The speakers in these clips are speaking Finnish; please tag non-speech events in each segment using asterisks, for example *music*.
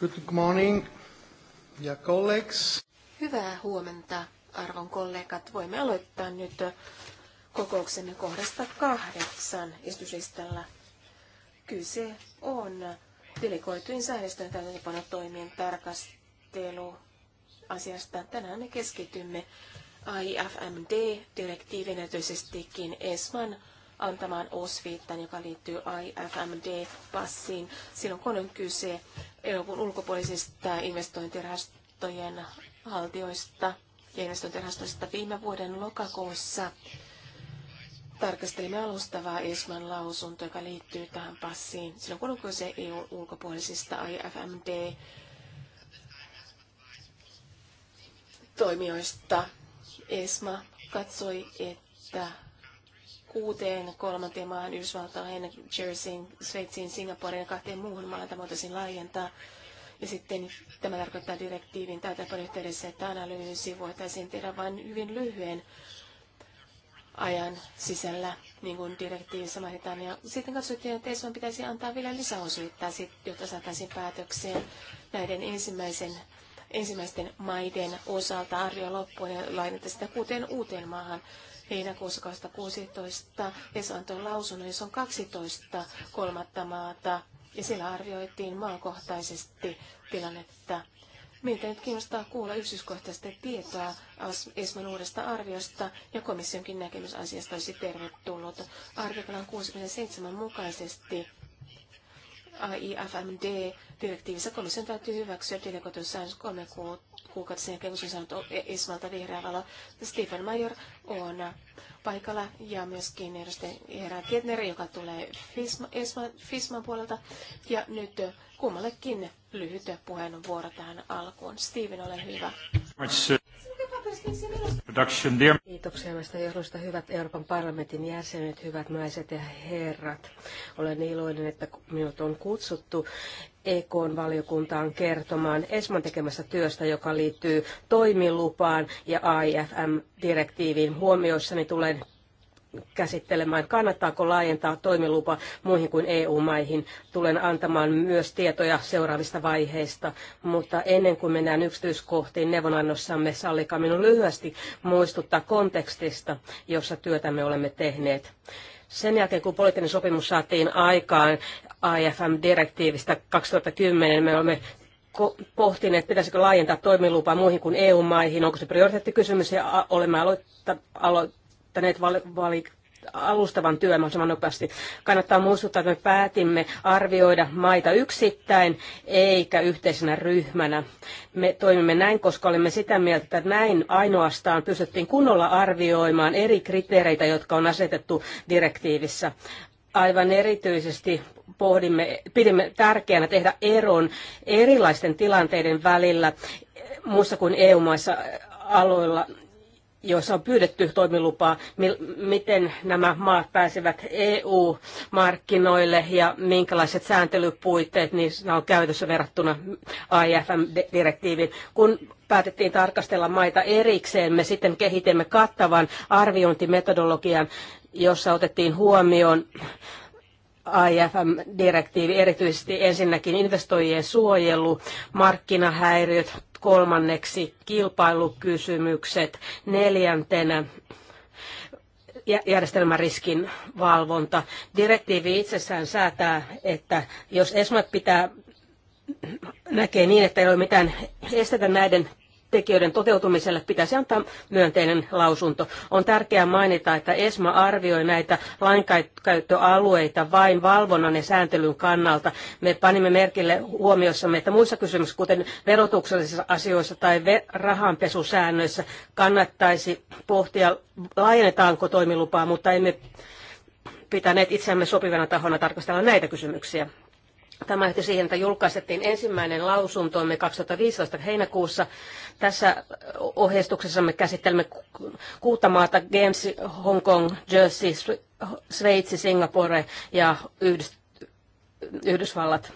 Good morning, colleagues. Hyvää huomenta, arvon kollegat. Voimme aloittaa nyt kokouksemme kohdasta kahdeksan esityslistalla. Kyse on delegoitujen säännöstön täytäntöpanotoimien tarkastelu asiasta. Tänään me keskitymme IFMD-direktiivin erityisestikin ESMAN antamaan osviittan, joka liittyy IFMD-passiin silloin, kun on kyse EUn ulkopuolisista investointirahastojen haltioista ja investointirahastoista viime vuoden lokakuussa tarkastelimme alustavaa ESMAn lausunto, joka liittyy tähän passiin. Silloin kun on kyse EUn ulkopuolisista IFMD toimijoista, ESMA katsoi, että kuuteen kolmanteen maahan, Yhdysvaltain, Jerseyin, Sveitsiin, Singaporeen ja kahteen muuhun maahan tämä voitaisiin laajentaa. Ja sitten tämä tarkoittaa direktiivin täytäpön yhteydessä, että analyysi voitaisiin tehdä vain hyvin lyhyen ajan sisällä, niin kuin direktiivissä mainitaan. Ja sitten katsottiin, että ESOn pitäisi antaa vielä lisäosuutta, jotta saataisiin päätökseen näiden ensimmäisen, ensimmäisten maiden osalta arvio loppuun ja lainata sitä kuuteen uuteen maahan heinäkuussa 2016 ESA antoi lausunnon, jossa on 12 kolmatta maata ja siellä arvioitiin maankohtaisesti tilannetta. Meitä nyt kiinnostaa kuulla yksityiskohtaista tietoa ESMAn uudesta arviosta ja komissionkin näkemys asiasta olisi tervetullut. Artiklan 67 mukaisesti AIFMD-direktiivissä komission täytyy hyväksyä delegoitus säännös kolme kuuta kuukautta sen jälkeen, kun se on saanut e- Ismalta vihreä valo. Stephen Major on paikalla ja myöskin edustaja Herra Ketner, joka tulee Fisma, puolelta. Ja nyt kummallekin lyhyt puheenvuoro tähän alkuun. Steven, ole hyvä. Uh, Kiitoksia näistä johdosta, hyvät Euroopan parlamentin jäsenet, hyvät naiset ja herrat. Olen iloinen, että minut on kutsuttu EKn valiokuntaan kertomaan Esman tekemästä työstä, joka liittyy toimilupaan ja AIFM-direktiiviin. Huomioissani tulen käsittelemään, kannattaako laajentaa toimilupa muihin kuin EU-maihin. Tulen antamaan myös tietoja seuraavista vaiheista, mutta ennen kuin mennään yksityiskohtiin neuvonannossamme, sallikaa minun lyhyesti muistuttaa kontekstista, jossa työtämme olemme tehneet. Sen jälkeen, kun poliittinen sopimus saatiin aikaan IFM-direktiivistä 2010, me olemme pohtineet, pitäisikö laajentaa toimilupaa muihin kuin EU-maihin, onko se prioriteettikysymys ja olemme aloittaneet aloittaneet vali, vali, alustavan työn mahdollisimman nopeasti. Kannattaa muistuttaa, että me päätimme arvioida maita yksittäin eikä yhteisenä ryhmänä. Me toimimme näin, koska olimme sitä mieltä, että näin ainoastaan pystyttiin kunnolla arvioimaan eri kriteereitä, jotka on asetettu direktiivissä. Aivan erityisesti pohdimme, pidimme tärkeänä tehdä eron erilaisten tilanteiden välillä muussa kuin EU-maissa aloilla joissa on pyydetty toimilupaa, miten nämä maat pääsevät EU-markkinoille ja minkälaiset sääntelypuitteet niissä on käytössä verrattuna AIFM-direktiiviin. Kun päätettiin tarkastella maita erikseen, me sitten kehitimme kattavan arviointimetodologian, jossa otettiin huomioon AIFM-direktiivi, erityisesti ensinnäkin investoijien suojelu, markkinahäiriöt, kolmanneksi kilpailukysymykset, neljäntenä järjestelmäriskin valvonta. Direktiivi itsessään säätää, että jos ESMAT pitää näkee niin, että ei ole mitään estetä näiden tekijöiden toteutumiselle pitäisi antaa myönteinen lausunto. On tärkeää mainita, että ESMA arvioi näitä lainkäyttöalueita vain valvonnan ja sääntelyn kannalta. Me panimme merkille huomiossamme, että muissa kysymyksissä, kuten verotuksellisissa asioissa tai rahanpesusäännöissä, kannattaisi pohtia, laajennetaanko toimilupaa, mutta emme pitäneet itseämme sopivana tahona tarkastella näitä kysymyksiä. Tämä johti siihen, että julkaistettiin ensimmäinen lausuntomme 2015 heinäkuussa. Tässä ohjeistuksessa me käsittelemme kuutta maata, Games, Hong Kong, Jersey, Sveitsi, Singapore ja Yhdysvallat.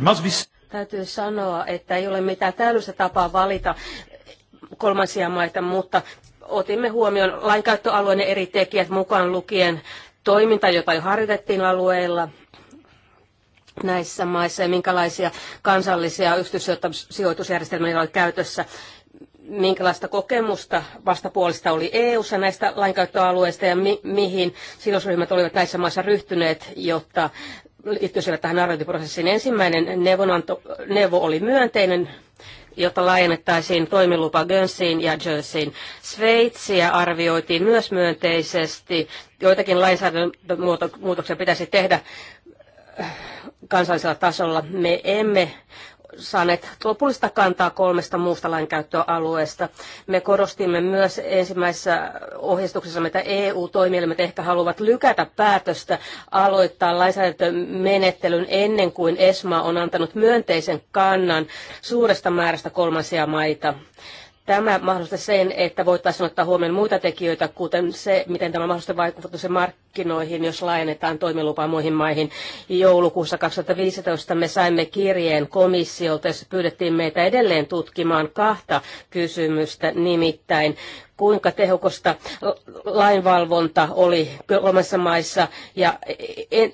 must be... Täytyy sanoa, että ei ole mitään täydellistä tapaa valita kolmansia maita, mutta otimme huomioon lainkäyttöalueen eri tekijät mukaan lukien toiminta, jota jo harjoitettiin alueilla näissä maissa ja minkälaisia kansallisia yksityissijoitusjärjestelmiä oli käytössä minkälaista kokemusta vastapuolista oli EU-ssa näistä lainkäyttöalueista ja mi- mihin sidosryhmät olivat näissä maissa ryhtyneet, jotta liittyisivät tähän arviointiprosessiin. Ensimmäinen neuvonanto, neuvo oli myönteinen jota laajennettaisiin toimilupa Gönsiin ja Jerseyin. Sveitsiä arvioitiin myös myönteisesti. Joitakin lainsäädäntömuutoksia pitäisi tehdä kansallisella tasolla. Me emme saaneet lopullista kantaa kolmesta muusta lainkäyttöalueesta. Me korostimme myös ensimmäisessä ohjeistuksessa, että EU-toimielimet ehkä haluavat lykätä päätöstä aloittaa lainsäädäntömenettelyn ennen kuin ESMA on antanut myönteisen kannan suuresta määrästä kolmansia maita. Tämä mahdollistaa sen, että voitaisiin ottaa huomioon muita tekijöitä, kuten se, miten tämä mahdollisesti vaikuttaa se markkinoihin, jos laajennetaan toimilupaa muihin maihin. Joulukuussa 2015 me saimme kirjeen komissiolta, jossa pyydettiin meitä edelleen tutkimaan kahta kysymystä, nimittäin kuinka tehokosta lainvalvonta oli kolmessa maissa ja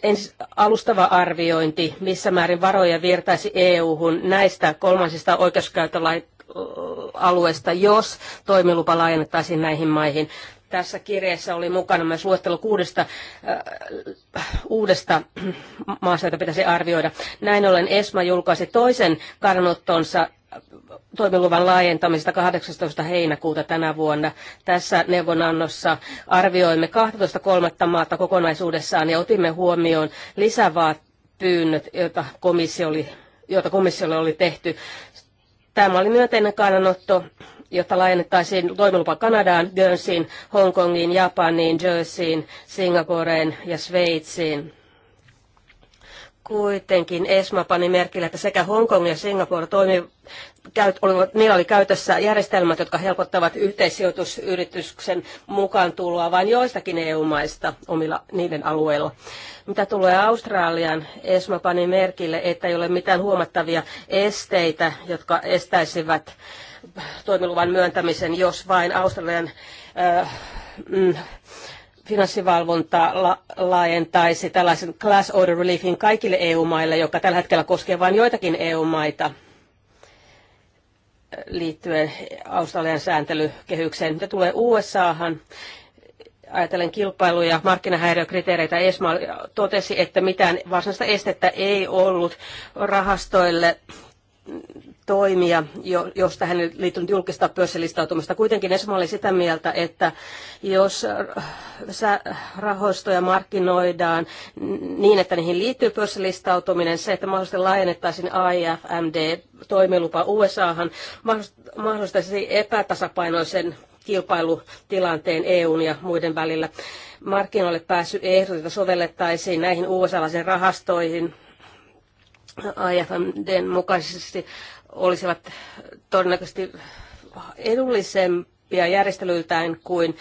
en, alustava arviointi, missä määrin varoja virtaisi EU-hun näistä kolmansista oikeuskäytölait alueesta, jos toimilupa laajennettaisiin näihin maihin. Tässä kirjeessä oli mukana myös luettelo kuudesta äh, uudesta maasta, jota pitäisi arvioida. Näin ollen ESMA julkaisi toisen kannanottonsa toimiluvan laajentamisesta 18. heinäkuuta tänä vuonna. Tässä neuvonannossa arvioimme 12.3. maata kokonaisuudessaan ja otimme huomioon lisävaat pyynnöt, joita komissio oli joita komissiolle oli tehty Tämä oli myönteinen kannanotto, jotta laajennettaisiin toimilupa Kanadaan, Guernseyin, Hongkongiin, Japaniin, Jerseyin, Singaporeen ja Sveitsiin. Kuitenkin ESMA pani merkille, että sekä Hongkong ja Singapore toimi, käyt, olivat, niillä oli käytössä järjestelmät, jotka helpottavat yhteissijoitusyrityksen mukaan tuloa vain joistakin EU-maista omilla niiden alueilla. Mitä tulee Australian, ESMA pani merkille, että ei ole mitään huomattavia esteitä, jotka estäisivät toimiluvan myöntämisen, jos vain Australian äh, mm, finanssivalvonta la- laajentaisi tällaisen class order reliefin kaikille EU-maille, joka tällä hetkellä koskee vain joitakin EU-maita liittyen Australian sääntelykehykseen. Mitä tulee USAhan, ajatellen kilpailu- ja markkinahäiriökriteereitä, ESMA totesi, että mitään varsinaista estettä ei ollut rahastoille toimia, josta hän liittynyt julkista pörssilistautumista. Kuitenkin Esma oli sitä mieltä, että jos rahoistoja markkinoidaan niin, että niihin liittyy pörssilistautuminen, se, että mahdollisesti laajennettaisiin AIFMD-toimilupa USAhan, mahdollistaisi epätasapainoisen kilpailutilanteen EUn ja muiden välillä. Markkinoille pääsy ehdotetta sovellettaisiin näihin usa rahastoihin, IFMDn mukaisesti olisivat todennäköisesti edullisempia järjestelyiltään kuin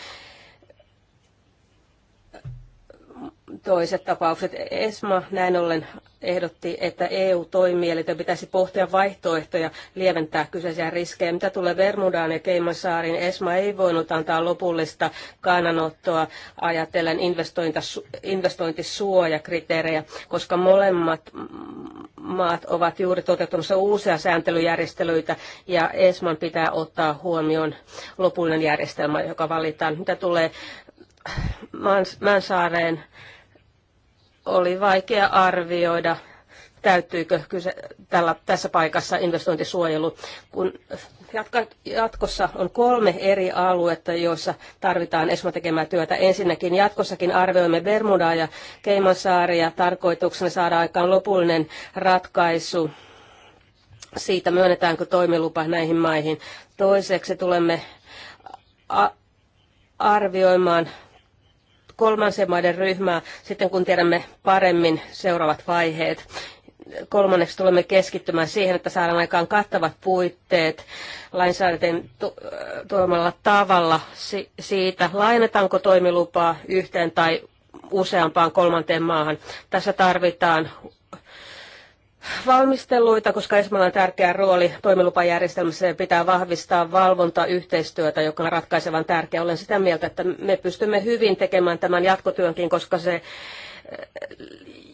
toiset tapaukset. ESMA näin ollen ehdotti, että EU-toimielinten pitäisi pohtia vaihtoehtoja lieventää kyseisiä riskejä. Mitä tulee Vermudaan ja Keimansaariin, ESMA ei voinut antaa lopullista kannanottoa ajatellen investointisuojakriteerejä, koska molemmat maat ovat juuri toteuttamassa uusia sääntelyjärjestelyitä ja ESMAN pitää ottaa huomioon lopullinen järjestelmä, joka valitaan. Mitä tulee Mänsaareen, oli vaikea arvioida täyttyykö kyse tällä, tässä paikassa investointisuojelu, kun jatkossa on kolme eri aluetta, joissa tarvitaan ESMA tekemään työtä. Ensinnäkin jatkossakin arvioimme Bermudaa ja Keimansaaria tarkoituksena saada aikaan lopullinen ratkaisu siitä, myönnetäänkö toimilupa näihin maihin. Toiseksi tulemme arvioimaan kolmansien maiden ryhmää sitten, kun tiedämme paremmin seuraavat vaiheet. Kolmanneksi tulemme keskittymään siihen, että saadaan aikaan kattavat puitteet lainsäädäntöön äh, tuomalla tavalla siitä, lainataanko toimilupaa yhteen tai useampaan kolmanteen maahan. Tässä tarvitaan valmisteluita, koska Esmalla on tärkeä rooli toimilupajärjestelmässä ja pitää vahvistaa valvontayhteistyötä, joka on ratkaisevan tärkeä. Olen sitä mieltä, että me pystymme hyvin tekemään tämän jatkotyönkin, koska se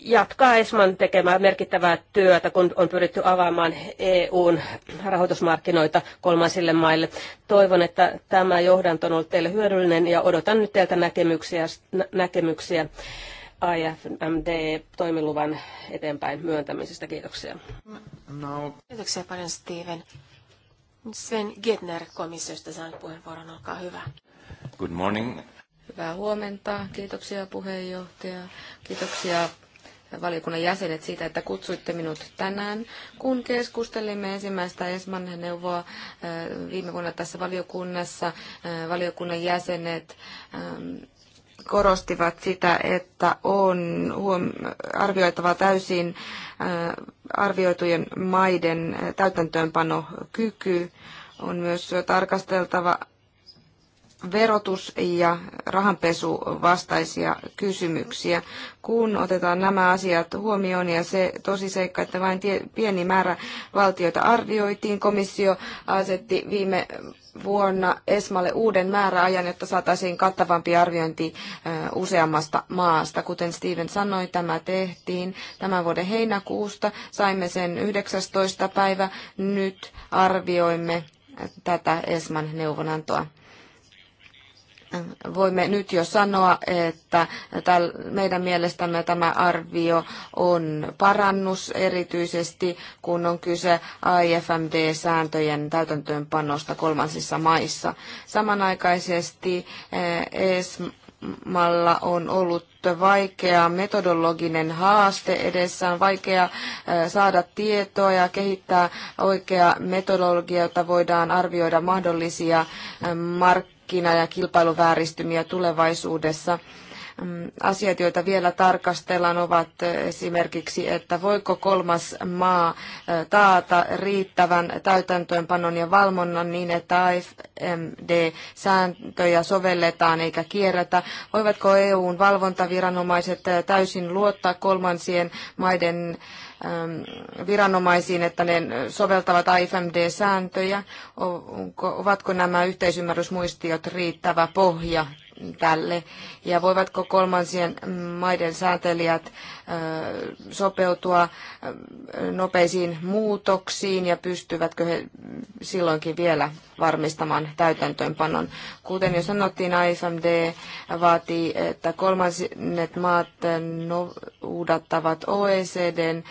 jatkaa ESMAn tekemää merkittävää työtä, kun on pyritty avaamaan EUn rahoitusmarkkinoita kolmansille maille. Toivon, että tämä johdanto on ollut teille hyödyllinen ja odotan nyt teiltä näkemyksiä, näkemyksiä IFMD-toimiluvan eteenpäin myöntämisestä. Kiitoksia. No. Kiitoksia paljon Steven. Sven Gettner komissiosta saanut puheenvuoron, olkaa hyvä. Good morning. Hyvää huomenta. Kiitoksia puheenjohtaja. Kiitoksia valiokunnan jäsenet siitä, että kutsuitte minut tänään, kun keskustelimme ensimmäistä Esman neuvoa äh, viime vuonna tässä valiokunnassa. Äh, valiokunnan jäsenet ähm, korostivat sitä, että on arvioitava täysin äh, arvioitujen maiden täytäntöönpanokyky. On myös tarkasteltava verotus- ja rahanpesu vastaisia kysymyksiä. Kun otetaan nämä asiat huomioon ja se tosiseikka, että vain tie, pieni määrä valtioita arvioitiin, komissio asetti viime vuonna Esmalle uuden määräajan, jotta saataisiin kattavampi arviointi useammasta maasta. Kuten Steven sanoi, tämä tehtiin tämän vuoden heinäkuusta. Saimme sen 19. päivä. Nyt arvioimme tätä Esman neuvonantoa. Voimme nyt jo sanoa, että meidän mielestämme tämä arvio on parannus erityisesti, kun on kyse IFMD-sääntöjen täytäntöönpanosta kolmansissa maissa. Samanaikaisesti eh, ESMalla on ollut vaikea metodologinen haaste edessään, vaikea eh, saada tietoa ja kehittää oikea metodologia, jota voidaan arvioida mahdollisia eh, markkinoita markkina- ja kilpailuvääristymiä tulevaisuudessa. Mm, Asiat, joita vielä tarkastellaan, ovat esimerkiksi, että voiko kolmas maa taata riittävän täytäntöönpanon ja valvonnan niin, että AFMD-sääntöjä sovelletaan eikä kierretä. Voivatko EUn valvontaviranomaiset täysin luottaa kolmansien maiden Ähm, viranomaisiin, että ne soveltavat IFMD-sääntöjä? Ovatko nämä yhteisymmärrysmuistiot riittävä pohja tälle? Ja voivatko kolmansien maiden säätelijät sopeutua nopeisiin muutoksiin ja pystyvätkö he silloinkin vielä varmistamaan täytäntöönpanon. Kuten jo sanottiin, AFMD vaatii, että kolmannet maat noudattavat OECDn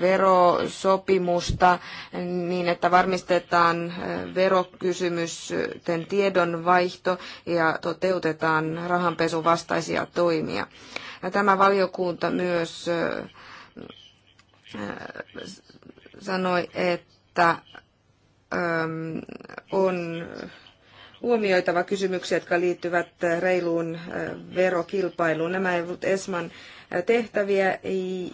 verosopimusta niin, että varmistetaan verokysymysten tiedonvaihto ja toteutetaan rahanpesun vastaisia toimia. Tämä valiokunta myös sanoi, että on huomioitava kysymyksiä, jotka liittyvät reiluun verokilpailuun. Nämä eivät ESMAn tehtäviä,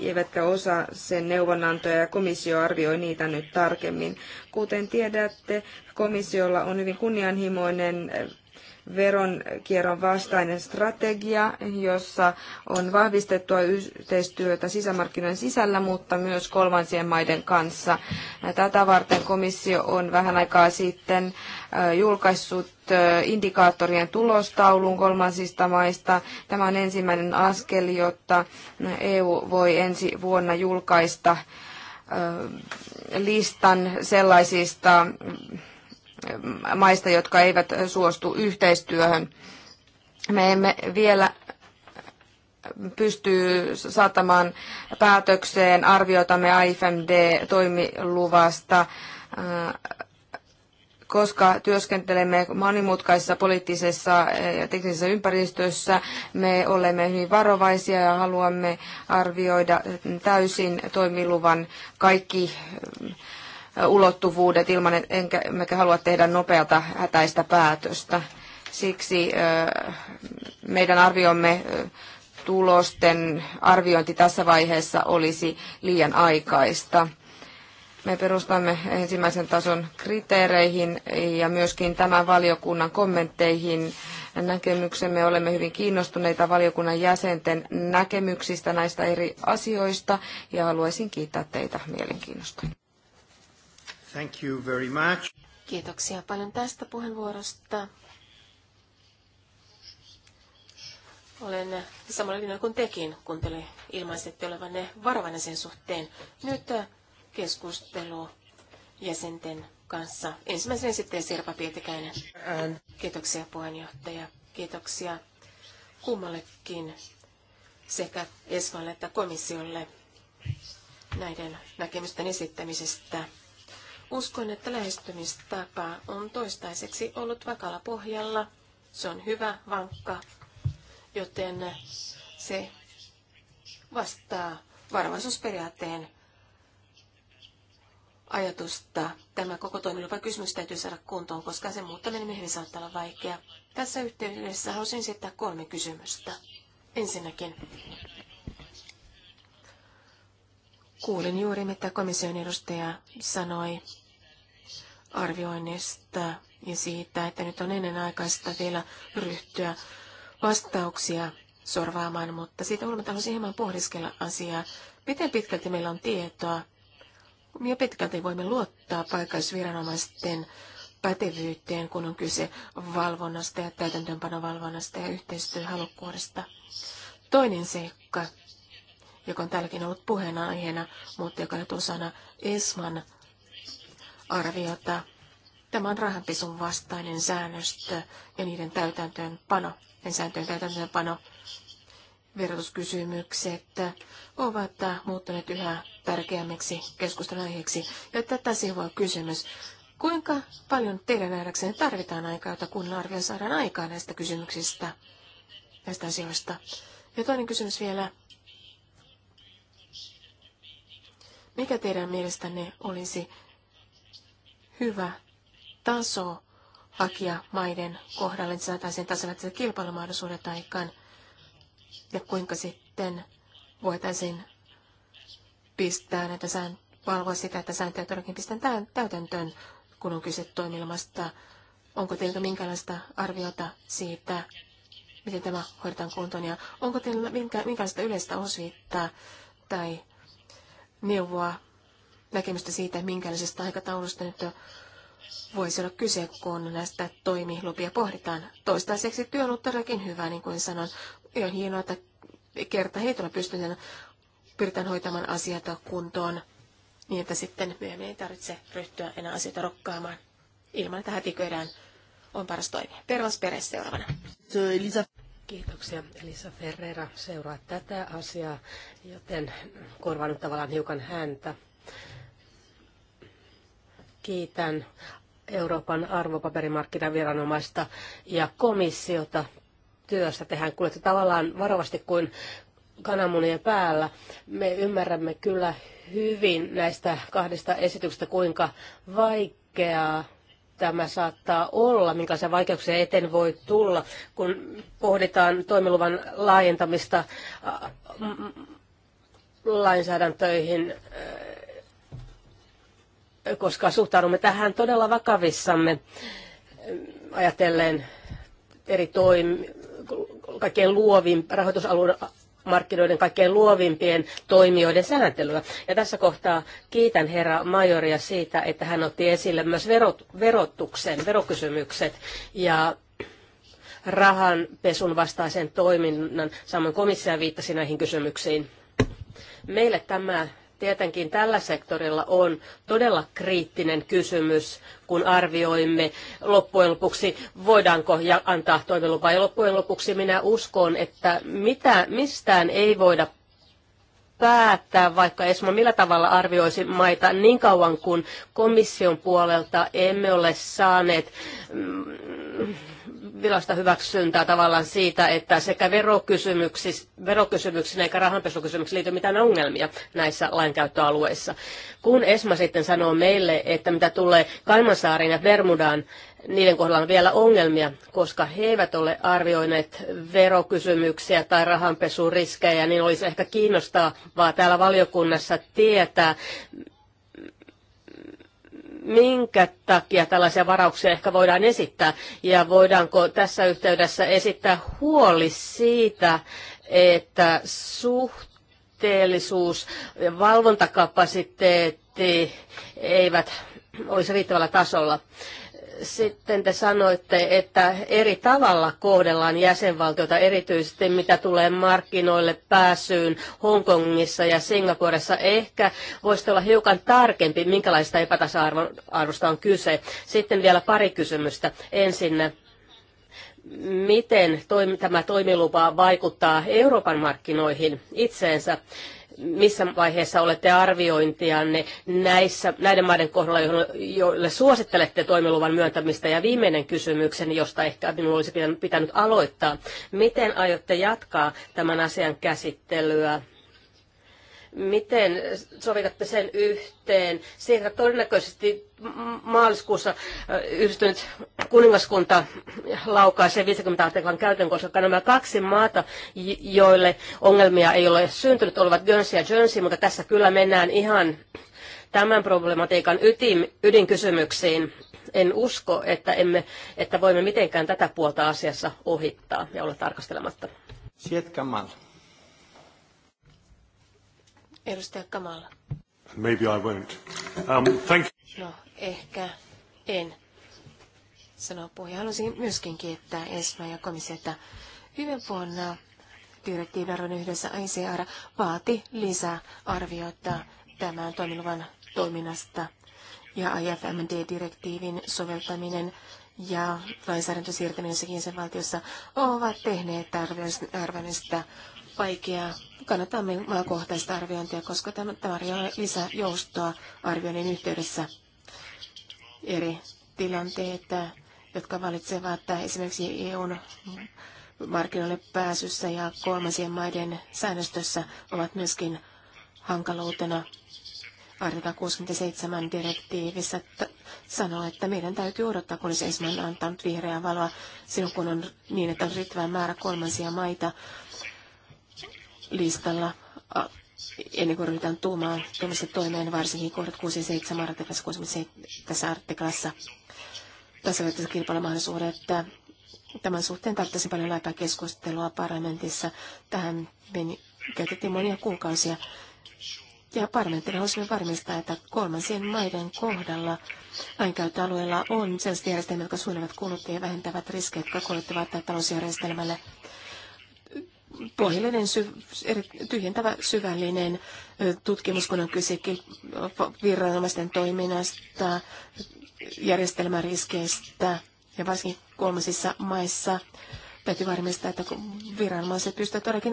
eivätkä osa sen neuvonantoja ja komissio arvioi niitä nyt tarkemmin. Kuten tiedätte, komissiolla on hyvin kunnianhimoinen veronkierron vastainen strategia, jossa on vahvistettua yhteistyötä sisämarkkinoiden sisällä, mutta myös kolmansien maiden kanssa. Tätä varten komissio on vähän aikaa sitten julkaissut indikaattorien tulostaulun kolmansista maista. Tämä on ensimmäinen askel, jotta EU voi ensi vuonna julkaista listan sellaisista maista, jotka eivät suostu yhteistyöhön. Me emme vielä pystyy saattamaan päätökseen arvioitamme ifmd toimiluvasta koska työskentelemme monimutkaisessa poliittisessa ja teknisessä ympäristössä, me olemme hyvin varovaisia ja haluamme arvioida täysin toimiluvan kaikki ulottuvuudet ilman, enkä, enkä halua tehdä nopeata hätäistä päätöstä. Siksi meidän arviomme tulosten arviointi tässä vaiheessa olisi liian aikaista. Me perustamme ensimmäisen tason kriteereihin ja myöskin tämän valiokunnan kommentteihin näkemyksemme. Olemme hyvin kiinnostuneita valiokunnan jäsenten näkemyksistä näistä eri asioista ja haluaisin kiittää teitä mielenkiinnosta. Thank you very much. Kiitoksia paljon tästä puheenvuorosta. Olen samalla linjalla kuin tekin, kun te ilmaisitte olevanne varovainen sen suhteen. Nyt äh, keskustelu jäsenten kanssa. Ensimmäisen sitten Sirpa Pietikäinen. Ähm. Kiitoksia puheenjohtaja. Kiitoksia kummallekin sekä Esvalle että komissiolle näiden näkemysten esittämisestä. Uskon, että lähestymistapa on toistaiseksi ollut vakalla pohjalla. Se on hyvä, vankka, joten se vastaa varovaisuusperiaatteen ajatusta. Tämä koko toimilupa kysymys täytyy saada kuntoon, koska sen muuttaminen mihin saattaa olla vaikea. Tässä yhteydessä haluaisin esittää kolme kysymystä. Ensinnäkin, kuulin juuri mitä komission edustaja sanoi arvioinnista ja siitä, että nyt on ennen aikaista vielä ryhtyä vastauksia sorvaamaan, mutta siitä huolimatta haluaisin hieman pohdiskella asiaa. Miten pitkälti meillä on tietoa? Miten pitkälti voimme luottaa paikallisviranomaisten pätevyyteen, kun on kyse valvonnasta ja täytäntöönpanovalvonnasta ja yhteistyöhalukkuudesta? Toinen seikka, joka on täälläkin ollut puheenaiheena, mutta joka on osana ESMAN arviota. Tämä on rahanpesun vastainen säännöstö ja niiden täytäntöönpano, en sääntöjen täytäntöönpano. Verotuskysymykset ovat muuttuneet yhä tärkeämmiksi keskustelun aiheeksi. Ja tätä sivua kysymys. Kuinka paljon teidän nähdäkseen tarvitaan aikaa, jotta kun arvio saadaan aikaa näistä kysymyksistä, näistä asioista? Ja toinen kysymys vielä. Mikä teidän mielestänne olisi hyvä taso hakijamaiden kohdalle, niin että saataisiin tasaväliset kilpailumahdollisuudet aikaan, ja kuinka sitten voitaisiin pistää näitä sään, valvoa sitä, että sääntöjä todellakin pistetään täytäntöön, kun on kyse toimilmasta. Onko teiltä minkälaista arviota siitä, miten tämä hoidetaan kuntoon, ja onko teillä minkä, minkälaista yleistä osviittaa tai neuvoa näkemystä siitä, minkälaisesta aikataulusta nyt voisi olla kyse, kun näistä toimilupia pohditaan. Toistaiseksi työ on ollut todellakin hyvä, niin kuin sanon, Ja on hienoa, että kerta heitolla pystytään pyritään hoitamaan asiat kuntoon niin, että sitten myöhemmin ei tarvitse ryhtyä enää asioita rokkaamaan ilman, että hätiköidään on paras toimia. Pervas Peres seuraavana. Elisa. Kiitoksia Elisa Ferreira. Seuraa tätä asiaa, joten korvaan tavallaan hiukan häntä. Kiitän Euroopan arvopaperimarkkinaviranomaista ja komissiota työstä. Tehän kuljette tavallaan varovasti kuin kananmunien päällä. Me ymmärrämme kyllä hyvin näistä kahdesta esityksestä, kuinka vaikeaa tämä saattaa olla, minkälaisia vaikeuksia eteen voi tulla, kun pohditaan toimiluvan laajentamista lainsäädäntöihin koska suhtaudumme tähän todella vakavissamme ajatellen eri toim, kaikkein luovin, rahoitusalueen markkinoiden kaikkein luovimpien toimijoiden sääntelyä. Ja tässä kohtaa kiitän herra Majoria siitä, että hän otti esille myös verot, verotuksen, verokysymykset ja rahanpesun vastaisen toiminnan. Samoin komissio viittasi näihin kysymyksiin. Meille tämä tietenkin tällä sektorilla on todella kriittinen kysymys, kun arvioimme loppujen lopuksi, voidaanko antaa toimilupa. Ja loppujen lopuksi minä uskon, että mitä, mistään ei voida päättää, vaikka ESMA millä tavalla arvioisi maita niin kauan kuin komission puolelta emme ole saaneet mm, vilasta hyväksyntää tavallaan siitä, että sekä verokysymyksiin eikä rahanpesukysymyksiin liittyy mitään ongelmia näissä lainkäyttöalueissa. Kun ESMA sitten sanoo meille, että mitä tulee Kalmansaariin ja Bermudaan, niiden kohdalla on vielä ongelmia, koska he eivät ole arvioineet verokysymyksiä tai rahanpesuriskejä, niin olisi ehkä kiinnostavaa täällä valiokunnassa tietää, minkä takia tällaisia varauksia ehkä voidaan esittää ja voidaanko tässä yhteydessä esittää huoli siitä, että suhteellisuus ja valvontakapasiteetti eivät olisi riittävällä tasolla. Sitten te sanoitte, että eri tavalla kohdellaan jäsenvaltiota, erityisesti mitä tulee markkinoille pääsyyn Hongkongissa ja Singaporessa. Ehkä voisi olla hiukan tarkempi, minkälaista epätasa-arvosta on kyse. Sitten vielä pari kysymystä. Ensin, miten tämä toimilupa vaikuttaa Euroopan markkinoihin itseensä? missä vaiheessa olette arviointianne näissä, näiden maiden kohdalla, joille suosittelette toimiluvan myöntämistä? Ja viimeinen kysymykseni, josta ehkä minun olisi pitänyt aloittaa. Miten aiotte jatkaa tämän asian käsittelyä Miten sovitatte sen yhteen? Siitä todennäköisesti maaliskuussa yhdistynyt kuningaskunta laukaisee 50 artiklan käytön, koska nämä kaksi maata, joille ongelmia ei ole syntynyt, olivat Jönsi ja Jönsi, mutta tässä kyllä mennään ihan tämän problematiikan ytim, ydinkysymyksiin. En usko, että, emme, että voimme mitenkään tätä puolta asiassa ohittaa ja olla tarkastelematta. Sietkämällä. Edustaja Kamala. Maybe I won't. Um, thank you. No, ehkä en, sanoo puhuja. Haluaisin myöskin kiittää ESMA ja komissiota. Viime vuonna direktiivin yhdessä ICR vaati lisää arvioita tämän toimiluvan toiminnasta ja IFMD-direktiivin soveltaminen ja lainsäädäntö siirtäminen sen valtiossa ovat tehneet arvioista vaikeaa. Kannatamme maakohtaista arviointia, koska tämä tarjoaa lisää joustoa arvioinnin yhteydessä eri tilanteita, jotka valitsevat esimerkiksi EUn markkinoille pääsyssä ja kolmansien maiden säännöstössä ovat myöskin hankaluutena. Artikla 67 direktiivissä sanoo, että meidän täytyy odottaa, se ensimmäinen antanut vihreää valoa silloin, kun on niin, että on riittävän määrä kolmansia maita, listalla ennen kuin ryhdytään tuomaan tuommoista toimeen, varsinkin kohdat 6 ja 7 artiklassa, 67, tässä artiklassa kilpailumahdollisuuden, että Tämän suhteen tarvitsisi paljon laajempaa keskustelua parlamentissa. Tähän meni, käytettiin monia kuukausia. Ja parlamenttina halusimme varmistaa, että kolmansien maiden kohdalla lainkäyttöalueella on sellaiset järjestelmät, jotka suunnivat kuluttajia ja vähentävät riskejä, jotka koituvat talousjärjestelmälle pohjallinen sy- tyhjentävä syvällinen tutkimus, kun on kyse viranomaisten toiminnasta, järjestelmäriskeistä ja varsinkin kolmasissa maissa Täytyy varmistaa, että viranomaiset pystyvät todellakin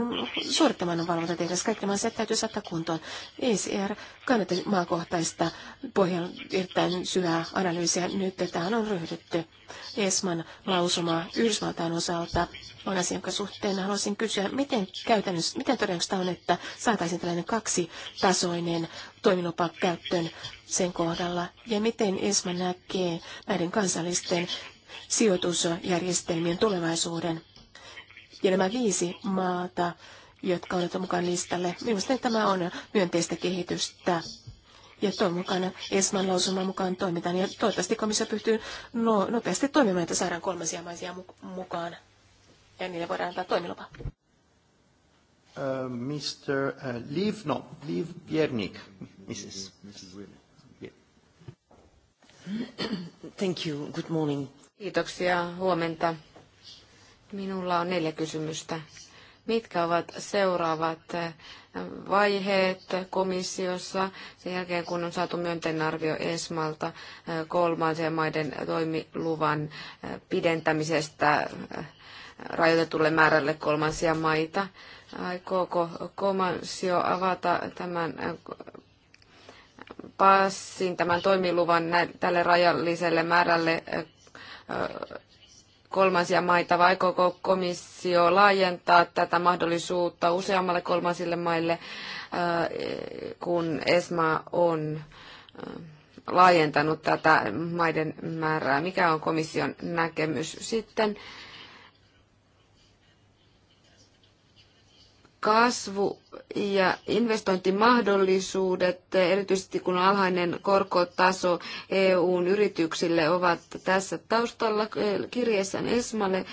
suorittamaan valvontatehtävässä. Kaikki nämä asiat täytyy saattaa kuntoon. ECR kannattaa maakohtaista pohjan erittäin syvää analyysiä nyt. Tähän on ryhdytty. ESMAn lausuma Yhdysvaltain osalta on asia, jonka suhteen haluaisin kysyä, miten, käytännössä, miten todennäköistä on, että saataisiin tällainen kaksitasoinen toimilupa käyttöön sen kohdalla, ja miten ESMA näkee näiden kansallisten sijoitusjärjestelmien tulevaisuuden. Ja nämä viisi maata, jotka olet mukaan listalle, minusta tämä on myönteistä kehitystä. Ja toivon mukaan Esman lausuman mukaan toimitaan. Ja toivottavasti komissio pystyy no, nopeasti toimimaan, että saadaan kolmansia maisia mukaan. Ja niille voidaan antaa toimilupa. Uh, Mr. Uh, Liv, no, Liv Mrs. Thank you. Good morning. Kiitoksia, huomenta. Minulla on neljä kysymystä. Mitkä ovat seuraavat vaiheet komissiossa sen jälkeen, kun on saatu myönteinen arvio ESMalta kolmansien maiden toimiluvan pidentämisestä rajoitetulle määrälle kolmansia maita? Aikooko komissio avata tämän passin, tämän toimiluvan tälle rajalliselle määrälle kolmansia maita, vai aikooko komissio laajentaa tätä mahdollisuutta useammalle kolmansille maille, äh, kun ESMA on äh, laajentanut tätä maiden määrää? Mikä on komission näkemys sitten? kasvu ja investointimahdollisuudet, erityisesti kun alhainen korkotaso EUn yrityksille ovat tässä taustalla. Kirjeessään Esmalle eh,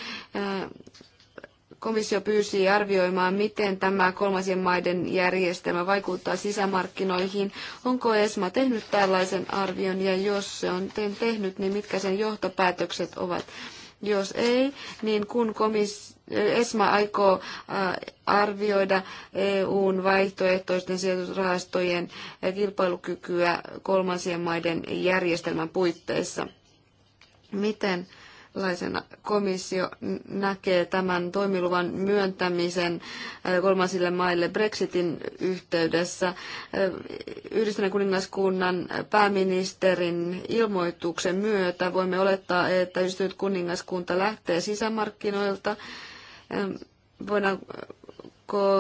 komissio pyysi arvioimaan, miten tämä kolmansien maiden järjestelmä vaikuttaa sisämarkkinoihin. Onko ESMA tehnyt tällaisen arvion ja jos se on tehnyt, niin mitkä sen johtopäätökset ovat? Jos ei, niin kun komissio ESMA aikoo äh, arvioida EUn vaihtoehtoisten sijoitusrahastojen äh, kilpailukykyä kolmansien maiden järjestelmän puitteissa. Miten laisena komissio näkee tämän toimiluvan myöntämisen äh, kolmansille maille Brexitin yhteydessä. Yhdistyneen kuningaskunnan pääministerin ilmoituksen myötä voimme olettaa, että yhdistynyt kuningaskunta lähtee sisämarkkinoilta voidaanko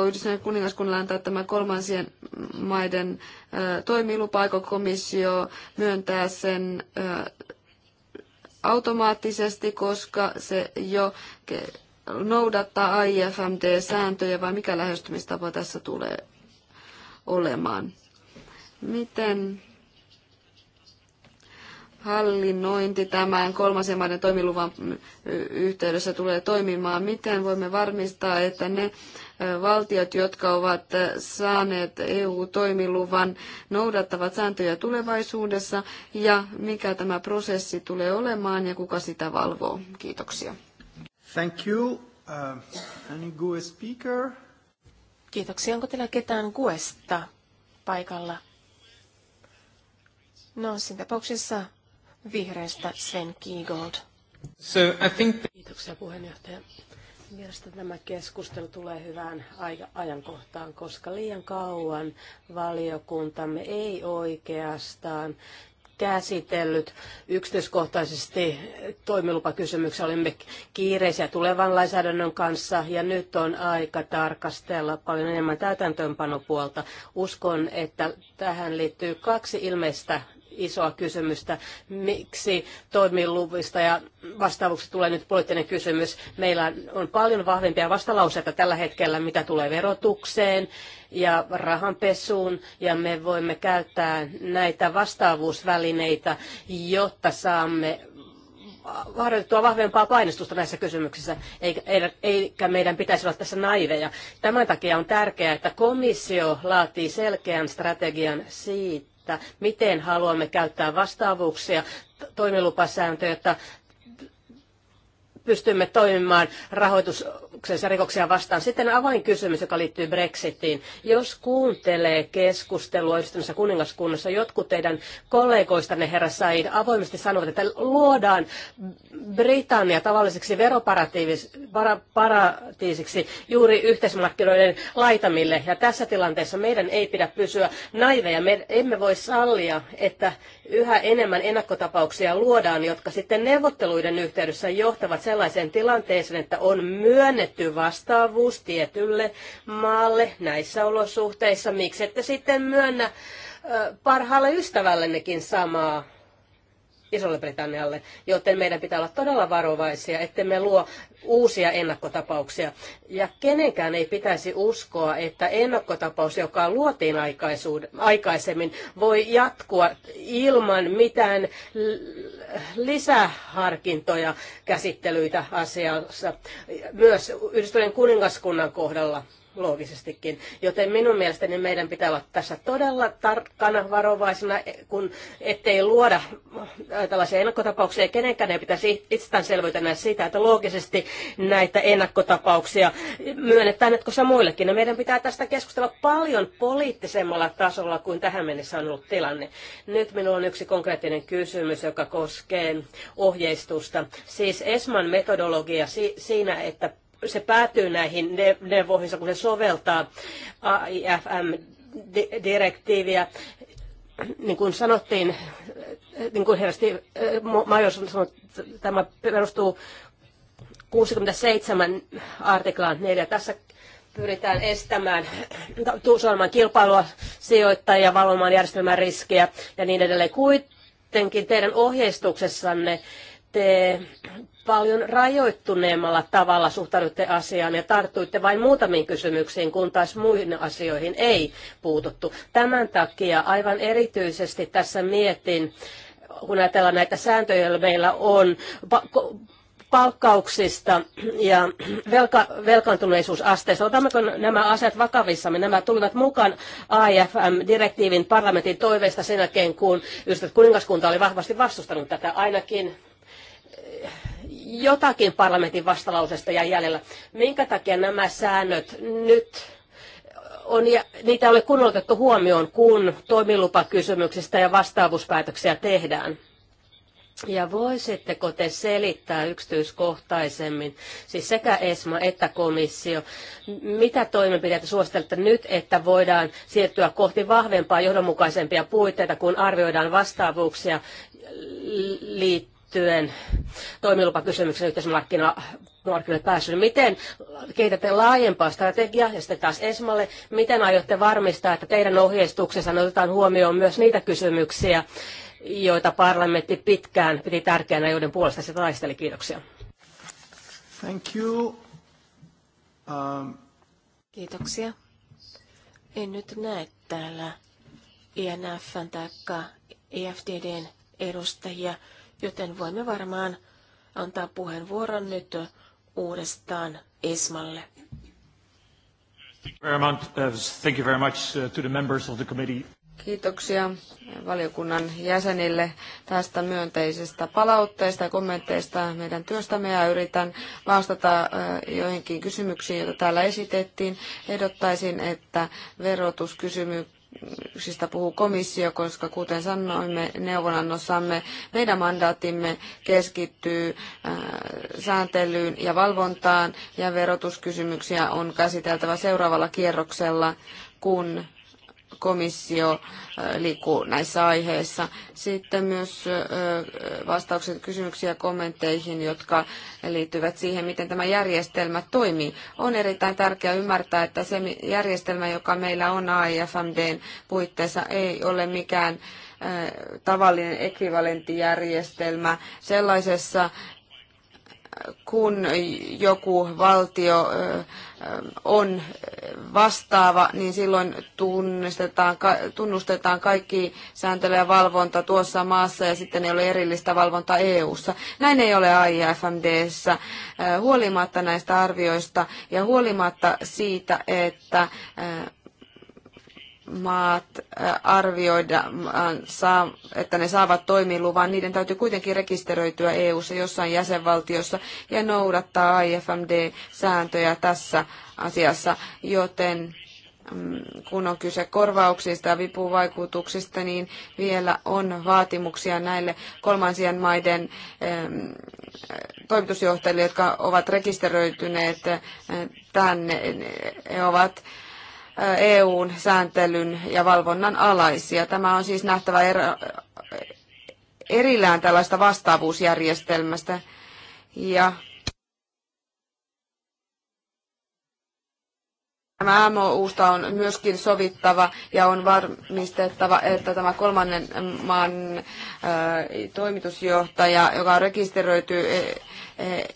Yhdistyneen kuningaskunnalle antaa tämä kolmansien maiden toimilupa, aiko komissio myöntää sen automaattisesti, koska se jo noudattaa IFMD-sääntöjä, vai mikä lähestymistapa tässä tulee olemaan? Miten hallinnointi tämän kolmasen maiden toimiluvan yhteydessä tulee toimimaan? Miten voimme varmistaa, että ne valtiot, jotka ovat saaneet EU-toimiluvan, noudattavat sääntöjä tulevaisuudessa ja mikä tämä prosessi tulee olemaan ja kuka sitä valvoo? Kiitoksia. Thank you. Uh, any good e speaker? Kiitoksia. Onko teillä ketään GUEsta paikalla? No, siinä tapauksessa Vihreistä Sven Kiegold. So I think... Kiitoksia puheenjohtaja. Mielestäni tämä keskustelu tulee hyvään ajankohtaan, koska liian kauan valiokuntamme ei oikeastaan käsitellyt yksityiskohtaisesti toimilupakysymyksiä. Olimme kiireisiä tulevan lainsäädännön kanssa ja nyt on aika tarkastella paljon enemmän täytäntöönpanopuolta. Uskon, että tähän liittyy kaksi ilmeistä isoa kysymystä. Miksi toimiluvista ja vastaavuksi tulee nyt poliittinen kysymys? Meillä on paljon vahvempia vastalauseita tällä hetkellä, mitä tulee verotukseen ja rahanpesuun, ja me voimme käyttää näitä vastaavuusvälineitä, jotta saamme harjoitettua vahvempaa painostusta näissä kysymyksissä, eikä meidän pitäisi olla tässä naiveja. Tämän takia on tärkeää, että komissio laatii selkeän strategian siitä, miten haluamme käyttää vastaavuuksia, toimilupasääntöjä, jotta pystymme toimimaan rahoituksessa rikoksia vastaan. Sitten avainkysymys, joka liittyy Brexitiin. Jos kuuntelee keskustelua yhdistymässä kuningaskunnassa, jotkut teidän kollegoistanne, herra Said, avoimesti sanovat, että luodaan Britannia tavalliseksi veroparatiisiksi juuri yhteismarkkinoiden laitamille. Ja tässä tilanteessa meidän ei pidä pysyä naiveja. Me emme voi sallia, että yhä enemmän ennakkotapauksia luodaan, jotka sitten neuvotteluiden yhteydessä johtavat sellaiseen tilanteeseen, että on myönnetty vastaavuus tietylle maalle näissä olosuhteissa. Miksi ette sitten myönnä parhaalle ystävällennekin samaa? Isolle Britannialle, joten meidän pitää olla todella varovaisia, ettemme me luo uusia ennakkotapauksia. Ja kenenkään ei pitäisi uskoa, että ennakkotapaus, joka luotiin aikaisemmin, voi jatkua ilman mitään lisäharkintoja käsittelyitä asiassa, myös yhdistyneen kuningaskunnan kohdalla loogisestikin. Joten minun mielestäni meidän pitää olla tässä todella tarkkana varovaisena, kun ettei luoda äh, tällaisia ennakkotapauksia. Kenenkään ei pitäisi itsestäänselvyytenä sitä, että loogisesti näitä ennakkotapauksia myönnetään jatkossa muillekin. Ja no, meidän pitää tästä keskustella paljon poliittisemmalla tasolla kuin tähän mennessä on ollut tilanne. Nyt minulla on yksi konkreettinen kysymys, joka koskee ohjeistusta. Siis ESMAN metodologia siinä, että se päätyy näihin neuvoihinsa, kun se soveltaa AIFM-direktiiviä. Niin kuin sanottiin, niin kuin herrasti äh, Major sanoi, tämä perustuu 67 artiklaan 4. Tässä pyritään estämään, tuusoimaan kilpailua sijoittajia, valvomaan järjestelmän riskejä ja niin edelleen. Kuitenkin teidän ohjeistuksessanne te paljon rajoittuneemmalla tavalla suhtaudutte asiaan ja tartuitte vain muutamiin kysymyksiin, kun taas muihin asioihin ei puututtu. Tämän takia aivan erityisesti tässä mietin, kun ajatellaan näitä sääntöjä, joilla meillä on, palkkauksista ja velka, velkaantuneisuusasteista. Otammeko nämä asiat vakavissamme? Nämä tulivat mukaan AIFM-direktiivin parlamentin toiveista sen jälkeen, kun ystävät kuningaskunta oli vahvasti vastustanut tätä ainakin jotakin parlamentin vastalausesta ja jäljellä. Minkä takia nämä säännöt nyt on, ja niitä ei ole kunnolla huomioon, kun toimilupakysymyksistä ja vastaavuuspäätöksiä tehdään? Ja voisitteko te selittää yksityiskohtaisemmin, siis sekä ESMA että komissio, mitä toimenpiteitä suosittelette nyt, että voidaan siirtyä kohti vahvempaa, johdonmukaisempia puitteita, kun arvioidaan vastaavuuksia liittyen liittyen toimilupakysymyksen yhteismarkkinoille pääsyyn. Miten kehitätte laajempaa strategiaa ja sitten taas Esmalle, miten aiotte varmistaa, että teidän ohjeistuksessa otetaan huomioon myös niitä kysymyksiä, joita parlamentti pitkään piti tärkeänä, joiden puolesta se taisteli. Kiitoksia. Thank you. Um... Kiitoksia. En nyt näe täällä INFn e tai EFDDn edustajia joten voimme varmaan antaa puheenvuoron nyt uudestaan Esmalle. Uh, thank you very much uh, to the members of the committee. Kiitoksia valiokunnan jäsenille tästä myönteisestä palautteesta ja kommenteista meidän työstämme ja yritän vastata uh, joihinkin kysymyksiin, joita täällä esitettiin. Ehdottaisin, että verotuskysymykset siitä puhuu komissio, koska kuten sanoimme neuvonannossamme, meidän mandaattimme keskittyy äh, sääntelyyn ja valvontaan ja verotuskysymyksiä on käsiteltävä seuraavalla kierroksella, kun komissio äh, liikkuu näissä aiheissa. Sitten myös äh, vastaukset kysymyksiä ja kommentteihin, jotka liittyvät siihen, miten tämä järjestelmä toimii. On erittäin tärkeää ymmärtää, että se järjestelmä, joka meillä on AIFMDn puitteissa, ei ole mikään äh, tavallinen ekvivalenttijärjestelmä sellaisessa kun joku valtio on vastaava, niin silloin tunnistetaan, tunnustetaan kaikki sääntely ja valvonta tuossa maassa ja sitten ei ole erillistä valvontaa EU-ssa. Näin ei ole AIFMDssä. Huolimatta näistä arvioista ja huolimatta siitä, että maat arvioida, että ne saavat toimiluvan, niiden täytyy kuitenkin rekisteröityä EU-ssa jossain jäsenvaltiossa ja noudattaa IFMD-sääntöjä tässä asiassa, joten mm, kun on kyse korvauksista ja vipuvaikutuksista, niin vielä on vaatimuksia näille kolmansien maiden toimitusjohtajille, jotka ovat rekisteröityneet tänne. He ovat EUn sääntelyn ja valvonnan alaisia. Tämä on siis nähtävä erillään tällaista vastaavuusjärjestelmästä. Ja Tämä MOUsta on myöskin sovittava ja on varmistettava, että tämä kolmannen maan toimitusjohtaja, joka on rekisteröity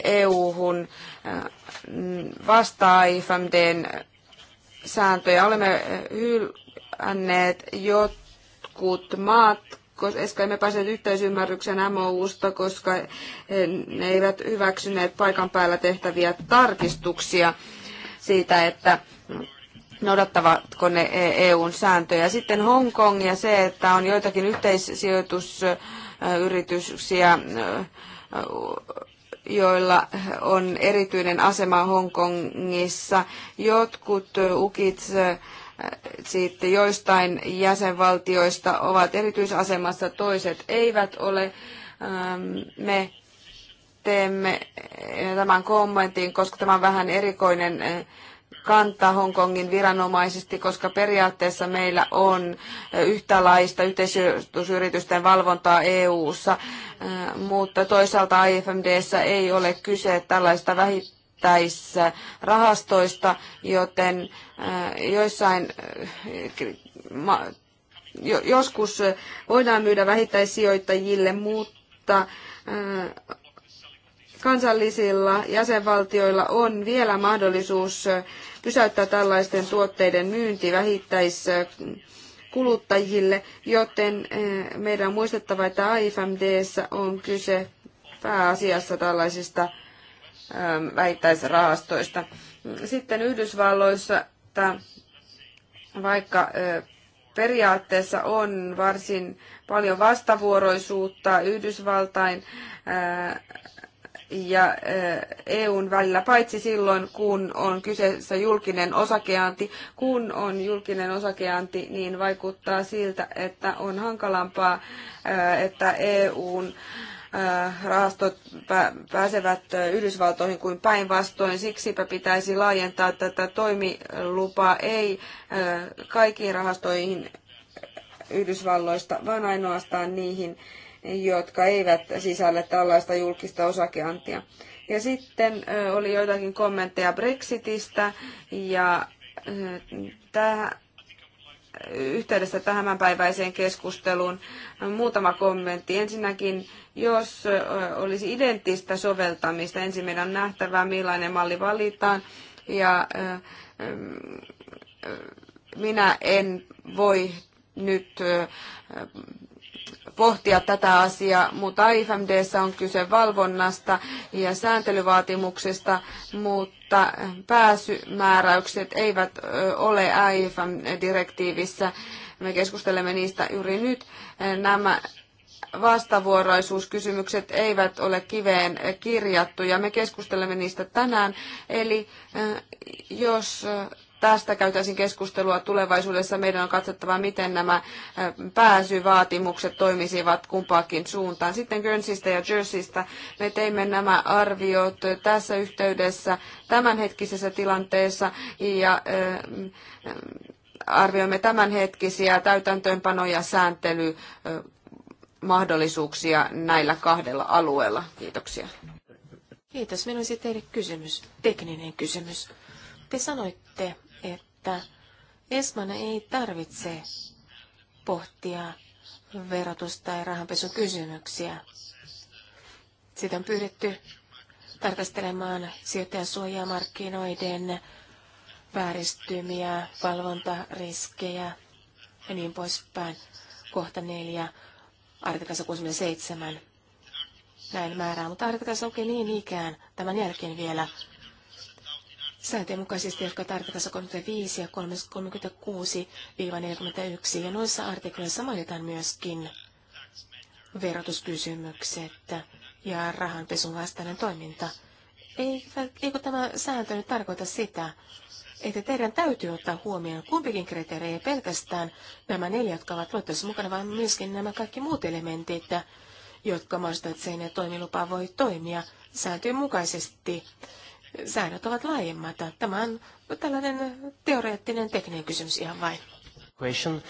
EU-hun, e- e vastaa IFMDn sääntöjä. Olemme eh, hylänneet jotkut maat, koska emme päässeet yhteisymmärryksen MOUsta, koska ne eivät hyväksyneet paikan päällä tehtäviä tarkistuksia siitä, että noudattavatko ne EUn e sääntöjä. Sitten Hongkong ja se, että on joitakin yhteissijoitusyrityksiä eh, joilla on erityinen asema Hongkongissa. Jotkut ukit äh, sitten joistain jäsenvaltioista ovat erityisasemassa, toiset eivät ole. Ähm, me teemme äh, tämän kommentin, koska tämä on vähän erikoinen äh, kanta Hongkongin viranomaisesti, koska periaatteessa meillä on yhtälaista yhteisyritysten valvontaa EU-ssa, mutta toisaalta IFMDssä ei ole kyse tällaista vähittäisrahastoista, rahastoista, joten joissain joskus voidaan myydä vähittäissijoittajille, mutta kansallisilla jäsenvaltioilla on vielä mahdollisuus pysäyttää tällaisten tuotteiden myynti vähittäis kuluttajille, joten eh, meidän on muistettava, että AIFMDssä on kyse pääasiassa tällaisista väittäisrahastoista. Sitten Yhdysvalloissa, että vaikka periaatteessa on varsin paljon vastavuoroisuutta Yhdysvaltain ja eh, EUn välillä, paitsi silloin, kun on kyseessä julkinen osakeanti. Kun on julkinen osakeanti, niin vaikuttaa siltä, että on hankalampaa, eh, että EUn eh, rahastot pääsevät Yhdysvaltoihin kuin päinvastoin. Siksipä pitäisi laajentaa tätä toimilupaa ei kaikkiin rahastoihin Yhdysvalloista, vaan ainoastaan niihin, jotka eivät sisällä tällaista julkista osakeantia. Ja sitten oli joitakin kommentteja Brexitistä ja tähän yhteydessä tämänpäiväiseen keskusteluun muutama kommentti. Ensinnäkin, jos olisi identtistä soveltamista, ensin meidän on nähtävä, millainen malli valitaan. Ja minä en voi nyt pohtia tätä asiaa, mutta IFMDssä on kyse valvonnasta ja sääntelyvaatimuksista, mutta pääsymääräykset eivät ole IFM-direktiivissä. Me keskustelemme niistä juuri nyt. Nämä vastavuoroisuuskysymykset eivät ole kiveen kirjattuja. Me keskustelemme niistä tänään. Eli jos tästä käytäisiin keskustelua tulevaisuudessa. Meidän on katsottava, miten nämä pääsyvaatimukset toimisivat kumpaakin suuntaan. Sitten Gönsistä ja Jerseystä me teimme nämä arviot tässä yhteydessä tämänhetkisessä tilanteessa ja arvioimme tämänhetkisiä täytäntöönpanoja sääntely mahdollisuuksia näillä kahdella alueella. Kiitoksia. Kiitos. Minulla olisi teille kysymys, tekninen kysymys. Te sanoitte, että Esman ei tarvitse pohtia verotus- tai rahanpesukysymyksiä. Sitä on pyydetty tarkastelemaan sijoittajan suojaa vääristymiä, valvontariskejä ja niin poispäin. Kohta 4, artikassa 67. Näin määrää, mutta artikassa onkin niin ikään tämän jälkeen vielä sääntöjen mukaisesti, jotka tarkoittaa 35 ja 36-41. Ja noissa artikloissa mainitaan myöskin verotuskysymykset ja rahanpesun vastainen toiminta. Eikö tämä sääntö nyt tarkoita sitä, että teidän täytyy ottaa huomioon kumpikin kriteeri, ei pelkästään nämä neljä, jotka ovat luettavissa mukana, vaan myöskin nämä kaikki muut elementit, jotka mahdollistavat sen, että toimilupa voi toimia sääntöjen mukaisesti säännöt ovat laajemmat. Tämä on tällainen teoreettinen tekninen kysymys ihan vain. Question. Uh,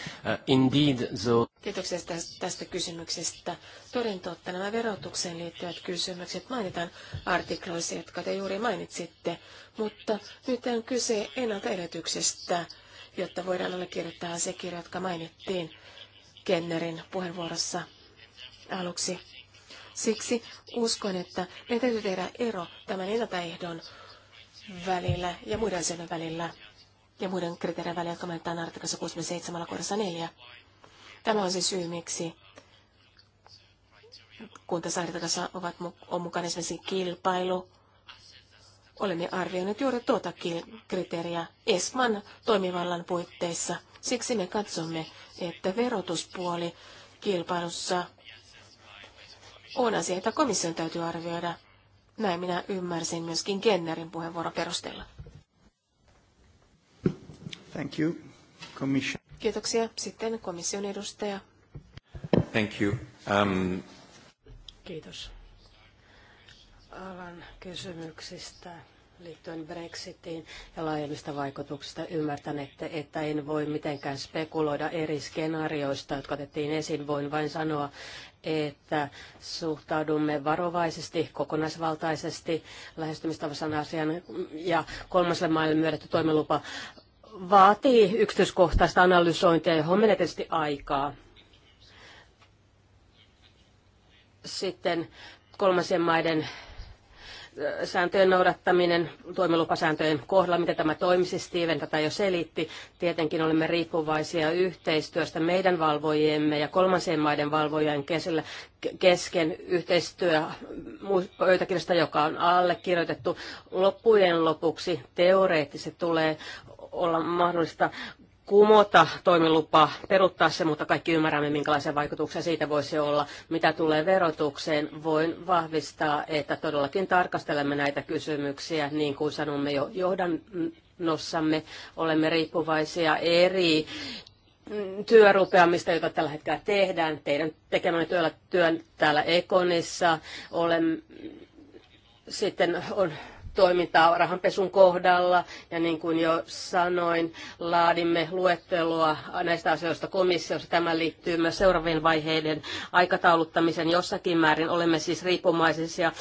indeed, so... Kiitoksia tästä tästä kysymyksestä. Toden totta, nämä verotukseen liittyvät kysymykset mainitaan artikloissa, jotka te juuri mainitsitte, mutta nyt on kyse ennaltaedellytyksestä, jotta voidaan allekirjoittaa kirja, jotka mainittiin Kennerin puheenvuorossa aluksi. Siksi uskon, että meidän täytyy tehdä ero tämän ennaltaehdon välillä ja muiden asioiden välillä ja muiden kriteerien välillä, jotka mainitaan artikassa 67 kohdassa 4. Tämä on se syy, miksi kun tässä artikassa ovat, on mukana esimerkiksi kilpailu, olemme arvioineet juuri tuota kriteeriä ESMAN toimivallan puitteissa. Siksi me katsomme, että verotuspuoli kilpailussa on asia, jota komission täytyy arvioida. Näin minä ymmärsin myöskin Kennerin puheenvuoro perusteella. Thank you. Kiitoksia. Sitten komission edustaja. Thank you. Um... Kiitos alan kysymyksistä liittyen Brexitiin ja laajemmista vaikutuksista ymmärtänette, että en voi mitenkään spekuloida eri skenaarioista, jotka otettiin esiin. Voin vain sanoa, että suhtaudumme varovaisesti, kokonaisvaltaisesti lähestymistavassaan asian ja kolmaselle maille myönnetty toimilupa vaatii yksityiskohtaista analysointia, johon menee tietysti aikaa. Sitten kolmansien maiden sääntöjen noudattaminen toimilupasääntöjen kohdalla, miten tämä toimisi. Steven tätä jo selitti. Tietenkin olemme riippuvaisia yhteistyöstä meidän valvojiemme ja kolmansien maiden valvojien kesillä kesken yhteistyö pöytäkirjasta, joka on allekirjoitettu. Loppujen lopuksi teoreettisesti tulee olla mahdollista kumota toimilupa, peruttaa se, mutta kaikki ymmärrämme, minkälaisia vaikutuksia siitä voisi olla. Mitä tulee verotukseen, voin vahvistaa, että todellakin tarkastelemme näitä kysymyksiä, niin kuin sanomme jo johdannossamme. Olemme riippuvaisia eri työrupeamista, jota tällä hetkellä tehdään. Teidän tekemänne työllä työn täällä Ekonissa. Olen, sitten on toimintaa rahanpesun kohdalla. Ja niin kuin jo sanoin, laadimme luettelua näistä asioista komissiossa. Tämä liittyy myös seuraavien vaiheiden aikatauluttamiseen, jossakin määrin. Olemme siis riippumaisia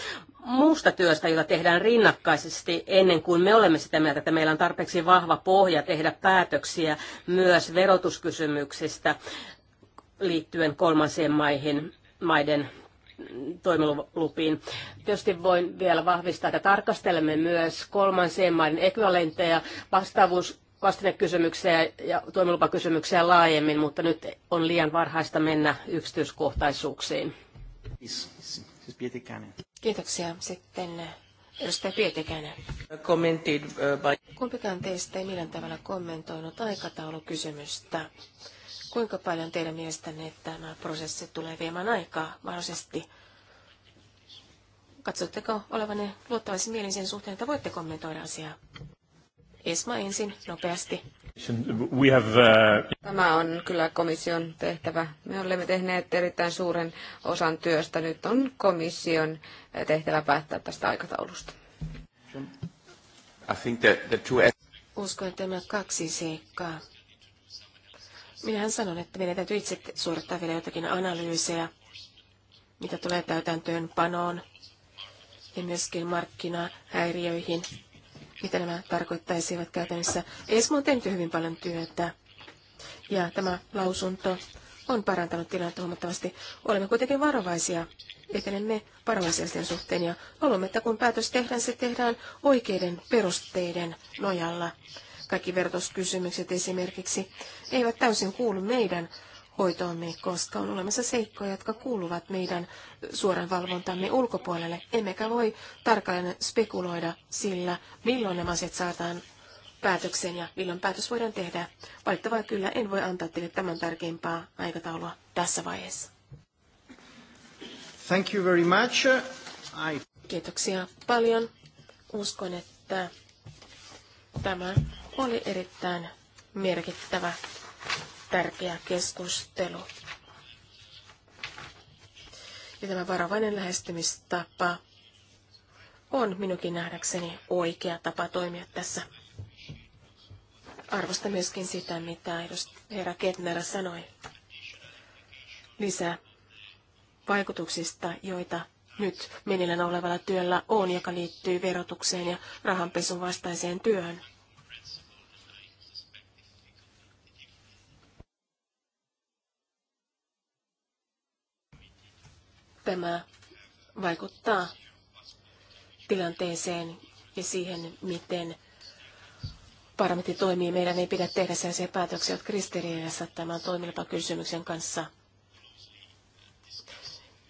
muusta työstä, jota tehdään rinnakkaisesti ennen kuin me olemme sitä mieltä, että meillä on tarpeeksi vahva pohja tehdä päätöksiä myös verotuskysymyksistä liittyen kolmansien maihin, maiden toimilupiin. Tietysti voin vielä vahvistaa, että tarkastelemme myös kolmansien maiden ekvivalentteja, vastaavuus, vastinekysymyksiä ja toimilupakysymyksiä laajemmin, mutta nyt on liian varhaista mennä yksityiskohtaisuuksiin. Kiitoksia. Sitten edustaja Pietikäinen. Uh, by... Kumpikaan teistä ei millään tavalla kommentoinut aikataulukysymystä. Kuinka paljon teidän mielestänne tämä prosessi tulee viemään aikaa mahdollisesti? Katsotteko olevanne luottavaisin mielin sen suhteen, että voitte kommentoida asiaa? Esma ensin nopeasti. Uh, tämä on kyllä komission tehtävä. Me olemme tehneet erittäin suuren osan työstä. Nyt on komission tehtävä päättää tästä aikataulusta. Uskon, että nämä kaksi seikkaa Minähän sanon, että meidän täytyy itse suorittaa vielä jotakin analyysejä, mitä tulee panoon, ja myöskin markkinahäiriöihin, mitä nämä tarkoittaisivat käytännössä. ESMO on tehnyt hyvin paljon työtä ja tämä lausunto on parantanut tilannetta huomattavasti. Olemme kuitenkin varovaisia, etenemme varovaisia sen suhteen ja haluamme, että kun päätös tehdään, se tehdään oikeiden perusteiden nojalla kaikki vertauskysymykset esimerkiksi, eivät täysin kuulu meidän hoitoomme, koska on olemassa seikkoja, jotka kuuluvat meidän suoran valvontamme ulkopuolelle. Emmekä voi tarkalleen spekuloida sillä, milloin nämä asiat saadaan päätöksen ja milloin päätös voidaan tehdä. Valitettavaa kyllä en voi antaa teille tämän tärkeimpää aikataulua tässä vaiheessa. Thank you very much. I... Kiitoksia paljon. Uskon, että tämä oli erittäin merkittävä, tärkeä keskustelu. Ja tämä varovainen lähestymistapa on minunkin nähdäkseni oikea tapa toimia tässä. Arvosta myöskin sitä, mitä herra Ketner sanoi lisää vaikutuksista, joita nyt menillään olevalla työllä on, joka liittyy verotukseen ja rahanpesun vastaiseen työhön. Tämä vaikuttaa tilanteeseen ja siihen, miten parlamentti toimii. Meidän ei pidä tehdä sellaisia päätöksiä, jotka ristiriidassa tämän toimilupakysymyksen kanssa.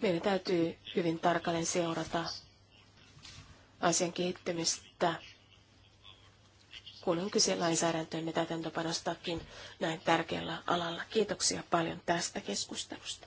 Meidän täytyy hyvin tarkalleen seurata asian kehittymistä, kun on kyse lainsäädäntöön ja täytäntöpanostakin näin tärkeällä alalla. Kiitoksia paljon tästä keskustelusta.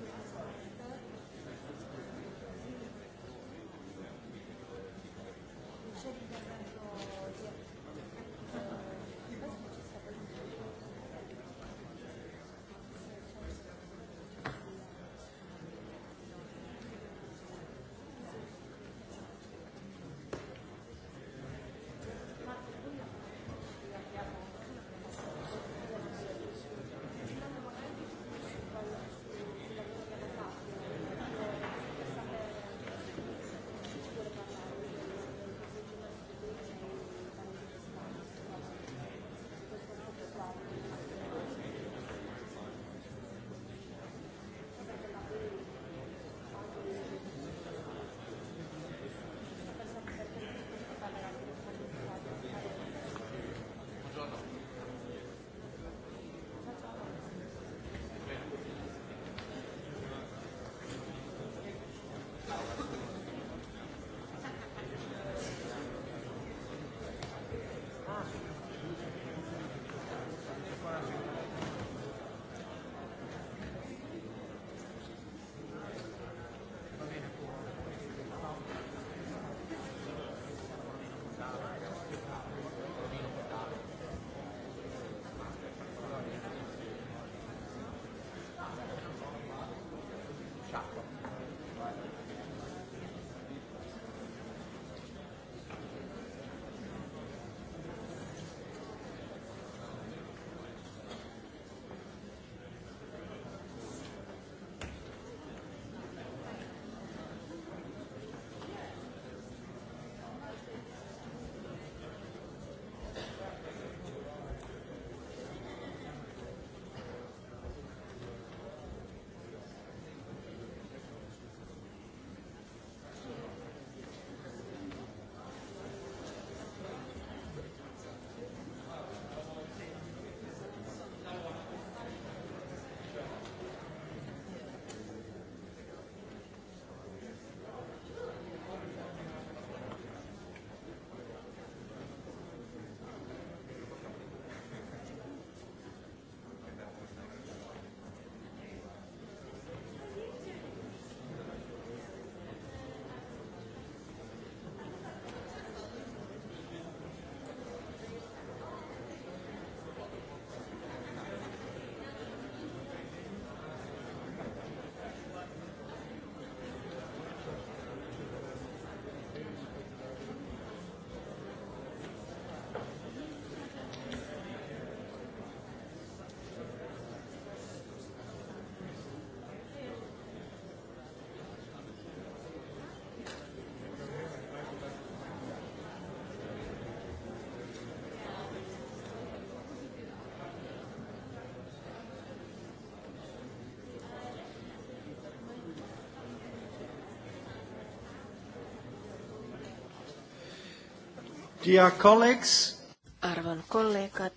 Dear colleagues. Arvon kollegat,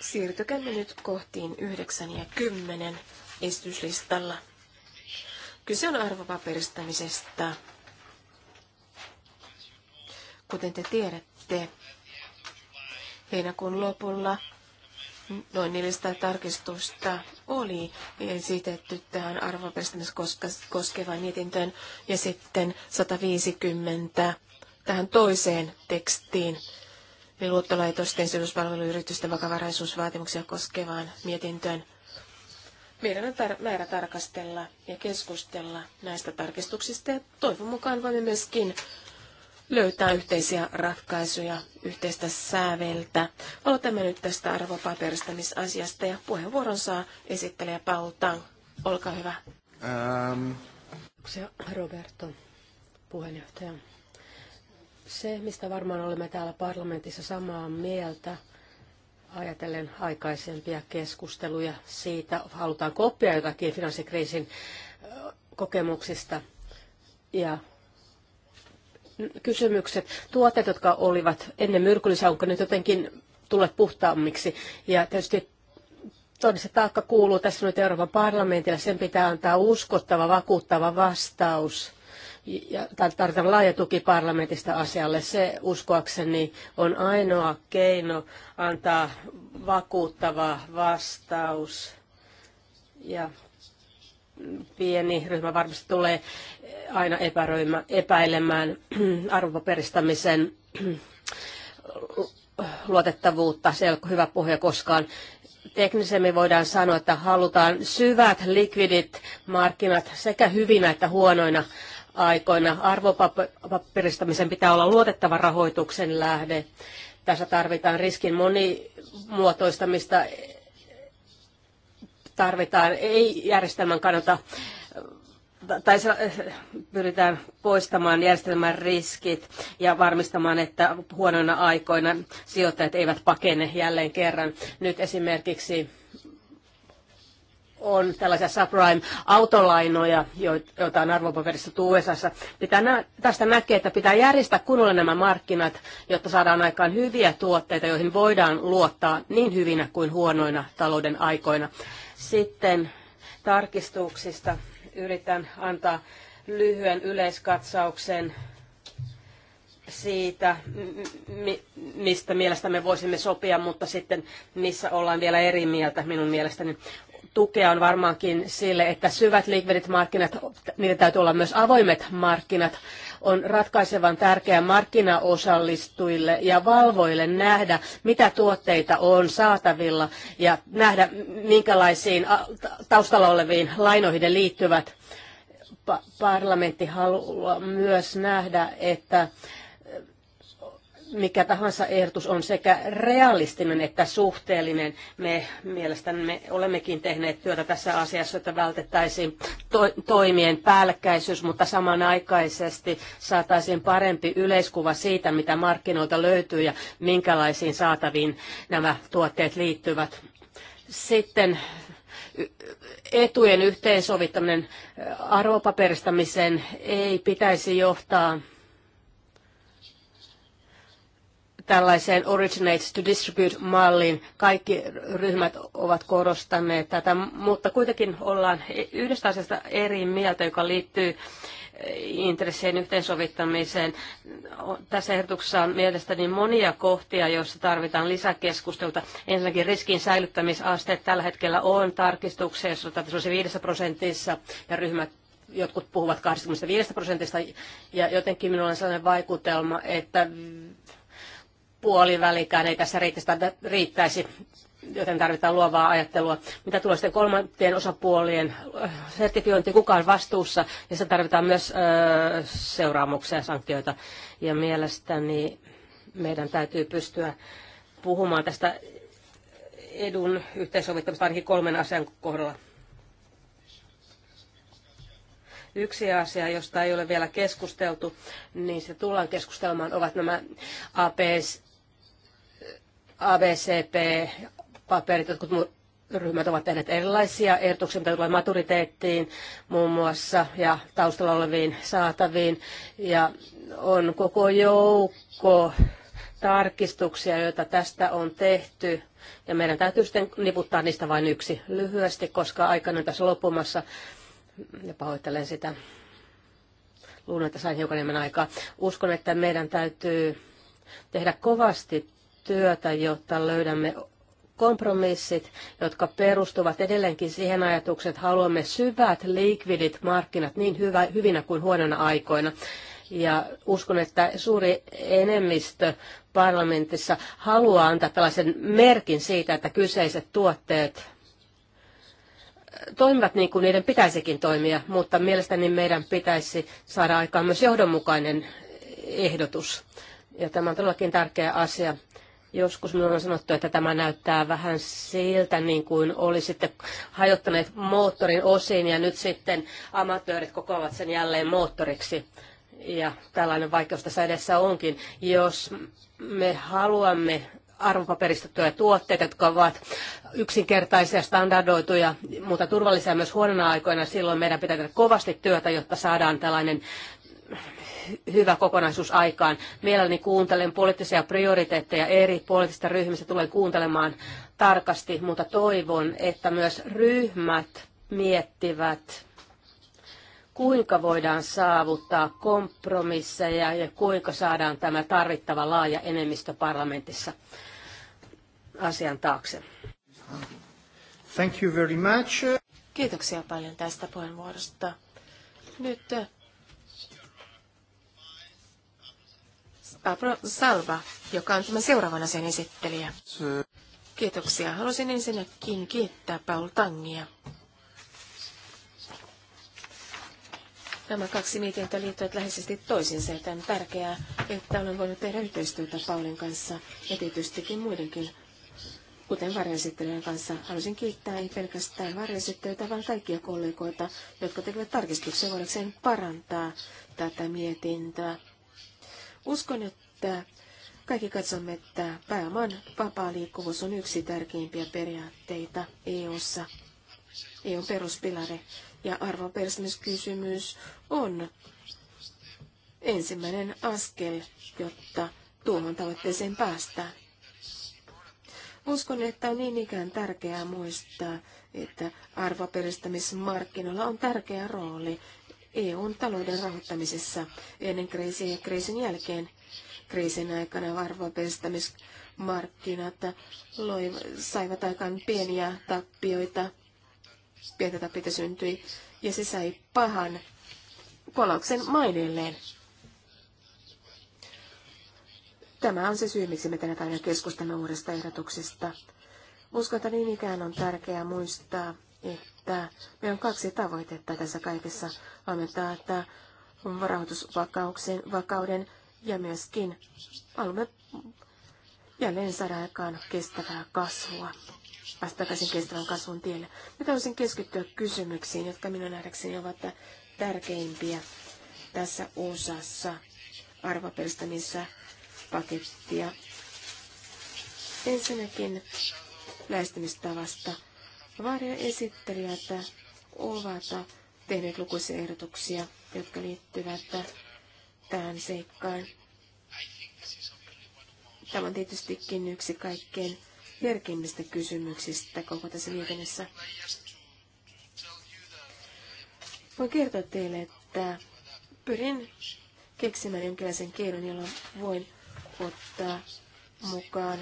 siirtykäämme nyt kohtiin 9 ja 10 esityslistalla. Kyse on arvopaperistamisesta. Kuten te tiedätte, heinäkuun lopulla noin 400 tarkistusta oli esitetty tähän arvoperistämistä koskevaan mietintöön ja sitten 150 tähän toiseen tekstiin, eli luottolaitosten sijoituspalveluyritysten vakavaraisuusvaatimuksia koskevaan mietintöön. Meidän on tar- määrä tarkastella ja keskustella näistä tarkistuksista ja toivon mukaan voimme myöskin löytää yhteisiä ratkaisuja, yhteistä sääveltä. Aloitamme nyt tästä arvopaperistamisasiasta ja puheenvuoron saa esittelijä Paul Tang. Olkaa hyvä. Ähm. Roberto, puheenjohtaja. Se, mistä varmaan olemme täällä parlamentissa samaa mieltä, ajatellen aikaisempia keskusteluja siitä, halutaanko oppia jotakin finanssikriisin kokemuksista ja kysymykset. Tuotteet, jotka olivat ennen myrkyllisiä, onko nyt jotenkin tulleet puhtaammiksi. Ja tietysti todellista taakka kuuluu tässä nyt Euroopan parlamentilla. Sen pitää antaa uskottava, vakuuttava vastaus. Ja tarvitaan laaja tuki parlamentista asialle. Se uskoakseni on ainoa keino antaa vakuuttava vastaus. Ja pieni ryhmä varmasti tulee aina epäilemään *clears throat* arvopaperistamisen *clears throat* luotettavuutta. Se ei ole hyvä pohja koskaan. Teknisemmin voidaan sanoa, että halutaan syvät likvidit markkinat sekä hyvinä että huonoina aikoina. Arvopaperistamisen pitää olla luotettava rahoituksen lähde. Tässä tarvitaan riskin monimuotoistamista tarvitaan ei-järjestelmän kannalta tai eh, pyritään poistamaan järjestelmän riskit ja varmistamaan, että huonoina aikoina sijoittajat eivät pakene jälleen kerran. Nyt esimerkiksi on tällaisia subprime-autolainoja, joita on arvopaperissa USAssa. Pitää nä- tästä näkee, että pitää järjestää kunnolla nämä markkinat, jotta saadaan aikaan hyviä tuotteita, joihin voidaan luottaa niin hyvinä kuin huonoina talouden aikoina. Sitten tarkistuksista yritän antaa lyhyen yleiskatsauksen siitä, mistä mielestä me voisimme sopia, mutta sitten missä ollaan vielä eri mieltä minun mielestäni. Tukea on varmaankin sille, että syvät liikvedit markkinat, niitä täytyy olla myös avoimet markkinat, on ratkaisevan tärkeä markkinaosallistujille ja valvoille nähdä, mitä tuotteita on saatavilla ja nähdä, minkälaisiin taustalla oleviin lainoihin ne liittyvät. Pa- parlamentti haluaa myös nähdä, että mikä tahansa ehdotus on sekä realistinen että suhteellinen. Me mielestämme olemmekin tehneet työtä tässä asiassa, että vältettäisiin to- toimien päällekkäisyys, mutta samanaikaisesti saataisiin parempi yleiskuva siitä, mitä markkinoilta löytyy ja minkälaisiin saataviin nämä tuotteet liittyvät. Sitten etujen yhteensovittaminen arvopaperistamisen ei pitäisi johtaa tällaiseen originate to distribute-malliin. Kaikki ryhmät ovat korostaneet tätä, mutta kuitenkin ollaan yhdestä asiasta eri mieltä, joka liittyy intressien yhteensovittamiseen. Tässä ehdotuksessa on mielestäni monia kohtia, joissa tarvitaan lisäkeskustelua. Ensinnäkin riskin säilyttämisaste tällä hetkellä on tarkistuksessa, se on 5 prosentissa ja ryhmät jotkut puhuvat 25 prosentista, ja jotenkin minulla on sellainen vaikutelma, että puolivälikään ei tässä riittäisi, joten tarvitaan luovaa ajattelua. Mitä tulee sitten kolmanteen osapuolien äh, sertifiointi, kuka on vastuussa, ja se tarvitaan myös ö, äh, seuraamuksia ja sanktioita. Ja mielestäni meidän täytyy pystyä puhumaan tästä edun yhteensovittamista ainakin kolmen asian kohdalla. Yksi asia, josta ei ole vielä keskusteltu, niin se tullaan keskustelemaan, ovat nämä APS, ABCP-paperit, jotkut ryhmät ovat tehneet erilaisia ehdotuksia, mitä tulee maturiteettiin muun muassa ja taustalla oleviin saataviin. Ja on koko joukko tarkistuksia, joita tästä on tehty. Ja meidän täytyy sitten niputtaa niistä vain yksi lyhyesti, koska aikana on tässä lopumassa Ja pahoittelen sitä. Luulen, että sain hiukan enemmän aikaa. Uskon, että meidän täytyy tehdä kovasti työtä, jotta löydämme kompromissit, jotka perustuvat edelleenkin siihen ajatukseen, että haluamme syvät, likvidit markkinat niin hyvä, hyvinä kuin huonona aikoina. Ja uskon, että suuri enemmistö parlamentissa haluaa antaa tällaisen merkin siitä, että kyseiset tuotteet toimivat niin kuin niiden pitäisikin toimia, mutta mielestäni meidän pitäisi saada aikaan myös johdonmukainen ehdotus. Ja tämä on todellakin tärkeä asia. Joskus minulle on sanottu, että tämä näyttää vähän siltä, niin kuin olisitte hajottaneet moottorin osiin ja nyt sitten amatöörit kokoavat sen jälleen moottoriksi. Ja tällainen vaikeus tässä edessä onkin. Jos me haluamme arvopaperistettuja tuotteita, jotka ovat yksinkertaisia, standardoituja, mutta turvallisia myös huonona aikoina. Silloin meidän pitää tehdä kovasti työtä, jotta saadaan tällainen hyvä kokonaisuus aikaan. Mielelläni kuuntelen poliittisia prioriteetteja eri poliittisista ryhmistä, tulen kuuntelemaan tarkasti, mutta toivon, että myös ryhmät miettivät, kuinka voidaan saavuttaa kompromisseja ja kuinka saadaan tämä tarvittava laaja enemmistö parlamentissa asian taakse. Thank you very much. Kiitoksia paljon tästä puheenvuorosta. Nyt Pablo Salva, joka on tämän seuraavana sen esittelijä. Kiitoksia. Haluaisin ensinnäkin kiittää Paul Tangia. Nämä kaksi mietintöä liittyvät läheisesti toisiinsa, joten tärkeää, että olen voinut tehdä yhteistyötä Paulin kanssa ja tietystikin muidenkin, kuten varjensittelijän kanssa. Haluaisin kiittää ei pelkästään varjensittelijöitä, vaan kaikkia kollegoita, jotka tekevät tarkistuksia voidakseen parantaa tätä mietintöä Uskon, että kaikki katsomme, että pääoman vapaa liikkuvuus on yksi tärkeimpiä periaatteita EU-ssa. EUn peruspilari ja arvon on ensimmäinen askel, jotta tuohon tavoitteeseen päästään. Uskon, että on niin ikään tärkeää muistaa, että arvoperistämismarkkinoilla on tärkeä rooli EUn talouden rahoittamisessa ennen kriisiä ja kriisin jälkeen. Kriisin aikana varvapestamismarkkinat saivat aikaan pieniä tappioita, pientä tappioita syntyi, ja se sai pahan kolauksen maineelleen. Tämä on se syy, miksi me tänä päivänä keskustelemme uudesta ehdotuksesta. Uskon, että niin ikään on tärkeää muistaa, että meillä on kaksi tavoitetta tässä kaikessa. Valmentaa että rahoitusvakauden ja myöskin haluamme jälleen saada aikaan kestävää kasvua. Päästä takaisin kestävän kasvun tielle. Nyt haluaisin keskittyä kysymyksiin, jotka minun nähdäkseni ovat tärkeimpiä tässä osassa arvoperistämissä pakettia. Ensinnäkin lähestymistavasta esittelijät ovat tehneet lukuisia ehdotuksia, jotka liittyvät tähän seikkaan. Tämä on tietystikin yksi kaikkein herkimmistä kysymyksistä koko tässä liikennessä. Voin kertoa teille, että pyrin keksimään jonkinlaisen keinon, jolla voin ottaa mukaan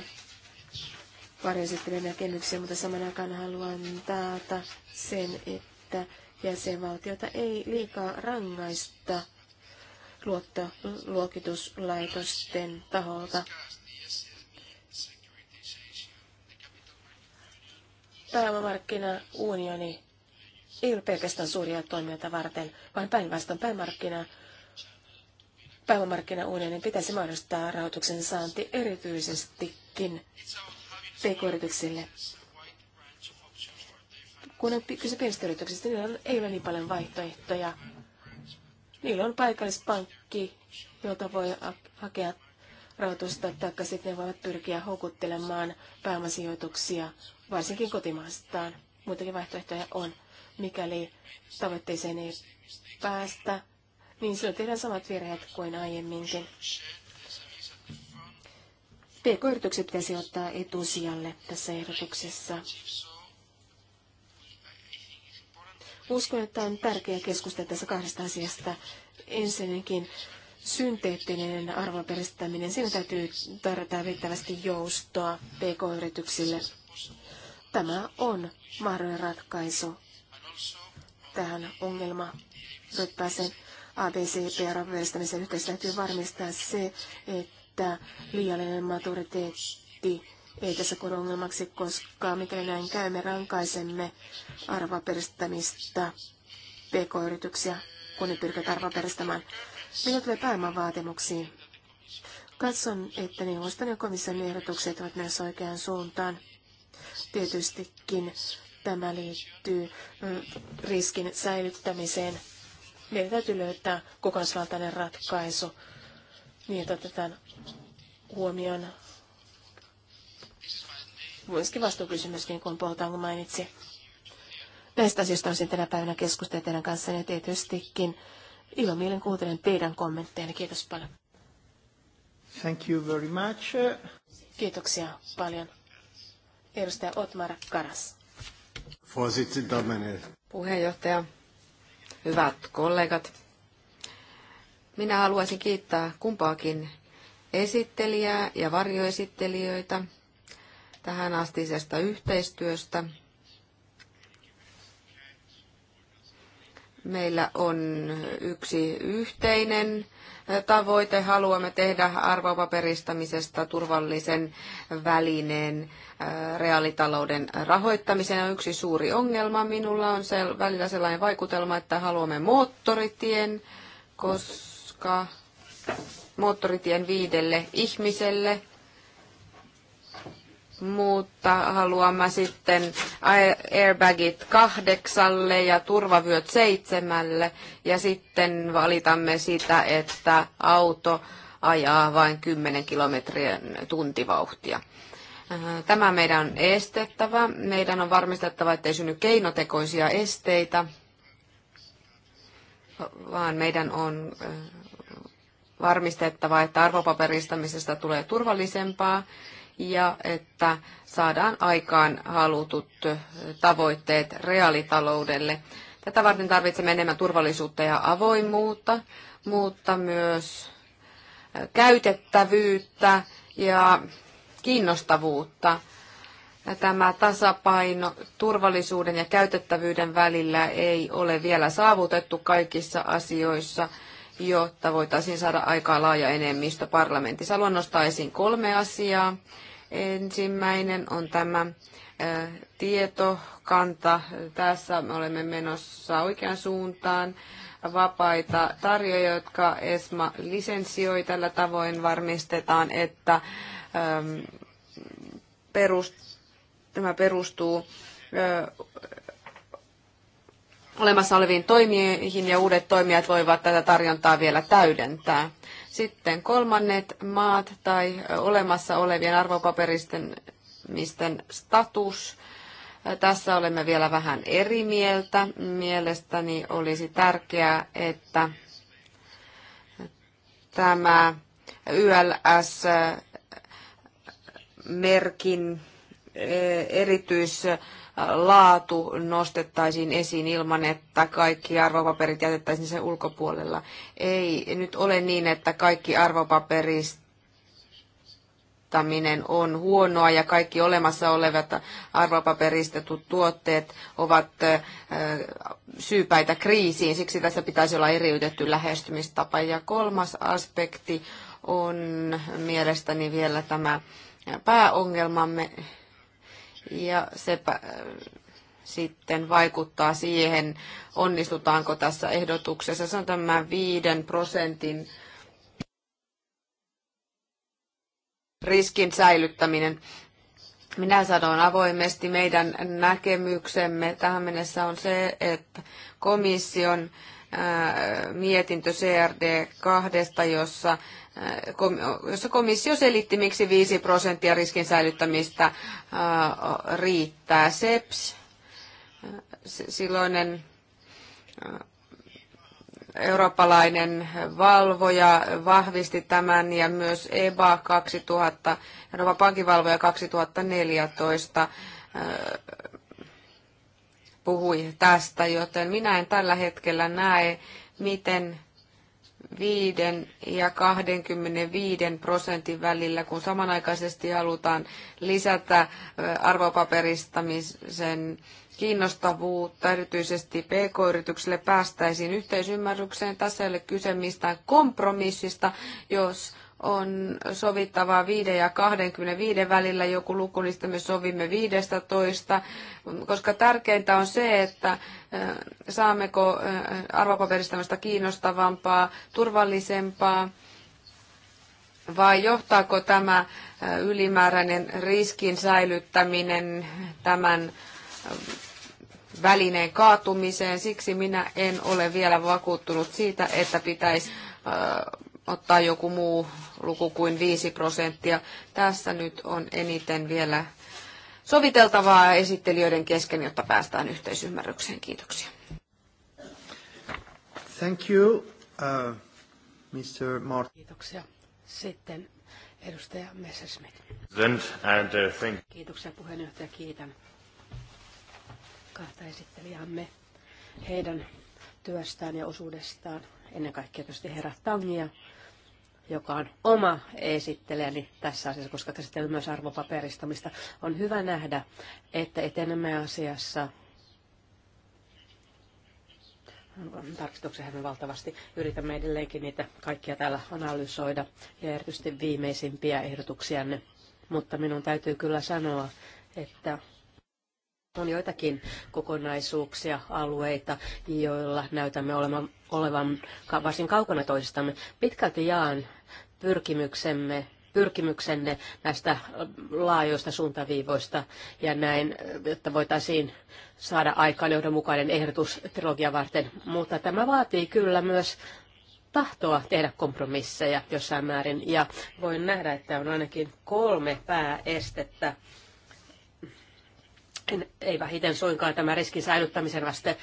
varjoesittelijän näkemyksiä, mutta saman aikaan haluan taata sen, että jäsenvaltiota ei liikaa rangaista luottoluokituslaitosten taholta. Pääomamarkkinaunioni ei ole pelkästään suuria toimijoita varten, vaan päinvastoin päämarkkina pääomamarkkinaunionin pitäisi mahdollistaa rahoituksen saanti erityisestikin pk-yrityksille. Kun on kyse pienistä yrityksistä, niillä ei ole niin paljon vaihtoehtoja. Niillä on paikallispankki, jolta voi hakea rahoitusta, taikka sitten voivat pyrkiä houkuttelemaan pääomasijoituksia, varsinkin kotimaastaan. Muitakin vaihtoehtoja on, mikäli tavoitteeseen ei päästä, niin silloin tehdään samat virheet kuin aiemminkin. PK-yritykset pitäisi ottaa etusijalle tässä ehdotuksessa. Uskon, että on tärkeää keskustella tässä kahdesta asiasta. Ensinnäkin synteettinen arvoperistäminen siinä täytyy tarjota riittävästi joustoa PK-yrityksille. Tämä on mahdollinen ratkaisu tähän ongelmaan. Ryppäisen abcp arvoperistämisen yhteydessä täytyy varmistaa se, että että liiallinen maturiteetti ei tässä kuulu ongelmaksi, koska mikäli näin käymme, rankaisemme arvaperistämistä pk-yrityksiä, kun ne pyrkivät arvaperistämään. Mitä tulee pääoman vaatimuksiin? Katson, että neuvoston ja komission ehdotukset ovat myös oikeaan suuntaan. Tietystikin tämä liittyy riskin säilyttämiseen. Meidän täytyy löytää kokonaisvaltainen ratkaisu niin että otetaan huomioon myöskin vastuukysymyskin, kun puhutaan, kun mainitsi. Näistä asioista olisin tänä päivänä keskustella teidän kanssa ja tietystikin ilomielen kuuntelen teidän kommentteja. Kiitos paljon. Thank you very much. Kiitoksia paljon. Edustaja Otmar Karas. Puheenjohtaja, hyvät kollegat, minä haluaisin kiittää kumpaakin esittelijää ja varjoesittelijöitä tähän astisesta yhteistyöstä. Meillä on yksi yhteinen tavoite. Haluamme tehdä arvopaperistamisesta turvallisen välineen äh, reaalitalouden rahoittamiseen. yksi suuri ongelma. Minulla on sel- välillä sellainen vaikutelma, että haluamme moottoritien, koska matkaa moottoritien viidelle ihmiselle, mutta haluamme sitten airbagit kahdeksalle ja turvavyöt seitsemälle ja sitten valitamme sitä, että auto ajaa vain 10 kilometrien tuntivauhtia. Äh, tämä meidän on estettävä. Meidän on varmistettava, ettei synny keinotekoisia esteitä, vaan meidän on äh, varmistettava, että arvopaperistamisesta tulee turvallisempaa ja että saadaan aikaan halutut tavoitteet reaalitaloudelle. Tätä varten tarvitsemme enemmän turvallisuutta ja avoimuutta, mutta myös käytettävyyttä ja kiinnostavuutta. Tämä tasapaino turvallisuuden ja käytettävyyden välillä ei ole vielä saavutettu kaikissa asioissa jotta voitaisiin saada aikaa laaja enemmistö parlamentissa. Haluan nostaa esiin kolme asiaa. Ensimmäinen on tämä tietokanta. Tässä me olemme menossa oikean suuntaan vapaita tarjoajia, jotka ESMA lisensioi. Tällä tavoin varmistetaan, että perust, tämä perustuu olemassa oleviin toimijoihin ja uudet toimijat voivat tätä tarjontaa vielä täydentää. Sitten kolmannet maat tai olemassa olevien arvopaperisten misten status. Tässä olemme vielä vähän eri mieltä. Mielestäni olisi tärkeää, että tämä YLS-merkin e, erityis laatu nostettaisiin esiin ilman, että kaikki arvopaperit jätettäisiin sen ulkopuolella. Ei nyt ole niin, että kaikki arvopaperistaminen on huonoa ja kaikki olemassa olevat arvopaperistetut tuotteet ovat syypäitä kriisiin. Siksi tässä pitäisi olla eriytetty lähestymistapa. Ja kolmas aspekti on mielestäni vielä tämä pääongelmamme, ja sepä äh, sitten vaikuttaa siihen, onnistutaanko tässä ehdotuksessa. Se on tämä viiden prosentin riskin säilyttäminen. Minä sanon avoimesti, meidän näkemyksemme tähän mennessä on se, että komission äh, mietintö CRD kahdesta, jossa Äh, jossa komissio selitti, miksi 5 prosenttia riskin säilyttämistä äh, riittää. SEPS, äh, silloinen eurooppalainen valvoja vahvisti tämän ja myös EBA 2000, Euroopan pankivalvoja 2014 puhui tästä, joten minä en tällä hetkellä näe, miten 5 ja 25 prosentin välillä, kun samanaikaisesti halutaan lisätä arvopaperistamisen kiinnostavuutta, erityisesti pk-yrityksille päästäisiin yhteisymmärrykseen. Tässä ei ole kyse mistään kompromissista, jos on sovittavaa 5 ja 25 välillä, joku luku, niistä me sovimme 15, koska tärkeintä on se, että eh, saammeko eh, arvopaperistamista kiinnostavampaa, turvallisempaa, vai johtaako tämä eh, ylimääräinen riskin säilyttäminen tämän välineen kaatumiseen. Siksi minä en ole vielä vakuuttunut siitä, että pitäisi ottaa joku muu luku kuin 5 prosenttia. Tässä nyt on eniten vielä soviteltavaa esittelijöiden kesken, jotta päästään yhteisymmärrykseen. Kiitoksia. Thank you, uh, Mr. Martin. Kiitoksia. Sitten edustaja Messerschmidt. And, uh, thank... Kiitoksia puheenjohtaja. Kiitän kahta esittelijämme heidän työstään ja osuudestaan. Ennen kaikkea tietysti herra Tangia joka on oma esittelijäni tässä asiassa, koska käsittelemme myös arvopaperistamista. On hyvä nähdä, että etenemme asiassa tarkistuksia me valtavasti. Yritämme edelleenkin niitä kaikkia täällä analysoida ja erityisesti viimeisimpiä ehdotuksianne. Mutta minun täytyy kyllä sanoa, että on joitakin kokonaisuuksia, alueita, joilla näytämme olevan, olevan varsin kaukana toisistamme. Pitkälti jaan pyrkimyksemme pyrkimyksenne näistä laajoista suuntaviivoista ja näin, jotta voitaisiin saada aikaan johdonmukainen ehdotus trilogia varten. Mutta tämä vaatii kyllä myös tahtoa tehdä kompromisseja jossain määrin ja voin nähdä, että on ainakin kolme pääestettä niin ei vähiten suinkaan tämä riskin säilyttämisen aste,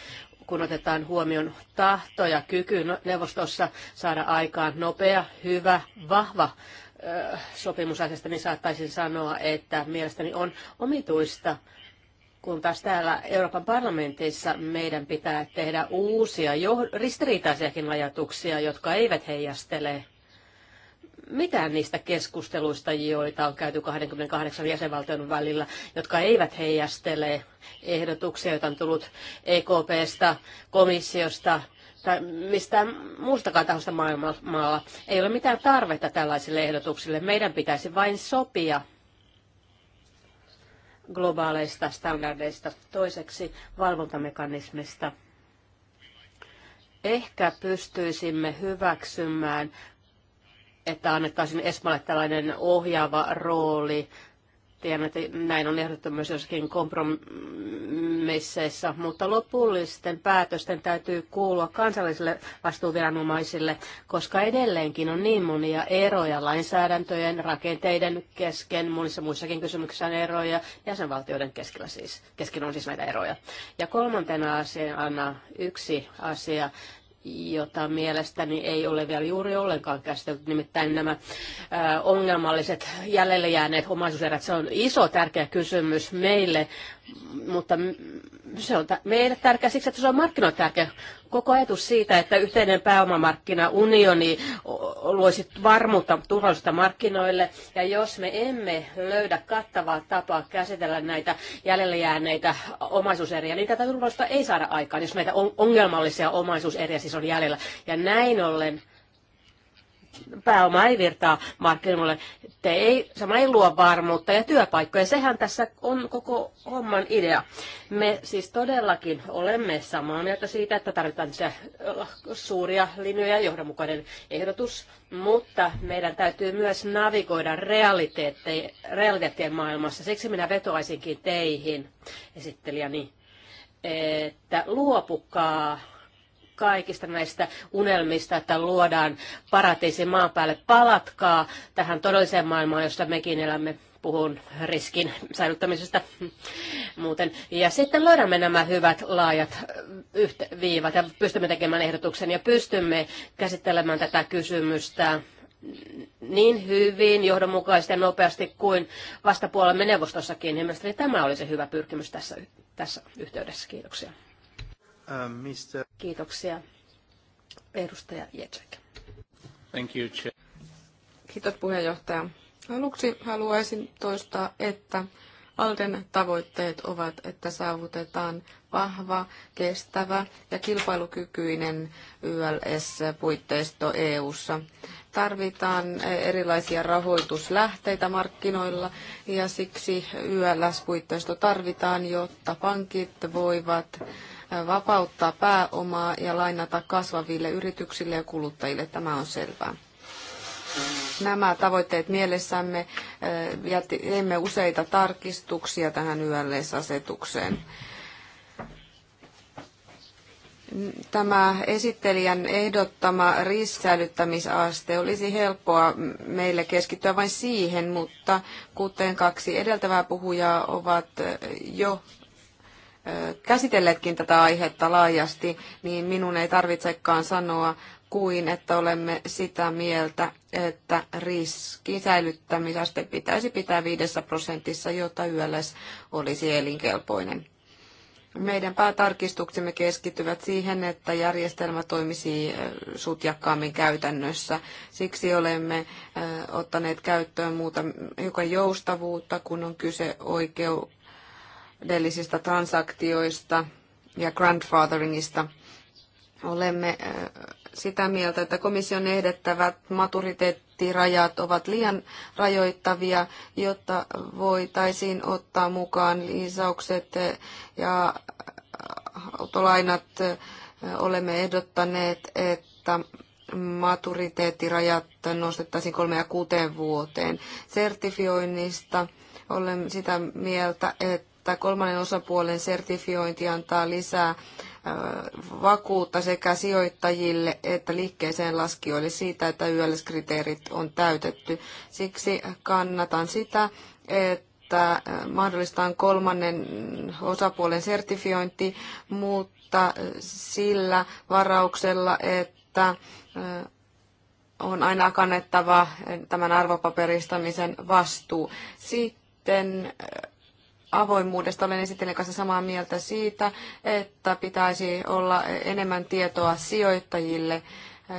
kun otetaan huomioon tahto ja kyky no- neuvostossa saada aikaan nopea, hyvä, vahva sopimusasiasta, niin saattaisin sanoa, että mielestäni on omituista, kun taas täällä Euroopan parlamentissa meidän pitää tehdä uusia jo ristiriitaisiakin ajatuksia, jotka eivät heijastele mitään niistä keskusteluista, joita on käyty 28 jäsenvaltion välillä, jotka eivät heijastele ehdotuksia, joita on tullut EKPstä, komissiosta tai mistään muustakaan tahosta maailmalla. Ei ole mitään tarvetta tällaisille ehdotuksille. Meidän pitäisi vain sopia globaaleista standardeista, toiseksi valvontamekanismista. Ehkä pystyisimme hyväksymään että annettaisiin Esmalle tällainen ohjaava rooli. Tiedän, että näin on ehdottu myös jossakin kompromisseissa, mutta lopullisten päätösten täytyy kuulua kansallisille vastuuviranomaisille, koska edelleenkin on niin monia eroja lainsäädäntöjen, rakenteiden kesken, monissa muissakin kysymyksissä on eroja, jäsenvaltioiden keskellä siis, kesken on siis näitä eroja. Ja kolmantena asiana yksi asia, jota mielestäni ei ole vielä juuri ollenkaan käsitelty, nimittäin nämä ongelmalliset jäljelle jääneet omaisuuserät. Se on iso tärkeä kysymys meille, mutta se on meille tärkeä siksi, että se on markkinoille tärkeä. Koko ajatus siitä, että yhteinen pääomamarkkina, unioni luisi varmuutta turvallisuutta markkinoille. Ja jos me emme löydä kattavaa tapaa käsitellä näitä jäljellä jääneitä omaisuuseriä, niin tätä turvallisuutta ei saada aikaan, jos meitä ongelmallisia omaisuuseriä siis on jäljellä. Ja näin ollen pääoma ei virtaa markkinoille. Te ei, sama ei luo varmuutta ja työpaikkoja. Sehän tässä on koko homman idea. Me siis todellakin olemme samaa mieltä siitä, että tarvitaan se äh, suuria linjoja, johdonmukainen ehdotus, mutta meidän täytyy myös navigoida realiteettien maailmassa. Siksi minä vetoaisinkin teihin, esittelijäni, että luopukaa kaikista näistä unelmista, että luodaan paratiisi maan päälle. Palatkaa tähän todelliseen maailmaan, josta mekin elämme puhun riskin säilyttämisestä *laughs* muuten. Ja sitten löydämme nämä hyvät laajat viivat ja pystymme tekemään ehdotuksen ja pystymme käsittelemään tätä kysymystä niin hyvin, johdonmukaisesti ja nopeasti kuin vastapuolemme neuvostossakin. Mielestäni tämä oli se hyvä pyrkimys tässä, tässä yhteydessä. Kiitoksia. Uh, Mr. Kiitoksia. Edustaja Jetsek. Thank you, Chair. Kiitos puheenjohtaja. Aluksi haluaisin toistaa, että Alden tavoitteet ovat, että saavutetaan vahva, kestävä ja kilpailukykyinen YLS-puitteisto EU:ssa. Tarvitaan erilaisia rahoituslähteitä markkinoilla ja siksi YLS-puitteisto tarvitaan, jotta pankit voivat vapauttaa pääomaa ja lainata kasvaville yrityksille ja kuluttajille. Tämä on selvää. Nämä tavoitteet mielessämme eh, ja teemme useita tarkistuksia tähän YLS-asetukseen. Tämä esittelijän ehdottama riissäilyttämisaste olisi helppoa meille keskittyä vain siihen, mutta kuten kaksi edeltävää puhujaa ovat jo käsitelleetkin tätä aihetta laajasti, niin minun ei tarvitsekaan sanoa kuin, että olemme sitä mieltä, että riskin säilyttämisaste pitäisi pitää viidessä prosentissa, jotta YLS olisi elinkelpoinen. Meidän päätarkistuksemme keskittyvät siihen, että järjestelmä toimisi sutjakkaammin käytännössä. Siksi olemme ottaneet käyttöön muuta, hiukan joustavuutta, kun on kyse oikeu, edellisistä transaktioista ja grandfatheringista. Olemme äh, sitä mieltä, että komission ehdettävät maturiteettirajat ovat liian rajoittavia, jotta voitaisiin ottaa mukaan lisaukset äh, ja äh, autolainat. Olemme ehdottaneet, että maturiteettirajat nostettaisiin kolme ja kuuteen vuoteen. Sertifioinnista olen sitä mieltä, että että kolmannen osapuolen sertifiointi antaa lisää vakuutta sekä sijoittajille että liikkeeseen laskijoille siitä, että YLS-kriteerit on täytetty. Siksi kannatan sitä, että mahdollistaan kolmannen osapuolen sertifiointi, mutta sillä varauksella, että on aina kannettava tämän arvopaperistamisen vastuu. Sitten avoimuudesta. Olen esittelijän kanssa samaa mieltä siitä, että pitäisi olla enemmän tietoa sijoittajille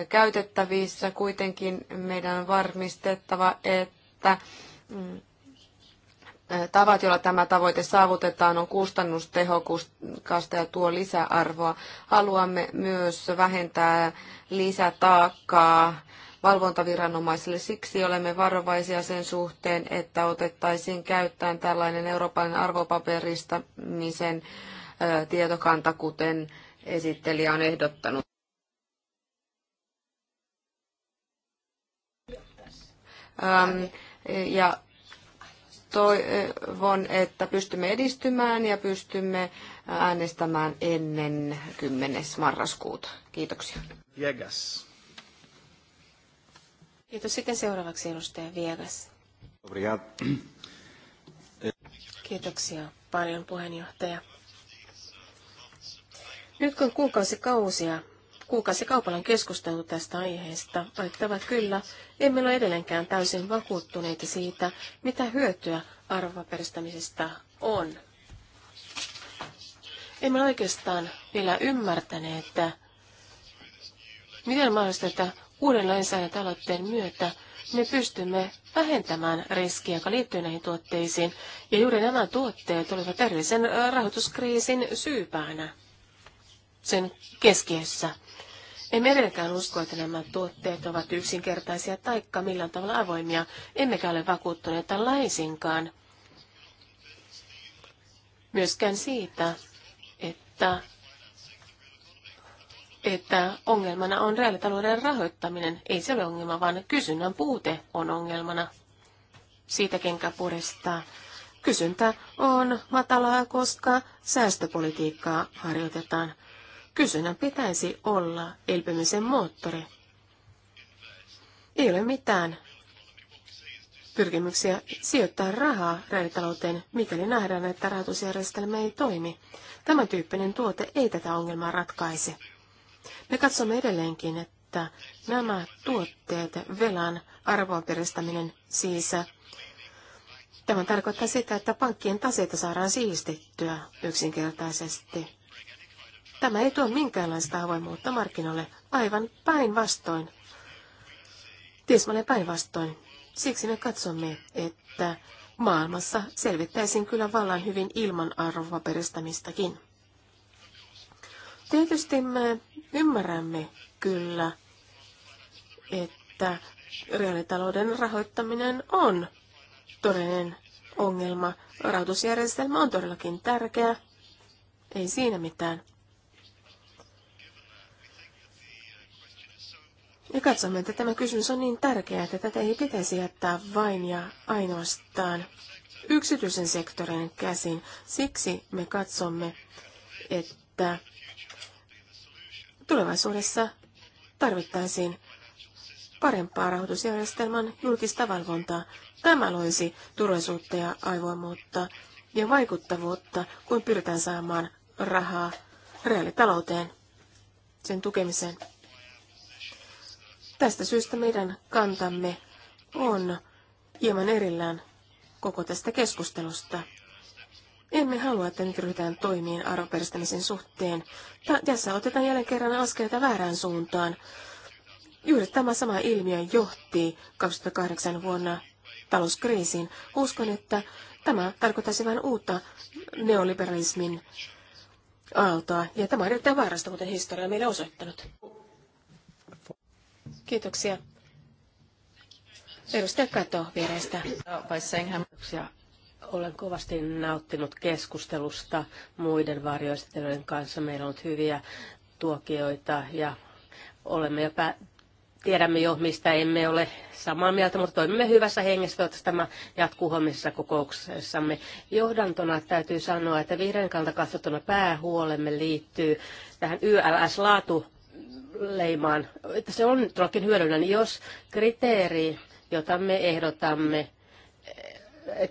käytettävissä. Kuitenkin meidän on varmistettava, että mm, tavat, joilla tämä tavoite saavutetaan, on kustannustehokasta ja tuo lisäarvoa. Haluamme myös vähentää lisätaakkaa valvontaviranomaisille. Siksi olemme varovaisia sen suhteen, että otettaisiin käyttöön tällainen Euroopan arvopaperistamisen tietokanta, kuten esittelijä on ehdottanut. Ähm, ja toivon, että pystymme edistymään ja pystymme äänestämään ennen 10. marraskuuta. Kiitoksia. Jägäs. Kiitos sitten seuraavaksi edustaja Viegas. Kiitoksia paljon puheenjohtaja. Nyt kun kuukausikausia, kuukausikaupalla on keskusteltu tästä aiheesta, valittavat kyllä, emme ole edelleenkään täysin vakuuttuneita siitä, mitä hyötyä arvoperistämisestä on. Emme oikeastaan vielä ymmärtäneet, että miten on mahdollista, että Uuden lainsäädäntöaloitteen myötä me pystymme vähentämään riskiä, joka liittyy näihin tuotteisiin, ja juuri nämä tuotteet olivat erillisen rahoituskriisin syypäänä sen keskiössä. Emme edelläkään usko, että nämä tuotteet ovat yksinkertaisia taikka millään tavalla avoimia, emmekä ole vakuuttuneita laisinkaan. Myöskään siitä, että että ongelmana on reaalitalouden rahoittaminen. Ei se ole ongelma, vaan kysynnän puute on ongelmana. Siitä kenkä purestaa. Kysyntä on matalaa, koska säästöpolitiikkaa harjoitetaan. Kysynnän pitäisi olla elpymisen moottori. Ei ole mitään pyrkimyksiä sijoittaa rahaa reaalitalouteen, mikäli nähdään, että rahoitusjärjestelmä ei toimi. Tämän tyyppinen tuote ei tätä ongelmaa ratkaise. Me katsomme edelleenkin, että nämä tuotteet, velan arvon peristäminen siis, tämä tarkoittaa sitä, että pankkien taseita saadaan siistettyä yksinkertaisesti. Tämä ei tuo minkäänlaista avoimuutta markkinoille, aivan päinvastoin. Tiesmalle päinvastoin. Siksi me katsomme, että maailmassa selvittäisiin kyllä vallan hyvin ilman arvopaperistämistäkin. Tietysti me ymmärrämme kyllä, että reaalitalouden rahoittaminen on todellinen ongelma. Rahoitusjärjestelmä on todellakin tärkeä. Ei siinä mitään. Ja katsomme, että tämä kysymys on niin tärkeä, että tätä ei pitäisi jättää vain ja ainoastaan yksityisen sektorin käsin. Siksi me katsomme, että Tulevaisuudessa tarvittaisiin parempaa rahoitusjärjestelmän julkista valvontaa. Tämä loisi turvallisuutta ja aivoimuutta ja vaikuttavuutta, kun pyritään saamaan rahaa reaalitalouteen, sen tukemiseen. Tästä syystä meidän kantamme on hieman erillään koko tästä keskustelusta. Emme halua, että nyt ryhdytään toimiin arvoperistämisen suhteen. Ta- tässä otetaan jälleen kerran askeleita väärään suuntaan. Juuri tämä sama ilmiö johti 2008 vuonna talouskriisiin. Uskon, että tämä tarkoittaisi vain uutta neoliberalismin aaltoa, ja tämä on erittäin vaarasta, kuten historia on meille osoittanut. Kiitoksia. Edustaja Kato vierestä. Olen kovasti nauttinut keskustelusta muiden varjoistelijoiden kanssa. Meillä on ollut hyviä tuokioita ja olemme jopa tiedämme jo, mistä emme ole samaa mieltä, mutta toimimme hyvässä hengessä, toivottavasti tämä jatkuu huomisessa kokouksessamme. Johdantona täytyy sanoa, että vihreän kalta katsottuna päähuolemme liittyy tähän YLS-laatu leimaan, että se on todellakin hyödyllinen, jos kriteeri, jota me ehdotamme,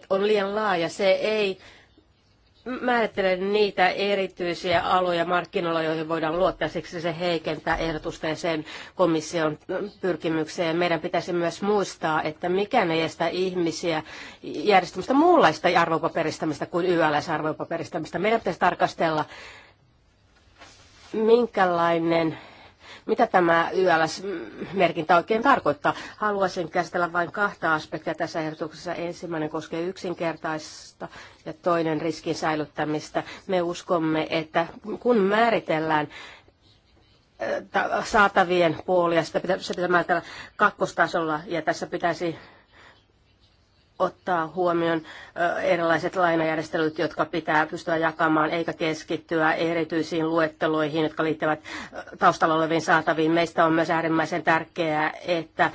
on liian laaja. Se ei määrittele niitä erityisiä aloja markkinoilla, joihin voidaan luottaa. Siksi se heikentää ehdotusta ja sen komission pyrkimykseen. Meidän pitäisi myös muistaa, että mikään ei estä ihmisiä järjestämistä muunlaista arvopaperistämistä kuin YLS-arvopaperistämistä. Meidän pitäisi tarkastella minkälainen mitä tämä YLS-merkintä oikein tarkoittaa? Haluaisin käsitellä vain kahta aspektia tässä ehdotuksessa. Ensimmäinen koskee yksinkertaista ja toinen riskin säilyttämistä. Me uskomme, että kun määritellään saatavien puolia, sitä pitäisi se määritellä kakkostasolla ja tässä pitäisi ottaa huomioon erilaiset lainajärjestelyt, jotka pitää pystyä jakamaan, eikä keskittyä erityisiin luetteloihin, jotka liittyvät taustalla oleviin saataviin. Meistä on myös äärimmäisen tärkeää, että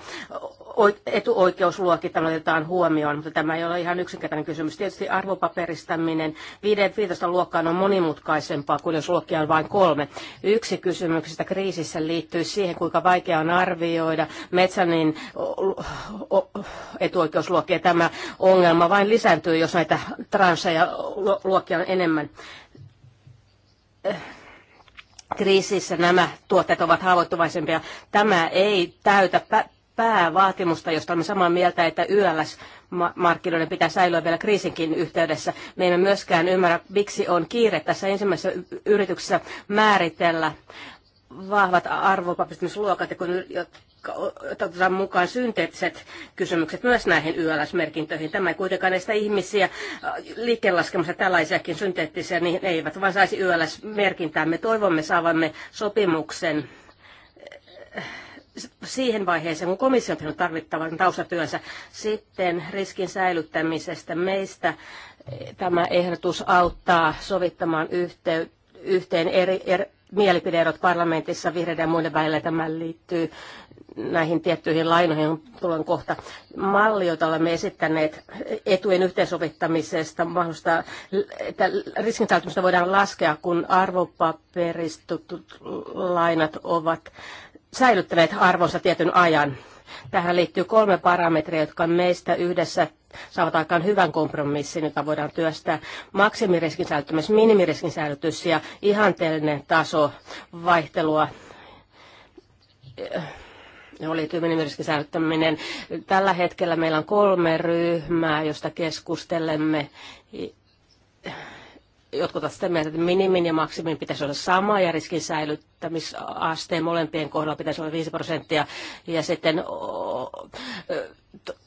etuoikeusluokittelu otetaan huomioon, mutta tämä ei ole ihan yksinkertainen kysymys. Tietysti arvopaperistaminen 15 luokkaan on monimutkaisempaa kuin jos luokkia on vain kolme. Yksi kysymyksistä kriisissä liittyy siihen, kuinka vaikea on arvioida metsänin etuoikeusluokkia. Tämä ongelma vain lisääntyy, jos näitä transeja luokkia on enemmän kriisissä nämä tuotteet ovat haavoittuvaisempia. Tämä ei täytä päävaatimusta, josta olemme samaa mieltä, että YLS-markkinoiden pitää säilyä vielä kriisinkin yhteydessä. Me emme myöskään ymmärrä, miksi on kiire tässä ensimmäisessä yrityksessä määritellä vahvat arvopapistumisluokat ja kun otetaan mukaan synteettiset kysymykset myös näihin YLS-merkintöihin. Tämä ei kuitenkaan näistä ihmisiä äh, liikelaskemassa tällaisiakin synteettisiä, niin ne eivät vaan saisi YLS-merkintää. Me toivomme saavamme sopimuksen siihen vaiheeseen, kun komissio on tehnyt tarvittavan taustatyönsä. Sitten riskin säilyttämisestä meistä tämä ehdotus auttaa sovittamaan yhteen, yhteen eri, eri mielipideerot parlamentissa vihreiden ja muiden välillä. Tämä liittyy näihin tiettyihin lainoihin tulen kohta. Malli, jota olemme esittäneet etujen yhteensovittamisesta, mahdollista, että riskin voidaan laskea, kun arvopaperistut lainat ovat säilyttäneet arvonsa tietyn ajan. Tähän liittyy kolme parametria, jotka meistä yhdessä saavat aikaan hyvän kompromissin, jota voidaan työstää. Maksimiriskin säilyttämis, minimiriskin säilytys ja ihanteellinen taso vaihtelua johon liittyy minimiriskin säilyttäminen. Tällä hetkellä meillä on kolme ryhmää, josta keskustelemme jotkut ovat sitä mieltä, että minimin ja maksimin pitäisi olla sama ja riskin säilyttämisasteen molempien kohdalla pitäisi olla 5 prosenttia. Ja sitten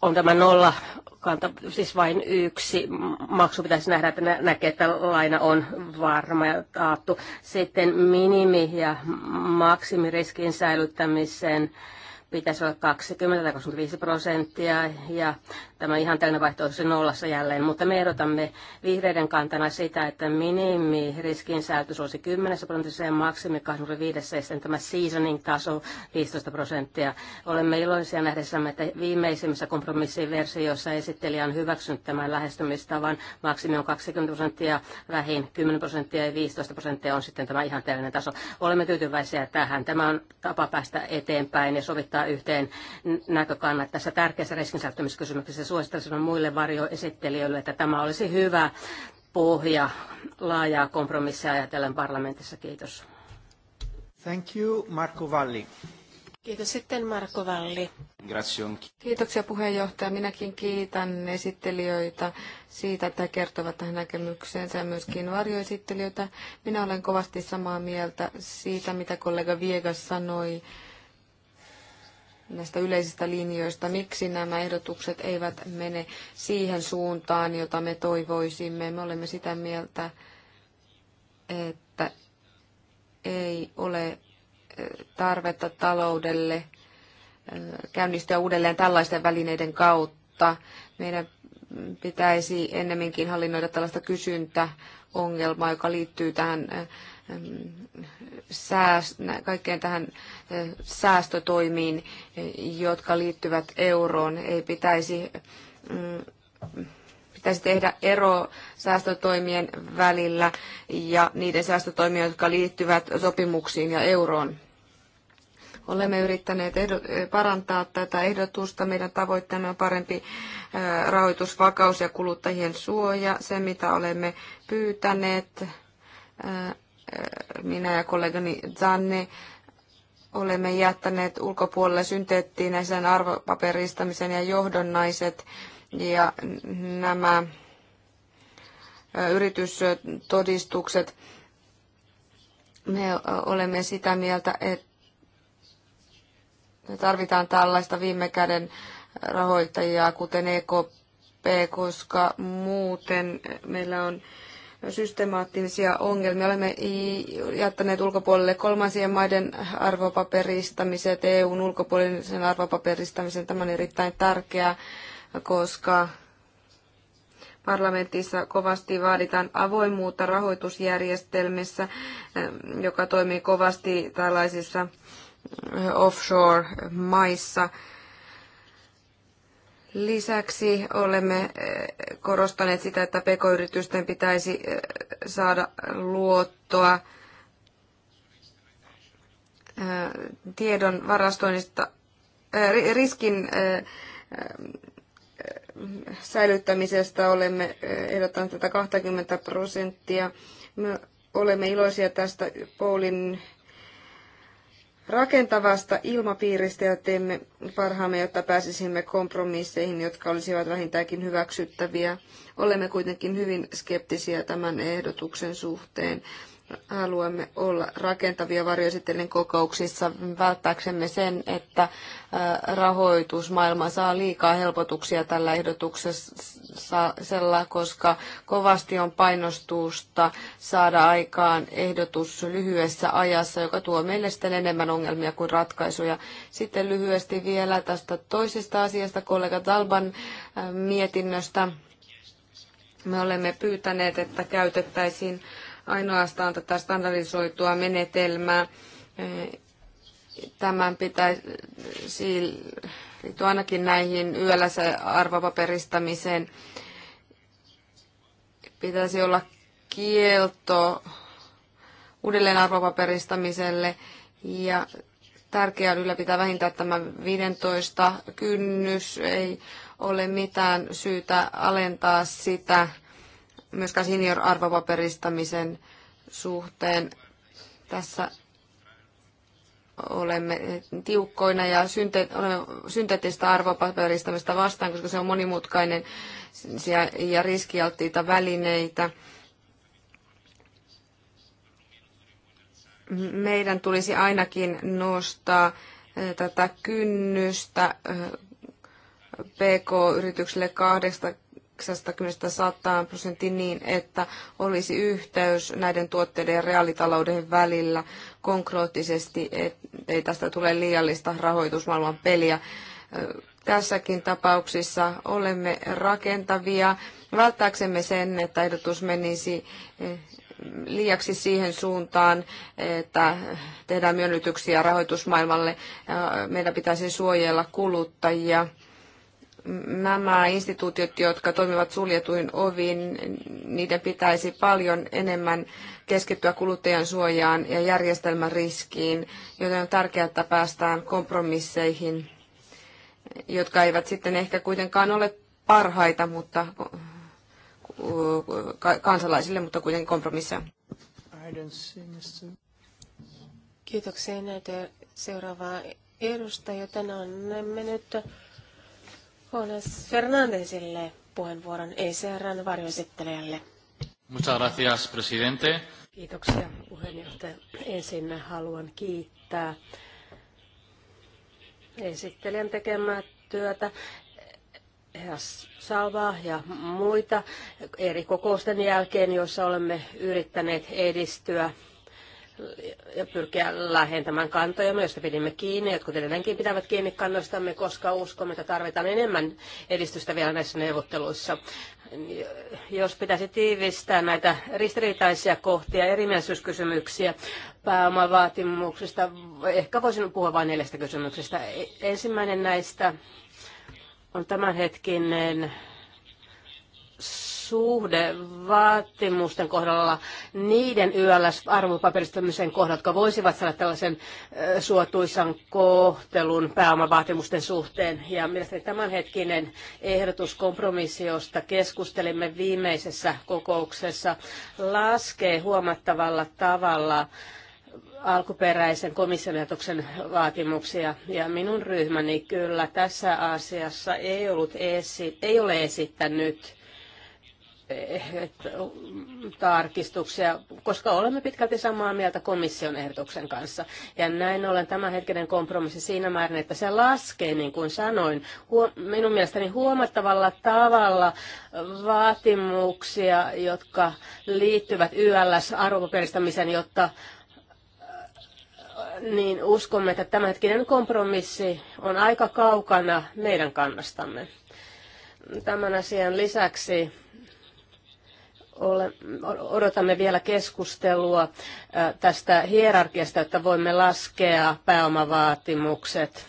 on tämä nolla kanta, siis vain yksi maksu pitäisi nähdä, että näkee, että laina on varma ja taattu. Sitten minimi- ja riskin säilyttämiseen pitäisi olla 20 tai 25 prosenttia ja tämä ihan tällainen vaihtoehto nollassa jälleen, mutta me ehdotamme vihreiden kantana sitä, että minimi säätys olisi 10 prosentissa ja maksimi 25, sitten tämä seasoning taso 15 prosenttia. Olemme iloisia nähdessämme, että viimeisimmässä kompromissiversioissa esittelijä on hyväksynyt tämän lähestymistavan. Maksimi on 20 prosenttia, vähin 10 prosenttia ja 15 prosenttia on sitten tämä ihan tällainen taso. Olemme tyytyväisiä tähän. Tämä on tapa päästä eteenpäin ja sovittaa yhteen näkökannat tässä tärkeässä riskinsäätymiskysymyksessä suosittelen muille varjoesittelijöille, että tämä olisi hyvä pohja laajaa kompromissia ajatellen parlamentissa. Kiitos. Thank you, Marco Valli. Kiitos sitten Marko Valli. Kiitoksia puheenjohtaja. Minäkin kiitän esittelijöitä siitä, että he kertovat tähän näkemykseensä ja myöskin varjoesittelijöitä. Minä olen kovasti samaa mieltä siitä, mitä kollega Viegas sanoi näistä yleisistä linjoista, miksi nämä ehdotukset eivät mene siihen suuntaan, jota me toivoisimme. Me olemme sitä mieltä, että ei ole eh, tarvetta taloudelle eh, käynnistyä uudelleen tällaisten välineiden kautta. Meidän pitäisi ennemminkin hallinnoida tällaista kysyntäongelmaa, joka liittyy tähän eh, sääst, kaikkeen tähän säästötoimiin, jotka liittyvät euroon. Ei pitäisi, mm, pitäisi tehdä ero säästötoimien välillä ja niiden säästötoimien, jotka liittyvät sopimuksiin ja euroon. Olemme yrittäneet parantaa tätä ehdotusta. Meidän tavoitteemme on parempi rahoitusvakaus ja kuluttajien suoja. Se, mitä olemme pyytäneet minä ja kollegani Zanni olemme jättäneet ulkopuolelle synteettinen arvopaperistamisen ja johdonnaiset ja nämä yritystodistukset. Me olemme sitä mieltä, että me tarvitaan tällaista viime käden rahoittajaa, kuten EKP, koska muuten meillä on systemaattisia ongelmia. Olemme jättäneet ulkopuolelle kolmansien maiden arvopaperistamiset, EUn ulkopuolisen arvopaperistamisen. Tämä on erittäin tärkeää, koska parlamentissa kovasti vaaditaan avoimuutta rahoitusjärjestelmissä, eh, joka toimii kovasti tällaisissa eh, offshore-maissa. Lisäksi olemme eh, korostaneet sitä, että pekoyritysten pitäisi eh, saada luottoa eh, tiedon varastoinnista, riskin säilyttämisestä olemme ehdottaneet tätä 20 prosenttia. Me olemme iloisia tästä Paulin rakentavasta ilmapiiristä ja teemme parhaamme, jotta pääsisimme kompromisseihin, jotka olisivat vähintäänkin hyväksyttäviä. Olemme kuitenkin hyvin skeptisiä tämän ehdotuksen suhteen haluamme olla rakentavia varjoesittelyn kokouksissa välttääksemme sen, että rahoitusmaailma saa liikaa helpotuksia tällä ehdotuksella, koska kovasti on painostusta saada aikaan ehdotus lyhyessä ajassa, joka tuo meille sitten enemmän ongelmia kuin ratkaisuja. Sitten lyhyesti vielä tästä toisesta asiasta kollega Talban mietinnöstä. Me olemme pyytäneet, että käytettäisiin ainoastaan tätä standardisoitua menetelmää. Tämän pitäisi liittyä ainakin näihin yöllä se arvopaperistamiseen. Pitäisi olla kielto uudelleen arvopaperistamiselle ja tärkeää on ylläpitää vähintään tämä 15 kynnys. Ei ole mitään syytä alentaa sitä myöskään senior-arvopaperistamisen suhteen. Tässä olemme tiukkoina ja synte- olemme synteettistä arvopaperistamista vastaan, koska se on monimutkainen ja riskialttiita välineitä. Meidän tulisi ainakin nostaa eh, tätä kynnystä eh, PK-yritykselle 80-100 prosenttiin niin, että olisi yhteys näiden tuotteiden ja reaalitalouden välillä konkreettisesti, ettei tästä tule liiallista rahoitusmaailman peliä. Tässäkin tapauksissa olemme rakentavia välttääksemme sen, että ehdotus menisi liiaksi siihen suuntaan, että tehdään myönnytyksiä rahoitusmaailmalle. Meidän pitäisi suojella kuluttajia nämä instituutiot, jotka toimivat suljetuin ovin, niiden pitäisi paljon enemmän keskittyä kuluttajan suojaan ja järjestelmän riskiin, joten on tärkeää, että päästään kompromisseihin, jotka eivät sitten ehkä kuitenkaan ole parhaita mutta kansalaisille, mutta kuitenkin kompromisseja. Kiitoksia näitä seuraavaa edustajia. Tänään mennyt Juanes Fernandezille puheenvuoron ECRn varjoesittelijälle. Muchas gracias, presidente. Kiitoksia puheenjohtaja. Ensin haluan kiittää esittelijän tekemää työtä herra Salvaa ja muita eri kokousten jälkeen, joissa olemme yrittäneet edistyä ja pyrkiä lähentämään kantoja, joista pidimme kiinni, jotkut edelleenkin pitävät kiinni kannoistamme, koska uskomme, että tarvitaan enemmän edistystä vielä näissä neuvotteluissa. Jos pitäisi tiivistää näitä ristiriitaisia kohtia, erimielisyyskysymyksiä pääomavaatimuksista, ehkä voisin puhua vain neljästä kysymyksestä. Ensimmäinen näistä on tämänhetkinen suhde vaatimusten kohdalla niiden YLS-arvopaperistamisen kohdalla, jotka voisivat saada tällaisen suotuisan kohtelun pääomavaatimusten suhteen. Ja mielestäni tämänhetkinen ehdotus kompromissiosta keskustelimme viimeisessä kokouksessa, laskee huomattavalla tavalla alkuperäisen komission vaatimuksia. Ja minun ryhmäni kyllä tässä asiassa ei, ollut esi- ei ole esittänyt Eh, tarkistuksia, koska olemme pitkälti samaa mieltä komission ehdotuksen kanssa. Ja näin ollen hetkinen kompromissi siinä määrin, että se laskee, niin kuin sanoin, minun mielestäni huomattavalla tavalla vaatimuksia, jotka liittyvät YLS-arvopaperistamiseen, jotta eh, niin uskomme, että tämänhetkinen kompromissi on aika kaukana meidän kannastamme. Tämän asian lisäksi ole, odotamme vielä keskustelua tästä hierarkiasta, että voimme laskea pääomavaatimukset.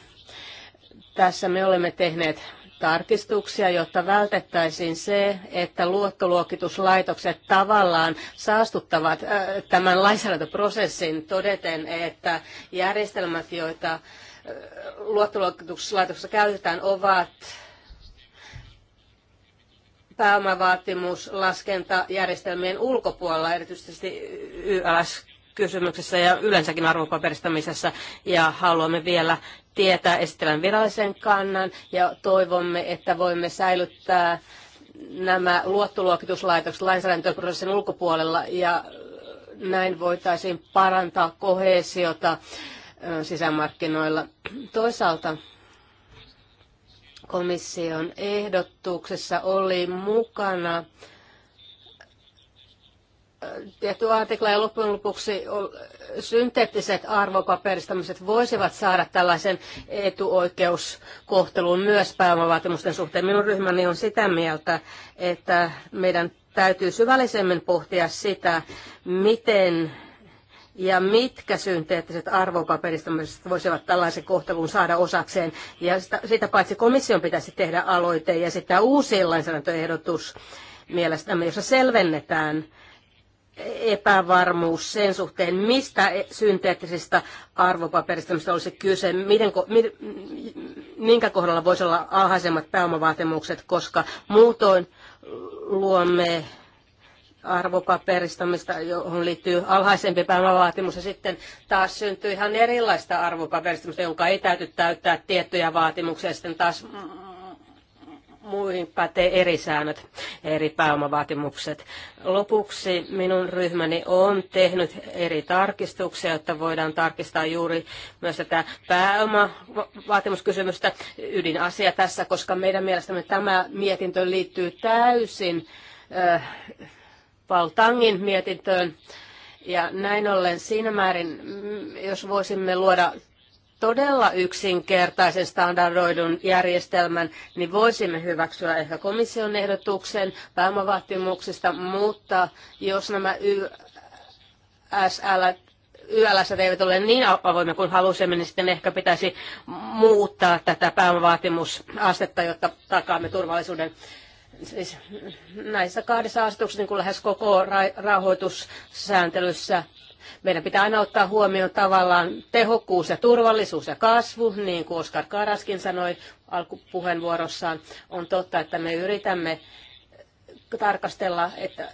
Tässä me olemme tehneet tarkistuksia, jotta vältettäisiin se, että luottoluokituslaitokset tavallaan saastuttavat tämän lainsäädäntöprosessin todeten, että järjestelmät, joita luottoluokituslaitoksessa käytetään, ovat pääomavaatimulaskentajärjestelmien ulkopuolella, erityisesti YLS kysymyksessä ja yleensäkin arvopaperistamisessa ja haluamme vielä tietää esitellään virallisen kannan ja toivomme, että voimme säilyttää nämä luottoluokituslaitokset lainsäädäntöprosessin ulkopuolella ja näin voitaisiin parantaa kohesiota sisämarkkinoilla. Toisaalta komission ehdotuksessa oli mukana äh, tietty artikla ja loppujen lopuksi synteettiset arvopaperistamiset voisivat saada tällaisen etuoikeuskohtelun myös pääomavaatimusten suhteen. Minun ryhmäni on sitä mieltä, että meidän täytyy syvällisemmin pohtia sitä, miten ja mitkä synteettiset arvopaperistamiset voisivat tällaisen kohtelun saada osakseen. Ja sitä, sitä paitsi komission pitäisi tehdä aloite ja sitten uusi lainsäädäntöehdotus mielestämme, jossa selvennetään epävarmuus sen suhteen, mistä e- synteettisistä arvopaperistamista olisi kyse, miten, minkä kohdalla voisi olla alhaisemmat pääomavaatimukset, koska muutoin luomme mistä johon liittyy alhaisempi pääomavaatimus, ja sitten taas syntyy ihan erilaista arvopaperista, jonka ei täyty täyttää tiettyjä vaatimuksia, ja sitten taas mm, muihin pätee eri säännöt, eri pääomavaatimukset. Lopuksi minun ryhmäni on tehnyt eri tarkistuksia, jotta voidaan tarkistaa juuri myös tätä pääomavaatimuskysymystä ydinasia tässä, koska meidän mielestämme tämä mietintö liittyy täysin äh, Tangin mietintöön. Ja näin ollen siinä määrin, mm, jos voisimme luoda todella yksinkertaisen standardoidun järjestelmän, niin voisimme hyväksyä ehkä komission ehdotuksen pääomavaatimuksista, mutta jos nämä YSL YLS eivät ole niin avoimia kuin halusimme, niin sitten ehkä pitäisi muuttaa tätä pääomavaatimusastetta, jotta takaamme turvallisuuden siis näissä kahdessa asetuksessa, niin kuin lähes koko ra- rahoitussääntelyssä, meidän pitää aina ottaa huomioon tavallaan tehokkuus ja turvallisuus ja kasvu, niin kuin Oskar Karaskin sanoi alkupuheenvuorossaan. On totta, että me yritämme tarkastella, että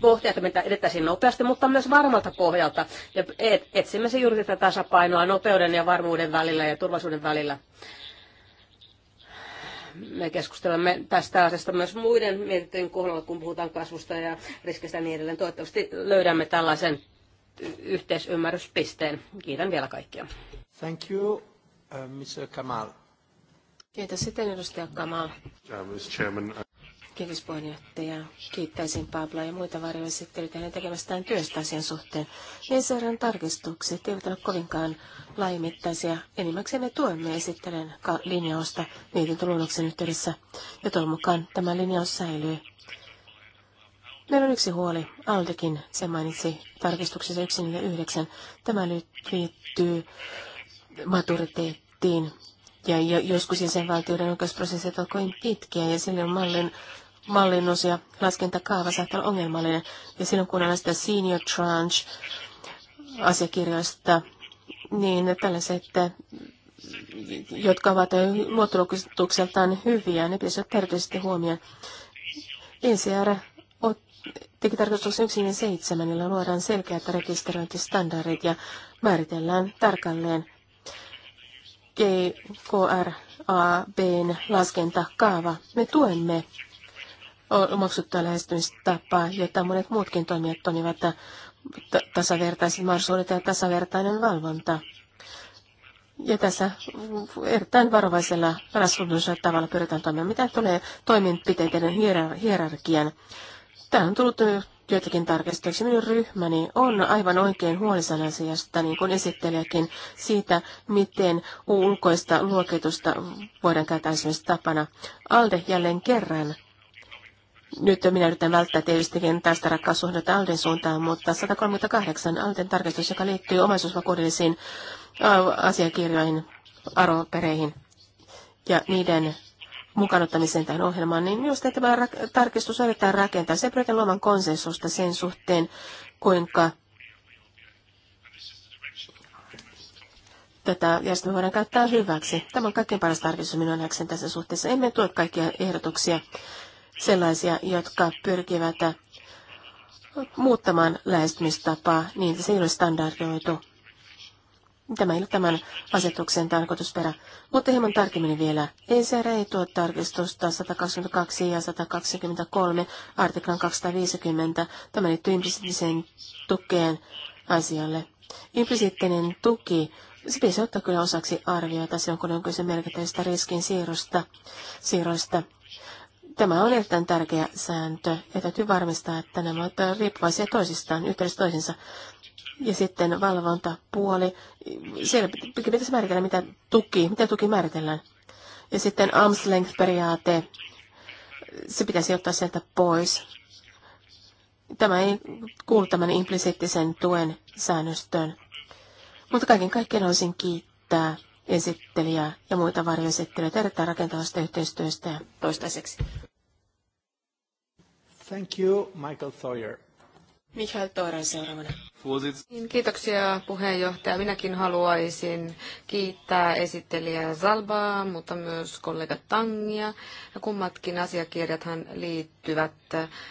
pohtia, että me edettäisiin nopeasti, mutta myös varmalta pohjalta. Ja etsimme se juuri tätä tasapainoa nopeuden ja varmuuden välillä ja turvallisuuden välillä me keskustelemme tästä asiasta myös muiden mietintöjen kohdalla, kun puhutaan kasvusta ja riskistä ja niin edelleen. Toivottavasti löydämme tällaisen yhteisymmärryspisteen. Kiitän vielä kaikkia. Thank you, uh, Mr. Kamal. Kiitos sitten edustaja Kamal kehityspuheenjohtajaa. Kiittäisin Pabloa ja muita varjoesittelyitä hänen tekemästään työstä asian suhteen. ECRn tarkistukset eivät ole kovinkaan laimittaisia. Enimmäkseen me tuemme esittelen linjausta mietintöluonnoksen yhteydessä. Ja toivon mukaan tämä linjaus säilyy. Meillä on yksi huoli. Aldekin se mainitsi tarkistuksessa 149. Tämä nyt liittyy maturiteettiin ja joskus jäsenvaltioiden oikeusprosessit ovat kovin pitkiä ja sille on mallin mallinnus ja laskentakaava saattaa olla ongelmallinen. Ja silloin kun näistä senior tranche asiakirjoista, niin tällaiset, eh, jotka ovat luottoluokitukseltaan hyviä, ne pitäisi ottaa erityisesti huomioon. ECR teki tarkastuksen 7, jolla luodaan selkeät rekisteröintistandardit ja määritellään tarkalleen GKRABn laskentakaava. Me tuemme omaksuttua lähestymistapaa, jota monet muutkin toimijat toimivat tasavertaiset mahdollisuudet ja tasavertainen valvonta. Ja tässä erittäin varovaisella rasvullisella tavalla pyritään toimimaan. Mitä tulee toimenpiteiden hierarkian? Tämä on tullut joitakin tarkistuksia. Minun ryhmäni on aivan oikein huolissaan asiasta, niin kuin esittelijäkin, siitä, miten ulkoista luokitusta voidaan käyttää esimerkiksi tapana. Alde jälleen kerran nyt minä yritän välttää tietystikin tästä rakkaussuhdetta Alden suuntaan, mutta 138 Alden tarkistus, joka liittyy omaisuusvakuudellisiin asiakirjoihin, arvopereihin ja niiden mukanottamiseen tähän ohjelmaan, niin minusta tämä rak- tarkistus on rakentaa. Se pyritään luomaan konsensusta sen suhteen, kuinka tätä järjestelmää voidaan käyttää hyväksi. Tämä on kaikkein paras tarkistus minun nähdäkseni tässä suhteessa. Emme tue kaikkia ehdotuksia sellaisia, jotka pyrkivät muuttamaan lähestymistapaa niin, että se ei ole standardoitu. Tämä ei ole tämän asetuksen tarkoitusperä. Mutta hieman tarkemmin vielä. ECR ei tuo tarkistusta 122 ja 123 artiklan 250. Tämä liittyy implisiittiseen tukeen asialle. Implisiittinen tuki, se pitäisi ottaa kyllä osaksi arviota se on kyse merkittävistä riskin siirrosta. siirroista. Tämä on erittäin tärkeä sääntö ja täytyy varmistaa, että nämä ovat riippuvaisia toisistaan, yhteydessä toisinsa. Ja sitten valvontapuoli, siellä pitäisi määritellä, mitä tuki, mitä tuki määritellään. Ja sitten arms length periaate, se pitäisi ottaa sieltä pois. Tämä ei kuulu tämän implisiittisen tuen säännöstöön. Mutta kaiken kaikkiaan haluaisin kiittää esittelijää ja muita varjoesittelijöitä erittäin rakentavasta yhteistyöstä ja toistaiseksi. Thank you, Michael Thoyer. Michael Toiran seuraavana. Niin, kiitoksia puheenjohtaja. Minäkin haluaisin kiittää esittelijää Zalbaa, mutta myös kollega Tangia. ja Kummatkin asiakirjathan liittyvät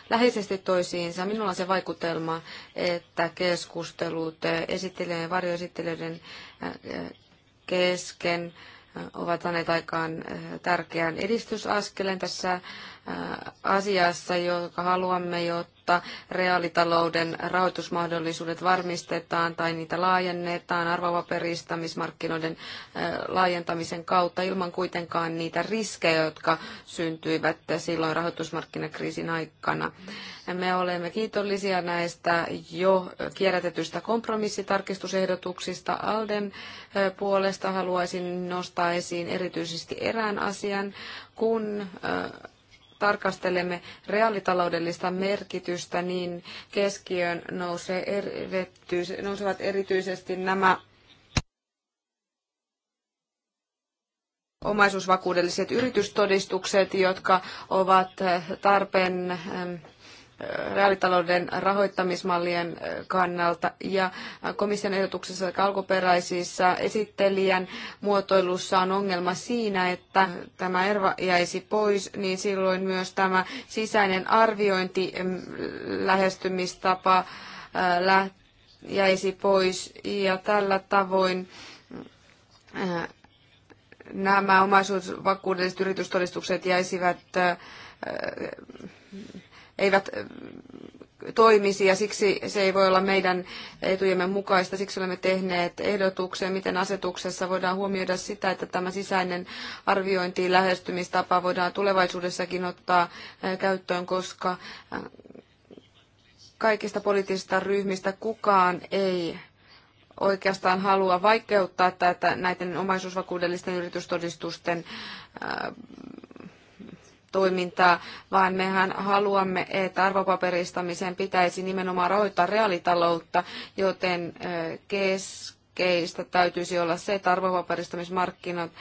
läheisesti toisiinsa. Minulla on se vaikutelma, että keskustelut esittelijöiden ja varjoesittelijöiden kesken ovat saaneet aikaan tärkeän edistysaskeleen tässä Äh, asiassa, joka haluamme, jotta reaalitalouden rahoitusmahdollisuudet varmistetaan tai niitä laajennetaan arvopaperistamismarkkinoiden äh, laajentamisen kautta ilman kuitenkaan niitä riskejä, jotka syntyivät silloin rahoitusmarkkinakriisin aikana. Me olemme kiitollisia näistä jo kierrätetystä kompromissitarkistusehdotuksista. Alden äh, puolesta haluaisin nostaa esiin erityisesti erään asian, kun tarkastelemme reaalitaloudellista merkitystä, niin keskiöön nousee, nousevat erityisesti nämä omaisuusvakuudelliset yritystodistukset, jotka ovat tarpeen reaalitalouden rahoittamismallien kannalta. Ja komission ehdotuksessa ja alkuperäisissä esittelijän muotoilussa on ongelma siinä, että tämä erva jäisi pois, niin silloin myös tämä sisäinen arviointi mm, lähestymistapa jäisi pois ja tällä tavoin nämä omaisuusvakuudelliset yritystodistukset jäisivät eivät toimisi ja siksi se ei voi olla meidän etujemme mukaista. Siksi olemme tehneet ehdotuksen, miten asetuksessa voidaan huomioida sitä, että tämä sisäinen ja lähestymistapa voidaan tulevaisuudessakin ottaa käyttöön, koska kaikista poliittisista ryhmistä kukaan ei oikeastaan halua vaikeuttaa tätä, näiden omaisuusvakuudellisten yritystodistusten toimintaa, vaan mehän haluamme, että arvopaperistamisen pitäisi nimenomaan rahoittaa reaalitaloutta, joten keskeistä täytyisi olla se, että arvopaperistamismarkkinat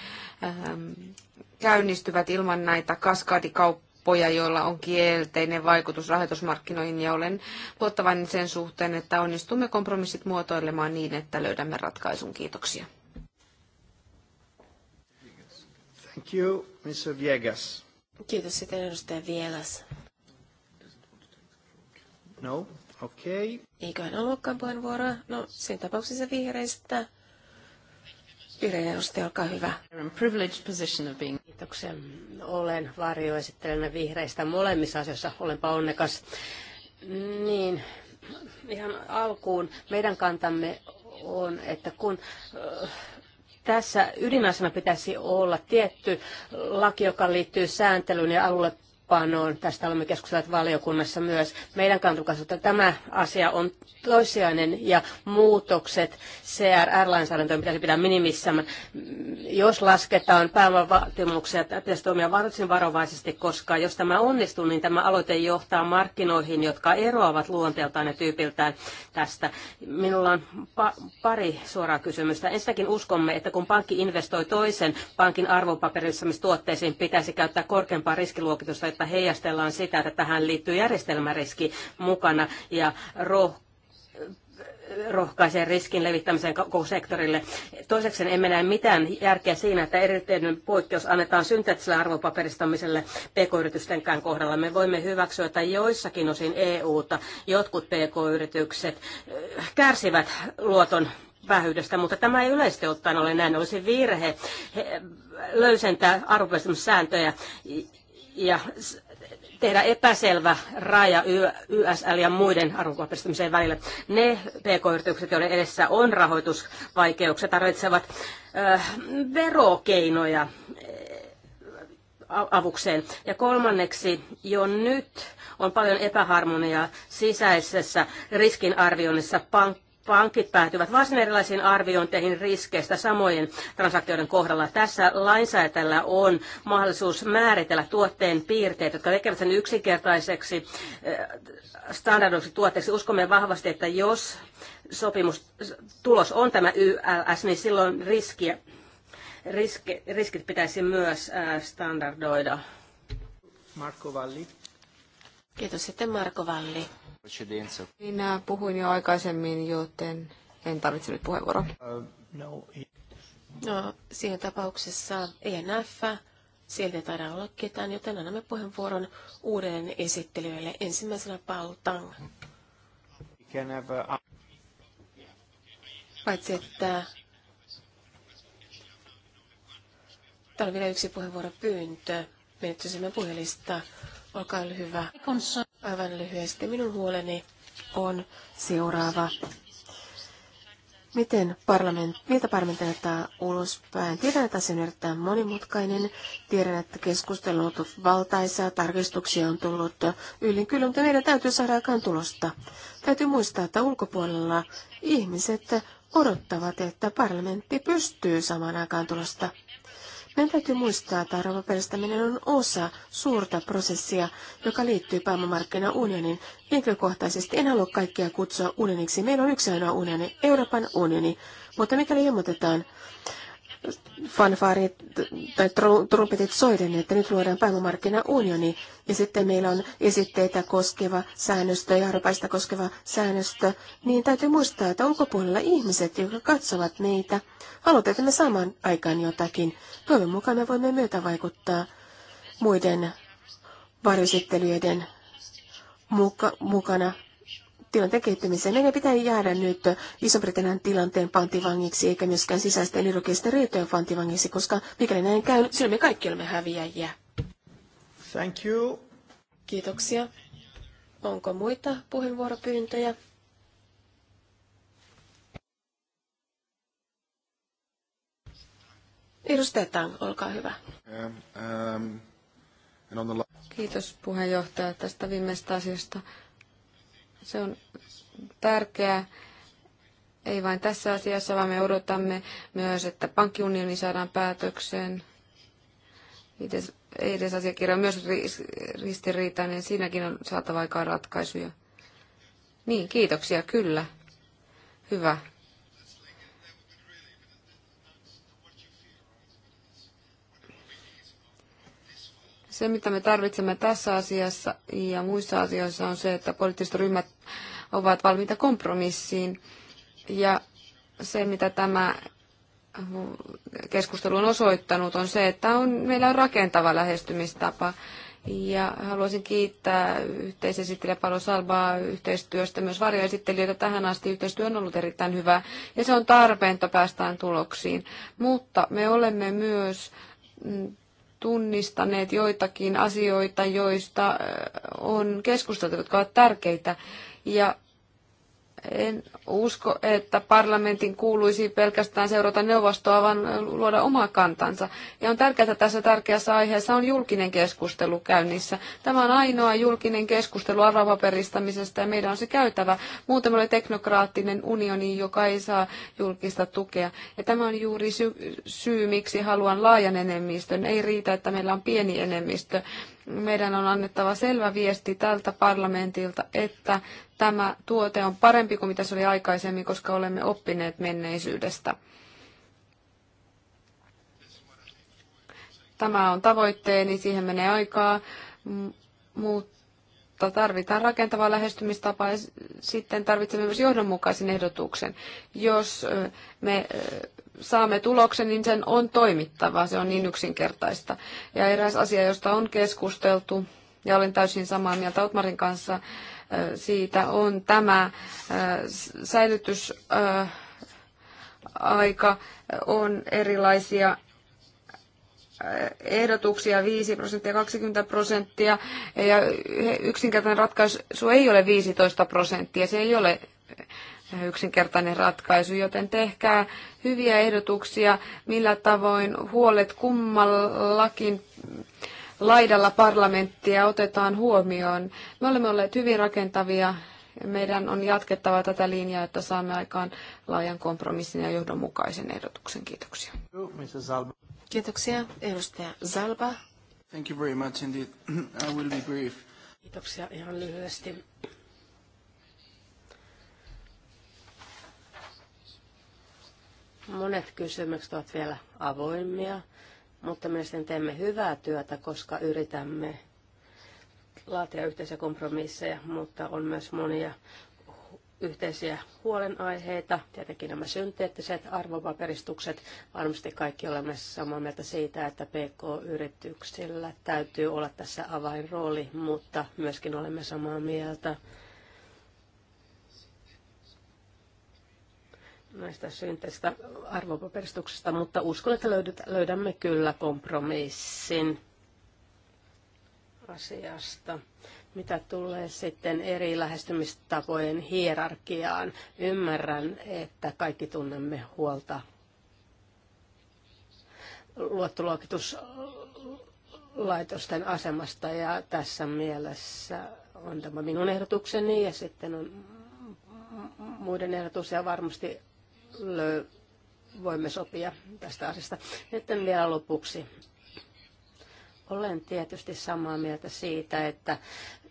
käynnistyvät ilman näitä kaskadikauppoja kauppoja, joilla on kielteinen vaikutus rahoitusmarkkinoihin ja olen luottavainen sen suhteen, että onnistumme kompromissit muotoilemaan niin, että löydämme ratkaisun. Kiitoksia. Thank you, Mr. Viegas. Kiitos sitten edustaja Vielas. No, okei. Okay. Eiköhän ollutkaan puheenvuoroa. No, sen tapauksessa vihreistä. Vihreä edustaja, olkaa hyvä. Privileged position of being. Kiitoksia. Olen varjoesittelijänä vihreistä molemmissa asioissa. Olenpa onnekas. Niin, ihan alkuun meidän kantamme on, että kun tässä ydinasena pitäisi olla tietty laki, joka liittyy sääntelyyn ja alulle toimeenpanoon. Tästä olemme keskustelleet valiokunnassa myös. Meidän kantukasvusta. tämä asia on toissijainen ja muutokset CRR-lainsäädäntöön pitäisi pitää minimissään. Jos lasketaan pääomavaatimuksia, pitäisi toimia varsin varovaisesti, koska jos tämä onnistuu, niin tämä aloite johtaa markkinoihin, jotka eroavat luonteeltaan ja tyypiltään tästä. Minulla on pa- pari suoraa kysymystä. Ensinnäkin uskomme, että kun pankki investoi toisen pankin arvopaperissamistuotteisiin, pitäisi käyttää korkeampaa riskiluokitusta, että heijastellaan sitä, että tähän liittyy järjestelmäriski mukana ja roh- rohkaisee riskin levittämiseen koko sektorille. Toiseksi emme näe mitään järkeä siinä, että erityinen poikkeus annetaan synteettiselle arvopaperistamiselle pk-yritystenkään kohdalla. Me voimme hyväksyä, että joissakin osin EUta jotkut pk-yritykset äh, kärsivät luoton vähyydestä, mutta tämä ei yleisesti ottaen ole näin. Olisi virhe löysentää arvopaperistamissääntöjä ja tehdä epäselvä raja YSL ja muiden arvonkohdistumisen välillä. Ne pk-yritykset, joiden edessä on rahoitusvaikeuksia, tarvitsevat äh, verokeinoja avukseen. Ja kolmanneksi, jo nyt on paljon epäharmoniaa sisäisessä riskinarvioinnissa pank- pankit päätyvät varsin erilaisiin arviointeihin riskeistä samojen transaktioiden kohdalla. Tässä lainsäätäjällä on mahdollisuus määritellä tuotteen piirteet, jotka tekevät sen yksinkertaiseksi eh, standardoiksi tuotteeksi. Uskomme vahvasti, että jos sopimus, tulos on tämä YLS, niin silloin riskiä, riski, riskit pitäisi myös eh, standardoida. Marko Valli. Kiitos sitten Marko Valli. Minä niin, äh, puhuin jo aikaisemmin, joten en tarvitse nyt puheenvuoroa. no, no, siinä tapauksessa ENF, sieltä ei taida olla ketään, joten annamme puheenvuoron uudelleen esittelijöille. Ensimmäisenä Paul Tang. Paitsi, että Täällä on vielä yksi puheenvuoropyyntö. menettäisimme puhelista. Olkaa hyvä. Aivan lyhyesti minun huoleni on seuraava. Miten parlament, miltä parlamentti näyttää ulospäin? Tiedän, että se on erittäin monimutkainen. Tiedän, että keskustelu on ollut valtaisaa, tarkistuksia on tullut yli. kyllä, mutta meidän täytyy saada aikaan tulosta. Täytyy muistaa, että ulkopuolella ihmiset odottavat, että parlamentti pystyy samaan aikaan tulosta. Meidän täytyy muistaa, että arvon perustaminen on osa suurta prosessia, joka liittyy pääomamarkkinaunionin. Henkilökohtaisesti en halua kaikkia kutsua unioniksi. Meillä on yksi ainoa unioni, Euroopan unioni. Mutta mikäli ilmoitetaan fanfaarit tai trumpetit soiden, että nyt luodaan päivämarkkinaunioni. Ja sitten meillä on esitteitä koskeva säännöstö ja arpaista koskeva säännöstö. Niin täytyy muistaa, että onko puolella ihmiset, jotka katsovat meitä, haluavat, että me saamaan aikaan jotakin. Toivon mukaan me voimme myötä vaikuttaa muiden varjosittelyiden muka, mukana tilanteen kehittämiseen. Meidän pitää jäädä nyt Iso-Britannian tilanteen pantivangiksi, eikä myöskään sisäisten irokisten riitojen pantivangiksi, koska mikäli näin käy, silloin me kaikki olemme häviäjiä. Thank you. Kiitoksia. Onko muita puheenvuoropyyntöjä? Edustaja Tang, olkaa hyvä. Um, um, Kiitos puheenjohtaja tästä viimeisestä asiasta. Se on tärkeää ei vain tässä asiassa, vaan me odotamme myös, että pankkiunioni saadaan päätökseen. ei edes asiakirja on myös ristiriitainen, siinäkin on saatava aikaan ratkaisuja. Niin, kiitoksia, kyllä. Hyvä. Se, mitä me tarvitsemme tässä asiassa ja muissa asioissa on se, että poliittiset ryhmät ovat valmiita kompromissiin. Ja se, mitä tämä keskustelu on osoittanut, on se, että on, meillä on rakentava lähestymistapa. Ja haluaisin kiittää yhteisesittelijä Palo Salbaa yhteistyöstä, myös varjoesittelijöitä tähän asti. Yhteistyö on ollut erittäin hyvä ja se on tarpeen, että päästään tuloksiin. Mutta me olemme myös tunnistaneet joitakin asioita, joista on keskusteltu, jotka ovat tärkeitä. Ja en usko, että parlamentin kuuluisi pelkästään seurata neuvostoa, vaan luoda oma kantansa. Ja on tärkeää, että tässä tärkeässä aiheessa on julkinen keskustelu käynnissä. Tämä on ainoa julkinen keskustelu arvopaperistamisesta ja meidän on se käytävä. Muuten olemme teknokraattinen unioni, joka ei saa julkista tukea. Ja tämä on juuri sy- syy, miksi haluan laajan enemmistön. Ei riitä, että meillä on pieni enemmistö meidän on annettava selvä viesti tältä parlamentilta, että tämä tuote on parempi kuin mitä se oli aikaisemmin, koska olemme oppineet menneisyydestä. Tämä on tavoitteeni, siihen menee aikaa, mutta tarvitaan rakentava lähestymistapa, ja sitten tarvitsemme myös johdonmukaisen ehdotuksen. Jos me saamme tuloksen, niin sen on toimittava. Se on niin yksinkertaista. Ja eräs asia, josta on keskusteltu, ja olen täysin samaa mieltä Otmarin kanssa siitä, on tämä säilytysaika. On erilaisia ehdotuksia 5 prosenttia, 20 prosenttia ja yksinkertainen ratkaisu ei ole 15 prosenttia. Se ei ole yksinkertainen ratkaisu, joten tehkää hyviä ehdotuksia, millä tavoin huolet kummallakin laidalla parlamenttia otetaan huomioon. Me olemme olleet hyvin rakentavia. Meidän on jatkettava tätä linjaa, että saamme aikaan laajan kompromissin ja johdonmukaisen ehdotuksen. Kiitoksia. Kiitoksia. Edustaja Zalba. Thank you very much indeed. *clears throat* I will be brief. Kiitoksia ihan lyhyesti. Monet kysymykset ovat vielä avoimia, mutta mielestäni teemme hyvää työtä, koska yritämme laatia yhteisiä kompromisseja, mutta on myös monia yhteisiä huolenaiheita, tietenkin nämä synteettiset arvopaperistukset. Varmasti kaikki olemme samaa mieltä siitä, että PK-yrityksillä täytyy olla tässä avainrooli, mutta myöskin olemme samaa mieltä näistä synteistä arvopaperistuksista, mutta uskon, että löydämme kyllä kompromissin asiasta. Mitä tulee sitten eri lähestymistapojen hierarkiaan, ymmärrän, että kaikki tunnemme huolta luottoluokituslaitosten asemasta ja tässä mielessä on tämä minun ehdotukseni ja sitten on muiden ehdotus ja varmasti voimme sopia tästä asiasta. Nyt vielä lopuksi. Olen tietysti samaa mieltä siitä, että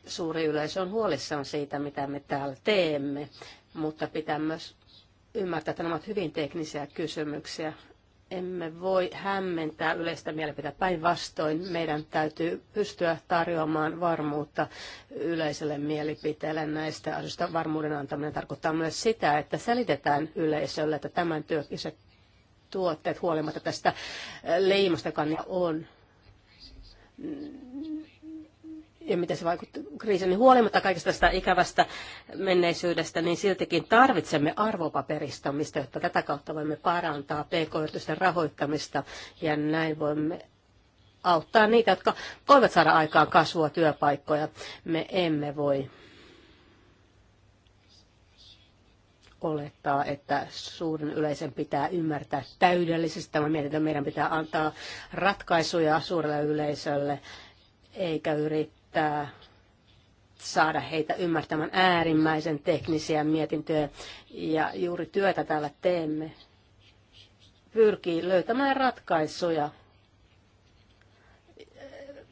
suuri yleisö on huolissaan siitä, mitä me täällä teemme, mutta pitää myös ymmärtää, että nämä ovat hyvin teknisiä kysymyksiä emme voi hämmentää yleistä mielipiteitä. Päinvastoin meidän täytyy pystyä tarjoamaan varmuutta yleiselle mielipiteelle näistä asioista. Varmuuden antaminen tarkoittaa myös sitä, että selitetään yleisölle, että tämän tyyppiset tuotteet huolimatta tästä leimasta, joka on, ja miten se vaikutti kriisin, niin huolimatta kaikesta tästä ikävästä menneisyydestä, niin siltikin tarvitsemme arvopaperistamista, jotta tätä kautta voimme parantaa pk-yritysten rahoittamista ja näin voimme auttaa niitä, jotka voivat saada aikaan kasvua työpaikkoja. Me emme voi olettaa, että suuren yleisen pitää ymmärtää täydellisesti tämä mietintö. Meidän pitää antaa ratkaisuja suurelle yleisölle, eikä yrittää yrittää saada heitä ymmärtämään äärimmäisen teknisiä mietintöjä. Ja juuri työtä täällä teemme. Pyrkii löytämään ratkaisuja.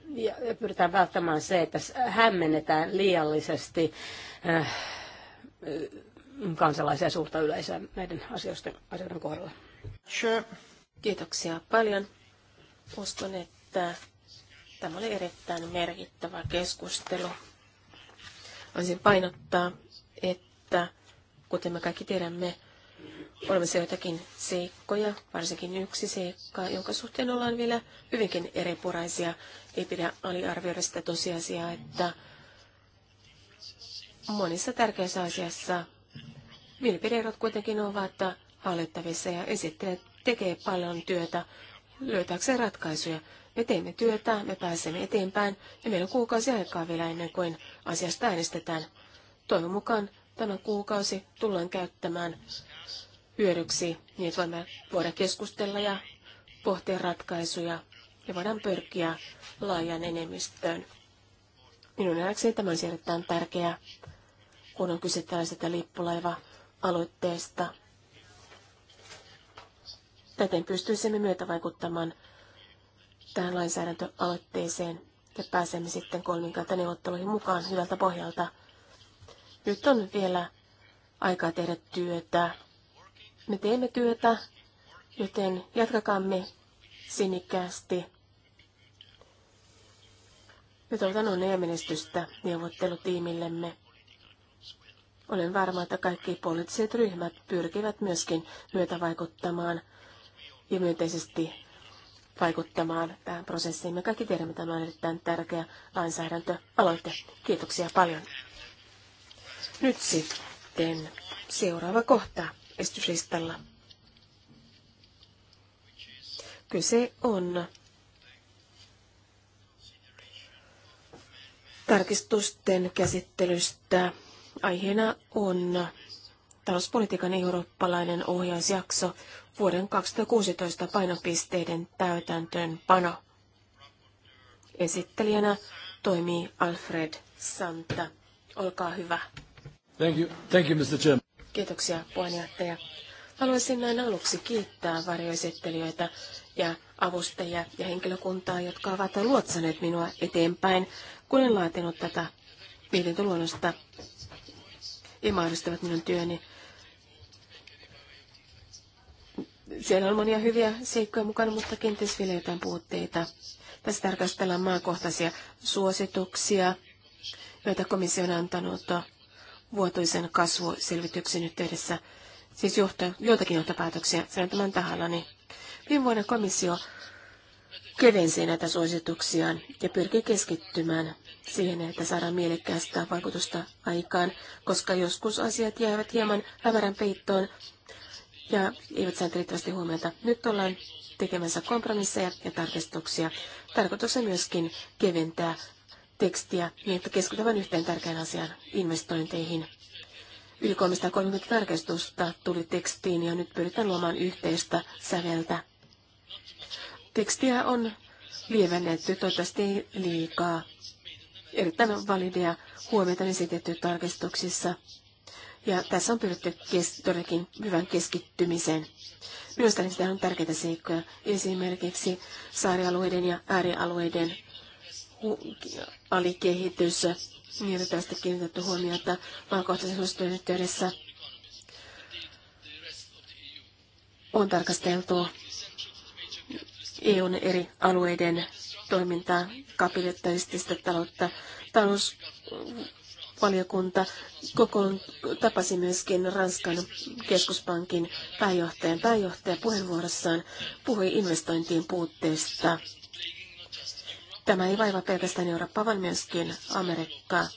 Ja pyritään välttämään se, että hämmennetään liiallisesti äh, kansalaisia suurta yleisöä näiden asioiden, asioiden kohdalla. Kiitoksia paljon. Uskon, että Tämä oli erittäin merkittävä keskustelu. Voisin painottaa, että kuten me kaikki tiedämme, olemassa joitakin seikkoja, varsinkin yksi seikka, jonka suhteen ollaan vielä hyvinkin eripuraisia. Ei pidä aliarvioida sitä tosiasiaa, että monissa tärkeissä asiassa mielipideerot kuitenkin ovat hallittavissa ja esittelijät tekee paljon työtä löytääkseen ratkaisuja. Me teemme työtä, me pääsemme eteenpäin ja meillä on kuukausi aikaa vielä ennen kuin asiasta äänestetään. Toivon mukaan tämä kuukausi tullaan käyttämään hyödyksi, niin että voimme voida keskustella ja pohtia ratkaisuja ja voidaan pyrkiä laajan enemmistöön. Minun nähdäkseni tämä on erittäin tärkeää, kun on kyse tällaisesta lippulaiva-aloitteesta. Täten pystyisimme vaikuttamaan tähän lainsäädäntöaloitteeseen ja pääsemme sitten neuvotteluihin mukaan hyvältä pohjalta. Nyt on vielä aikaa tehdä työtä. Me teemme työtä, joten jatkakaamme sinikkäästi. Nyt otan onnea menestystä neuvottelutiimillemme. Olen varma, että kaikki poliittiset ryhmät pyrkivät myöskin vaikuttamaan ja myönteisesti vaikuttamaan tähän prosessiin. Me kaikki tiedämme, että tämä on erittäin tärkeä lainsäädäntöaloite. Kiitoksia paljon. Nyt sitten seuraava kohta esityslistalla. Kyse on tarkistusten käsittelystä. Aiheena on talouspolitiikan eurooppalainen ohjausjakso vuoden 2016 painopisteiden täytäntöönpano. Esittelijänä toimii Alfred Santa. Olkaa hyvä. Thank you. Thank you, Mr. Chairman. Kiitoksia, puheenjohtaja. Haluaisin näin aluksi kiittää varjoesittelijöitä ja avustajia ja henkilökuntaa, jotka ovat luotsaneet minua eteenpäin, kun en laatinut tätä mietintöluonnosta ja mahdollistavat minun työni. Siellä on monia hyviä seikkoja mukana, mutta kenties vielä jotain puutteita. Tässä tarkastellaan maakohtaisia suosituksia, joita komissio on antanut vuotuisen kasvuselvityksen yhteydessä. Siis johto, joitakin johtopäätöksiä, sanon tämän tahallani. Viime vuonna komissio kevensi näitä suosituksiaan ja pyrkii keskittymään siihen, että saadaan mielekkäästä vaikutusta aikaan, koska joskus asiat jäävät hieman hämärän peittoon ja eivät saaneet riittävästi huomiota. Nyt ollaan tekemässä kompromisseja ja tarkistuksia. Tarkoitus on myöskin keventää tekstiä niin, että keskitytään yhteen tärkeän asiaan, investointeihin. Yli 330 tarkistusta tuli tekstiin ja nyt pyritään luomaan yhteistä säveltä. Tekstiä on lievennetty, toivottavasti liikaa. Erittäin valideja huomioita esitetty tarkistuksissa. Ja tässä on pyritty kes- todellakin hyvän keskittymiseen. Myös niistä on tärkeitä seikkoja, esimerkiksi saarialueiden ja äärialueiden alikehitys, niin on tästä kiinnitetty huomiota maankohtaisen suositujen yhteydessä. On tarkasteltu EUn eri alueiden toimintaa, kapitalistista taloutta, talous valiokunta kokoon tapasi myöskin Ranskan keskuspankin pääjohtajan. Pääjohtaja puheenvuorossaan puhui investointien puutteesta. Tämä ei vaivaa pelkästään Eurooppaa, vaan myöskin Amerikkaa,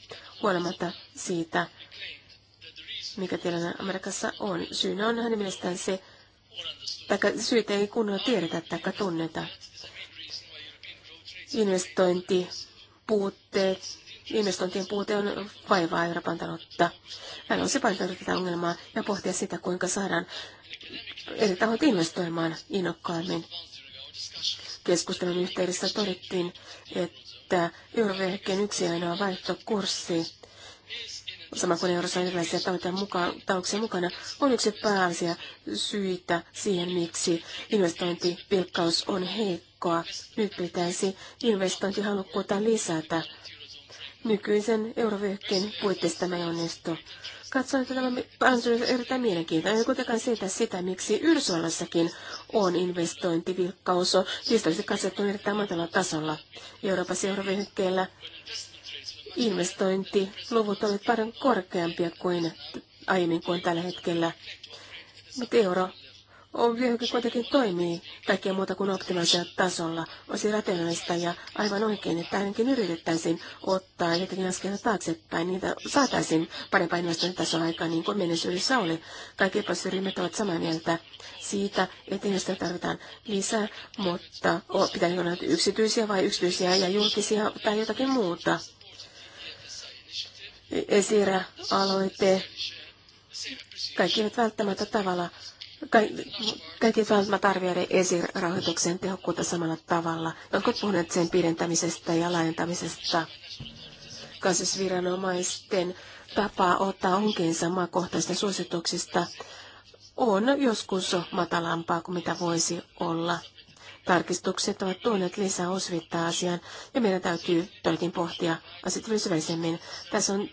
huolimatta siitä, mikä tilanne Amerikassa on. Syynä on hänen mielestään se, tai syitä ei kunnolla tiedetä tai tunneta. Investointipuutteet investointien puute on vaivaa Euroopan taloutta. Hän on se painottanut tätä ongelmaa ja pohtia sitä, kuinka saadaan eri tahot investoimaan innokkaammin. Keskustelun yhteydessä todettiin, että eurovehkeen yksi ainoa vaihtokurssi, sama kuin eurossa on erilaisia mukaan, tauksia mukana, on yksi pääasia syitä siihen, miksi investointipilkkaus on heikkoa. Nyt pitäisi investointihalukkuutta lisätä nykyisen eurovyöhykkeen puitteista me onnistu. Katson, että tämä on erittäin mielenkiintoinen. Ei kuitenkaan siitä sitä, miksi Yhdysvallassakin on investointivilkkaus historiallisesti katsottu erittäin matalalla tasolla. Euroopassa eurovyöhykkeellä investointiluvut olivat paljon korkeampia kuin aiemmin kuin tällä hetkellä. Mutta euro on vyöhyke kuitenkin toimii kaikkea muuta kuin optimaalisella tasolla. Olisi rationaalista ja aivan oikein, että ainakin yritettäisiin ottaa jotenkin askelta taaksepäin. Niitä saataisiin parempaa tasoa aikaan, niin kuin menneisyydessä oli. Kaikki epäsyrjimmät ovat samaa mieltä siitä, että niistä tarvitaan lisää, mutta pitää olla yksityisiä vai yksityisiä ja julkisia tai jotakin muuta. E, esirä aloite. Kaikki eivät välttämättä tavalla kaikki tahdottavat arvioida esirahoituksen tehokkuutta samalla tavalla. Onko puhuneet sen pidentämisestä ja laajentamisesta? Kansallisviranomaisten tapa ottaa onkeensa maakohtaisista suosituksista on joskus matalampaa kuin mitä voisi olla. Tarkistukset ovat tuoneet lisää osvittaa asiaan ja meidän täytyy toikin pohtia asiat Tässä on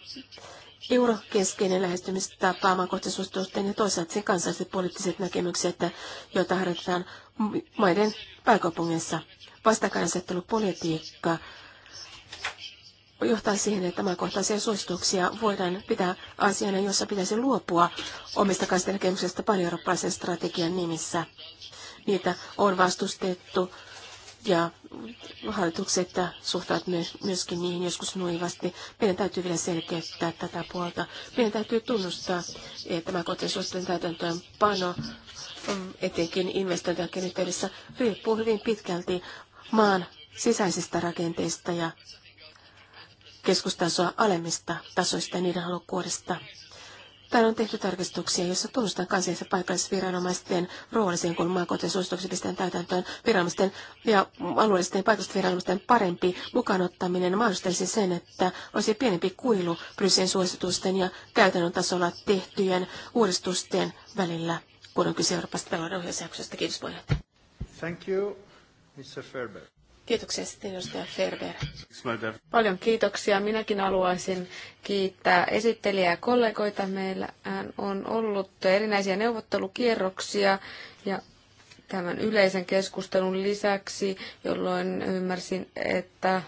eurokeskeinen lähestymistapa maakohtaisuustuotteen ja toisaalta se kansalliset poliittiset näkemykset, joita harjoitetaan maiden pääkaupungeissa. Vastakkainasettelupolitiikka johtaa siihen, että maakohtaisia suosituksia voidaan pitää asiana, jossa pitäisi luopua omista kansallisista näkemyksistä paljon eurooppalaisen strategian nimissä. Niitä on vastustettu ja hallitukset suhtautuvat myöskin niihin joskus nuivasti. Meidän täytyy vielä selkeyttää tätä puolta. Meidän täytyy tunnustaa, että tämä täytäntöön pano, mm, etenkin investointien yhteydessä, riippuu hyvin pitkälti maan sisäisistä rakenteista ja keskustasoa alemmista tasoista ja niiden halukkuudesta. Täällä on tehty tarkistuksia, joissa tunnustetaan kansallisen paikallisviranomaisten viranomaisten roolisiin, kun maakohtaisen suosituksen pistetään täytäntöön viranomaisten ja alueellisten ja paikallisten viranomaisten parempi mukaanottaminen mahdollistaisi sen, että olisi pienempi kuilu Brysselin suositusten ja käytännön tasolla tehtyjen uudistusten välillä, kun on kyse Euroopasta talouden ohjausjaksosta. Kiitos puheenjohtaja. Thank you, Mr. Ferber. Kiitoksia sitten edustaja Ferber. Paljon kiitoksia. Minäkin haluaisin kiittää esittelijää ja kollegoita. Meillä on ollut erinäisiä neuvottelukierroksia ja tämän yleisen keskustelun lisäksi, jolloin ymmärsin, että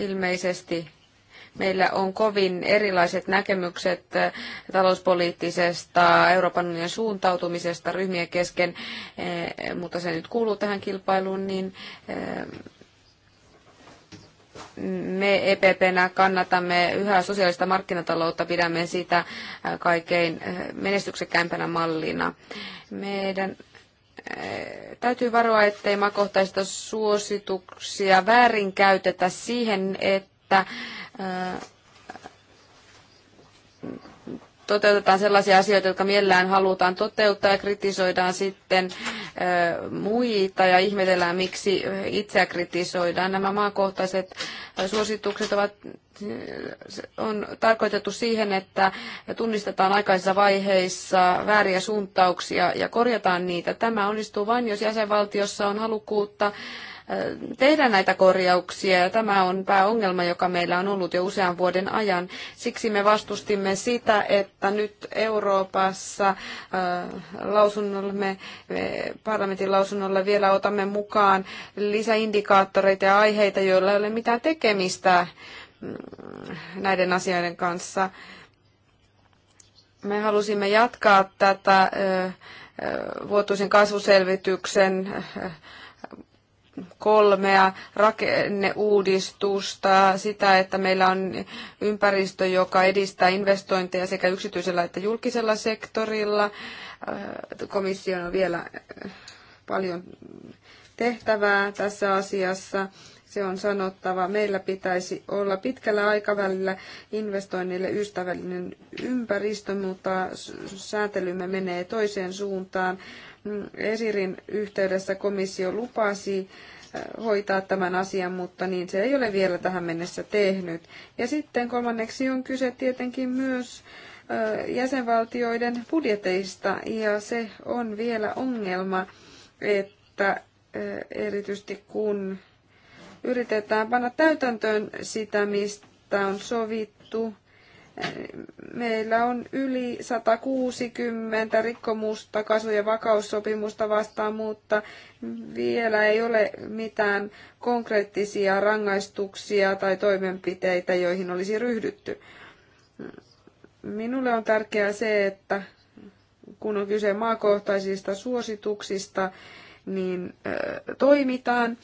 ilmeisesti Meillä on kovin erilaiset näkemykset eh, talouspoliittisesta Euroopan unionin suuntautumisesta ryhmien kesken, eh, mutta se nyt kuuluu tähän kilpailuun, niin eh, me EPPnä kannatamme yhä sosiaalista markkinataloutta, pidämme sitä kaikkein menestyksekkäimpänä mallina. Meidän täytyy varoa, ettei makohtaista suosituksia väärinkäytetä siihen, että toteutetaan sellaisia asioita, jotka mielellään halutaan toteuttaa ja kritisoidaan sitten muita ja ihmetellään, miksi itseä kritisoidaan. Nämä maakohtaiset suositukset ovat on tarkoitettu siihen, että tunnistetaan aikaisissa vaiheissa vääriä suuntauksia ja korjataan niitä. Tämä onnistuu vain, jos jäsenvaltiossa on halukkuutta äh, tehdä näitä korjauksia. Ja tämä on pääongelma, joka meillä on ollut jo usean vuoden ajan. Siksi me vastustimme sitä, että nyt Euroopassa äh, lausunnollamme, äh, parlamentin lausunnolla vielä otamme mukaan lisäindikaattoreita ja aiheita, joilla ei ole mitään tekemistä näiden asioiden kanssa. Me halusimme jatkaa tätä vuotuisen kasvuselvityksen kolmea rakenneuudistusta, sitä, että meillä on ympäristö, joka edistää investointeja sekä yksityisellä että julkisella sektorilla. Komission on vielä paljon tehtävää tässä asiassa se on sanottava. Meillä pitäisi olla pitkällä aikavälillä investoinnille ystävällinen ympäristö, mutta säätelymme menee toiseen suuntaan. Mm, Esirin yhteydessä komissio lupasi äh, hoitaa tämän asian, mutta niin se ei ole vielä tähän mennessä tehnyt. Ja sitten kolmanneksi on kyse tietenkin myös äh, jäsenvaltioiden budjeteista, ja se on vielä ongelma, että äh, erityisesti kun yritetään panna täytäntöön sitä, mistä on sovittu. Meillä on yli 160 rikkomusta kasu- ja vakaussopimusta vastaan, mutta vielä ei ole mitään konkreettisia rangaistuksia tai toimenpiteitä, joihin olisi ryhdytty. Minulle on tärkeää se, että kun on kyse maakohtaisista suosituksista, niin toimitaan.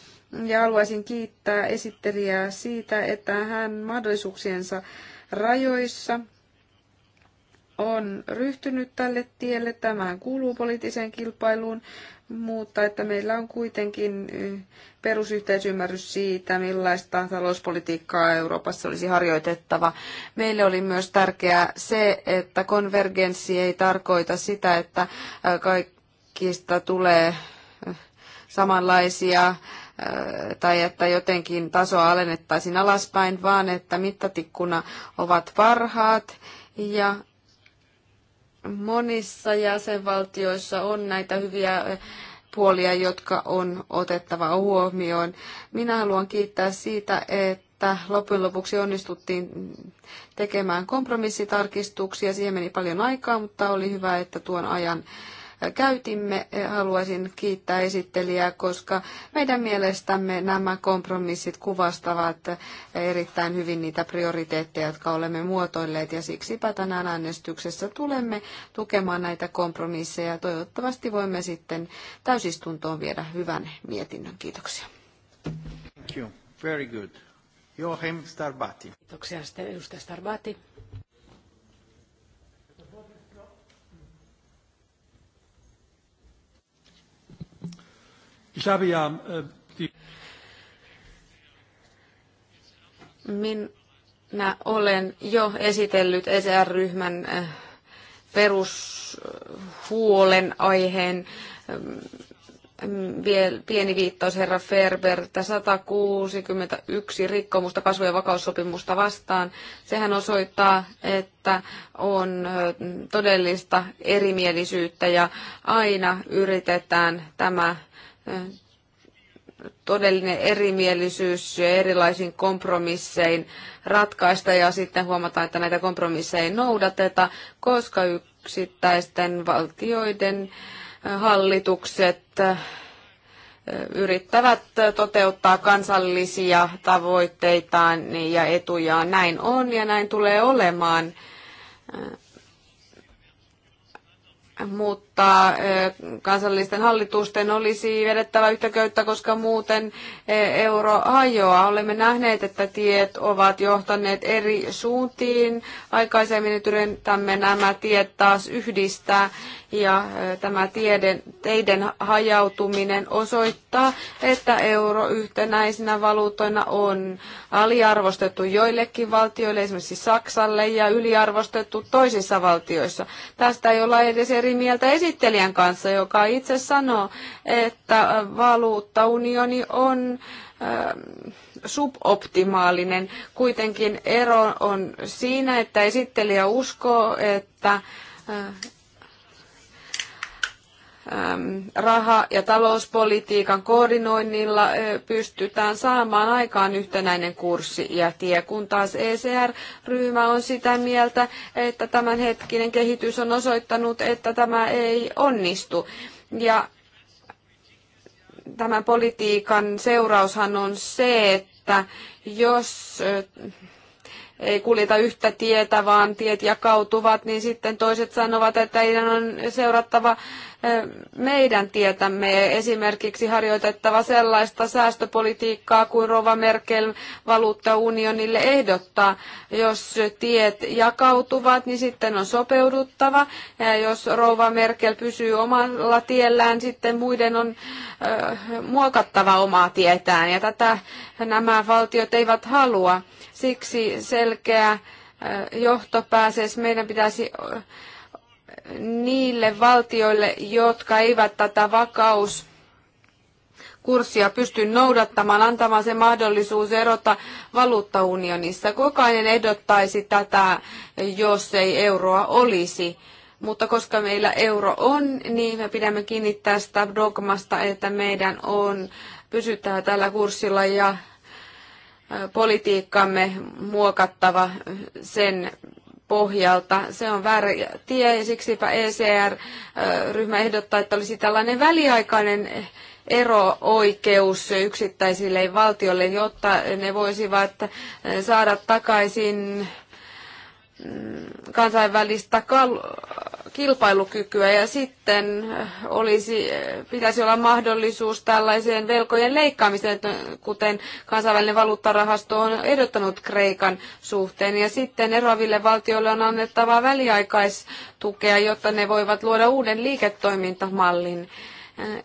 Ja haluaisin kiittää esittelijää siitä, että hän mahdollisuuksiensa rajoissa on ryhtynyt tälle tielle. Tämähän kuuluu poliittiseen kilpailuun, mutta että meillä on kuitenkin perusyhteisymmärrys siitä, millaista talouspolitiikkaa Euroopassa olisi harjoitettava. Meille oli myös tärkeää se, että konvergenssi ei tarkoita sitä, että kaikista tulee samanlaisia äh, tai että jotenkin tasoa alennettaisiin alaspäin, vaan että mittatikkuna ovat parhaat ja monissa jäsenvaltioissa on näitä hyviä puolia, jotka on otettava huomioon. Minä haluan kiittää siitä, että loppujen lopuksi onnistuttiin tekemään kompromissitarkistuksia. Siihen meni paljon aikaa, mutta oli hyvä, että tuon ajan käytimme. Haluaisin kiittää esittelijää, koska meidän mielestämme nämä kompromissit kuvastavat erittäin hyvin niitä prioriteetteja, jotka olemme muotoilleet ja siksipä tänään äänestyksessä tulemme tukemaan näitä kompromisseja. Toivottavasti voimme sitten täysistuntoon viedä hyvän mietinnön. Kiitoksia. Thank you. Very good. Joachim Starbati. Kiitoksia sitten edustaja Starbati. Ich habe ja die Minä olen jo esitellyt ECR-ryhmän eh, perushuolen aiheen mm, mm, pieni viittaus herra Ferber, 161 rikkomusta kasvu- ja vakaussopimusta vastaan. Sehän osoittaa, että on eh, todellista erimielisyyttä ja aina yritetään tämä todellinen erimielisyys ja erilaisin kompromissein ratkaista ja sitten huomataan, että näitä kompromisseja ei noudateta, koska yksittäisten valtioiden äh, hallitukset äh, yrittävät toteuttaa kansallisia tavoitteitaan ja etujaan. Näin on ja näin tulee olemaan. Äh, Mutta mutta eh, kansallisten hallitusten olisi vedettävä yhtä köyttä, koska muuten eh, euro hajoaa. Olemme nähneet, että tiet ovat johtaneet eri suuntiin. Aikaisemmin nyt yritämme nämä tiet taas yhdistää ja eh, tämä tieden, teiden hajautuminen osoittaa, että euro yhtenäisinä valuutoina on aliarvostettu joillekin valtioille, esimerkiksi Saksalle, ja yliarvostettu toisissa valtioissa. Tästä ei olla edes eri mieltä esi- esittelijän kanssa, joka itse sanoo, että valuuttaunioni on ähm, suboptimaalinen. Kuitenkin ero on siinä, että esittelijä uskoo, että äh, Ähm, raha- ja talouspolitiikan koordinoinnilla pystytään saamaan aikaan yhtenäinen kurssi ja tie, kun taas ECR-ryhmä on sitä mieltä, että tämänhetkinen kehitys on osoittanut, että tämä ei onnistu. Ja tämän politiikan seuraushan on se, että jos ei kuljeta yhtä tietä, vaan tiet jakautuvat, niin sitten toiset sanovat, että heidän on seurattava eh, meidän tietämme. Esimerkiksi harjoitettava sellaista säästöpolitiikkaa kuin Rova Merkel valuuttaunionille ehdottaa. Jos tiet jakautuvat, niin sitten on sopeuduttava. Ja jos Rova Merkel pysyy omalla tiellään, sitten muiden on eh, muokattava omaa tietään. Ja tätä nämä valtiot eivät halua Siksi selkeä pääsee. Siis meidän pitäisi niille valtioille, jotka eivät tätä vakaus kurssia pysty noudattamaan, antamaan se mahdollisuus erota valuuttaunionista. Kukainen ehdottaisi tätä, jos ei euroa olisi. Mutta koska meillä euro on, niin me pidämme kiinni tästä dogmasta, että meidän on pysyttävä tällä kurssilla ja politiikkamme muokattava sen pohjalta. Se on väärä tie ja siksipä ECR-ryhmä ehdottaa, että olisi tällainen väliaikainen ero-oikeus yksittäisille valtioille, jotta ne voisivat saada takaisin Mm, kansainvälistä kilpailukykyä ja sitten äh, olisi, äh, pitäisi olla mahdollisuus tällaiseen velkojen leikkaamiseen, kuten kansainvälinen valuuttarahasto on ehdottanut Kreikan suhteen. Ja sitten eroaville valtioille on annettava väliaikaistukea, jotta ne voivat luoda uuden liiketoimintamallin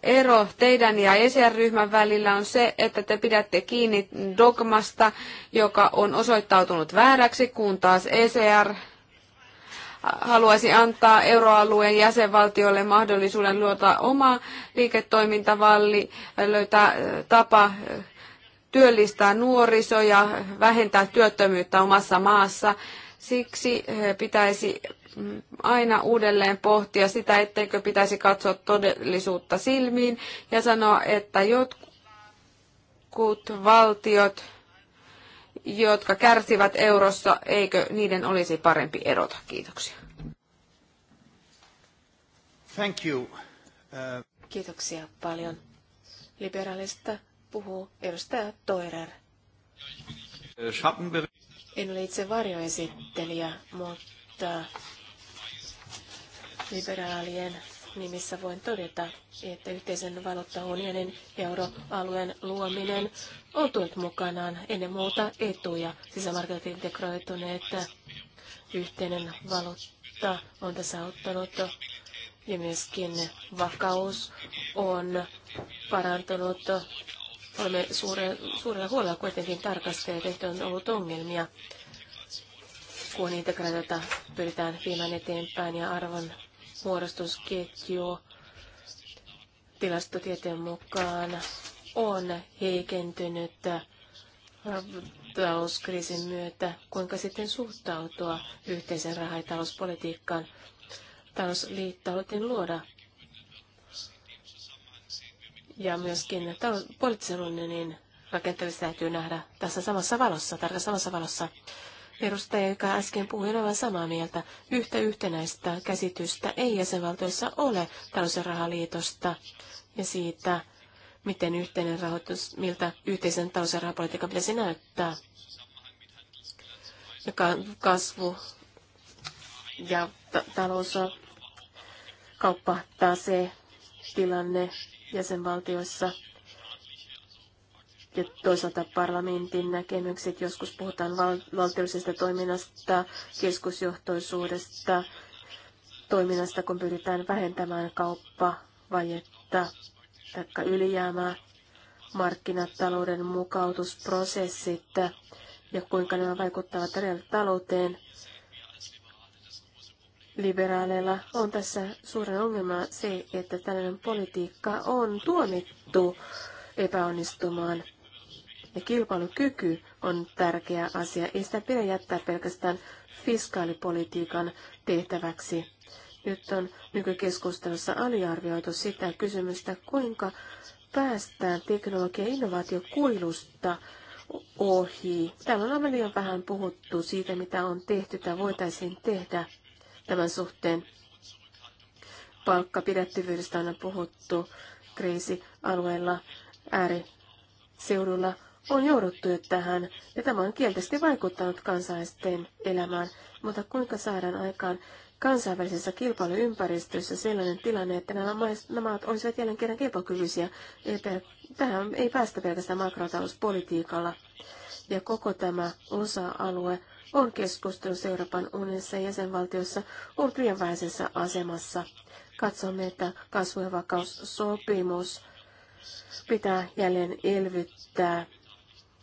ero teidän ja ECR-ryhmän välillä on se, että te pidätte kiinni dogmasta, joka on osoittautunut vääräksi, kun taas ECR haluaisi antaa euroalueen jäsenvaltioille mahdollisuuden luota oma liiketoimintavalli, löytää tapa työllistää nuorisoja, vähentää työttömyyttä omassa maassa. Siksi pitäisi aina uudelleen pohtia sitä, etteikö pitäisi katsoa todellisuutta silmiin ja sanoa, että jotkut valtiot, jotka kärsivät eurossa, eikö niiden olisi parempi erota? Kiitoksia. Thank you. Uh... Kiitoksia paljon. Liberaalista puhuu edustaja Toirer. En ole itse varjoesittelijä, mutta liberaalien nimissä voin todeta, että yhteisen valuuttaunionin euroalueen luominen on tuonut mukanaan ennen muuta etuja. Sisämarkkinat integroituneet, yhteinen valuutta on tässä auttanut ja myöskin vakaus on parantunut. Olemme suure, suurella huolella kuitenkin tarkastelleet, että on ollut ongelmia, kun integraatiota pyritään viemään eteenpäin ja arvon muodostusketju tilastotieteen mukaan on heikentynyt talouskriisin myötä, kuinka sitten suhtautua yhteisen raha- ja talouspolitiikkaan. Talousliitto haluttiin luoda ja myöskin talous- poliittisen unionin rakentamista täytyy nähdä tässä samassa valossa, tarkassa samassa valossa edustaja, joka äsken puhui, olevan samaa mieltä. Yhtä yhtenäistä käsitystä ei jäsenvaltioissa ole talous- ja rahaliitosta ja siitä, miten yhteinen rahoitus, miltä yhteisen talous- rahapolitiikan pitäisi näyttää. Ja kasvu ja talous kauppa, tase, tilanne jäsenvaltioissa – ja toisaalta parlamentin näkemykset. Joskus puhutaan val- valtiollisesta toiminnasta, keskusjohtoisuudesta, toiminnasta, kun pyritään vähentämään kauppavajetta tai ylijäämää, markkinatalouden mukautusprosessit ja kuinka nämä vaikuttavat talouteen. Liberaaleilla on tässä suuren ongelma se, että tällainen politiikka on tuomittu epäonnistumaan – ja kilpailukyky on tärkeä asia. Ei sitä pidä jättää pelkästään fiskaalipolitiikan tehtäväksi. Nyt on nykykeskustelussa aliarvioitu sitä kysymystä, kuinka päästään teknologia- ja innovaatiokuilusta ohi. Täällä on aivan liian vähän puhuttu siitä, mitä on tehty tai voitaisiin tehdä tämän suhteen. Palkkapidettyvyydestä on puhuttu kriisialueilla ääriseudulla on jouduttu jo tähän, ja tämä on kielteisesti vaikuttanut kansalaisten elämään. Mutta kuinka saadaan aikaan kansainvälisessä kilpailuympäristössä sellainen tilanne, että nämä, maat nämä maat olisivat jälleen kerran kilpailukykyisiä, tähän ei päästä pelkästään makrotalouspolitiikalla. Ja koko tämä osa-alue on keskustelussa Euroopan unionissa ja jäsenvaltiossa on liian vähäisessä asemassa. Katsomme, että kasvu- ja vakaussopimus pitää jälleen elvyttää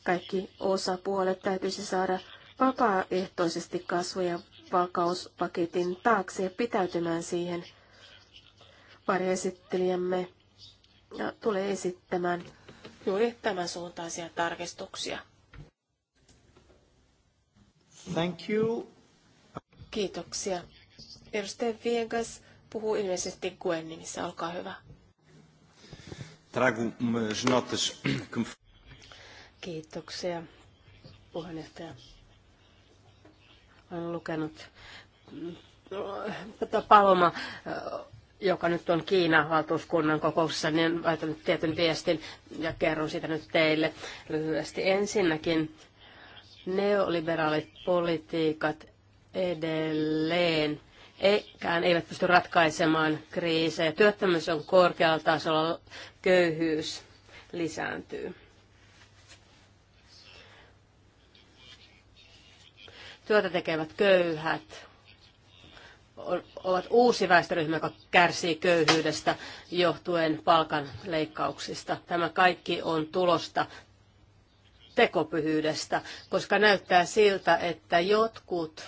kaikki osapuolet täytyisi saada vapaaehtoisesti kasvu- ja vakauspaketin taakse ja pitäytymään siihen. ja tulee esittämään juuri tämän suuntaisia tarkistuksia. Thank you. Kiitoksia. Edustaja Viegas puhuu ilmeisesti Gwen nimissä. Olkaa hyvä. Trago notas *clears throat* Kiitoksia, puheenjohtaja. Olen lukenut mm, Paloma, joka nyt on Kiinan valtuuskunnan kokouksessa, niin olen laitanut tietyn viestin ja kerron sitä nyt teille lyhyesti. Ensinnäkin neoliberaalit politiikat edelleen eikään eivät pysty ratkaisemaan kriisejä. Työttömyys on korkealla tasolla, köyhyys lisääntyy. työtä tekevät köyhät ovat uusi väestöryhmä, joka kärsii köyhyydestä johtuen palkan leikkauksista. Tämä kaikki on tulosta tekopyhyydestä, koska näyttää siltä, että jotkut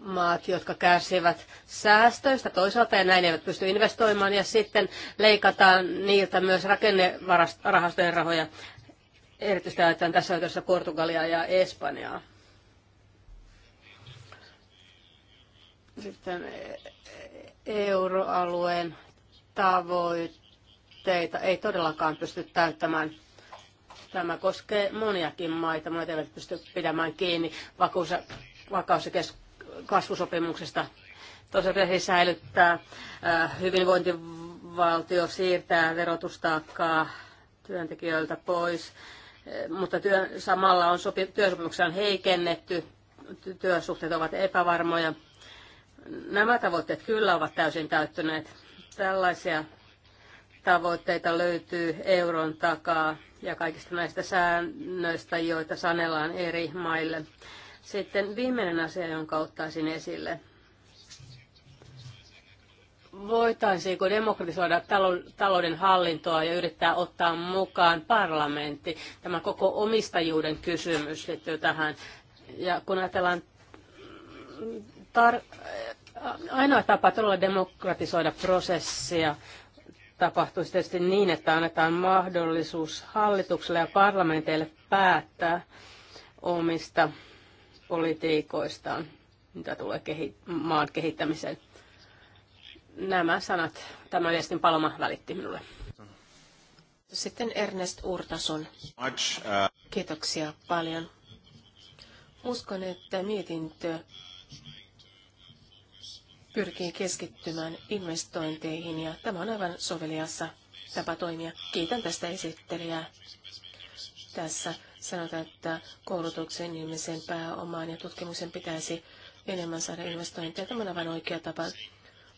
maat, jotka kärsivät säästöistä toisaalta ja näin eivät pysty investoimaan ja sitten leikataan niiltä myös rakennerahastojen rahoja. Erityisesti ajatellaan tässä yhteydessä Portugalia ja Espanjaa. Sitten e, e, euroalueen tavoitteita ei todellakaan pysty täyttämään. Tämä koskee moniakin maita. Maita eivät pysty pidämään kiinni vakuus- vakaus- ja kasvusopimuksesta. Toisaalta se säilyttää hyvinvointivaltio, siirtää verotustaakkaa työntekijöiltä pois mutta työ, samalla on sopi, työsopimuksia on heikennetty, työsuhteet ovat epävarmoja. Nämä tavoitteet kyllä ovat täysin täyttyneet. Tällaisia tavoitteita löytyy euron takaa ja kaikista näistä säännöistä, joita sanellaan eri maille. Sitten viimeinen asia, jonka ottaisin esille, voitaisiinko demokratisoida talouden hallintoa ja yrittää ottaa mukaan parlamentti? Tämä koko omistajuuden kysymys liittyy tähän. Ja kun ajatellaan, tar- ainoa tapa todella demokratisoida prosessia tapahtuisi tietysti niin, että annetaan mahdollisuus hallitukselle ja parlamenteille päättää omista politiikoistaan, mitä tulee kehi- maan kehittämiseen nämä sanat tämä viestin Paloma välitti minulle. Sitten Ernest Urtason uh, Kiitoksia paljon. Uskon, että mietintö pyrkii keskittymään investointeihin ja tämä on aivan soveliassa tapa toimia. Kiitän tästä esittelijää. Tässä sanotaan, että koulutuksen, ihmisen pääomaan ja tutkimuksen pitäisi enemmän saada investointeja. Tämä on aivan oikea tapa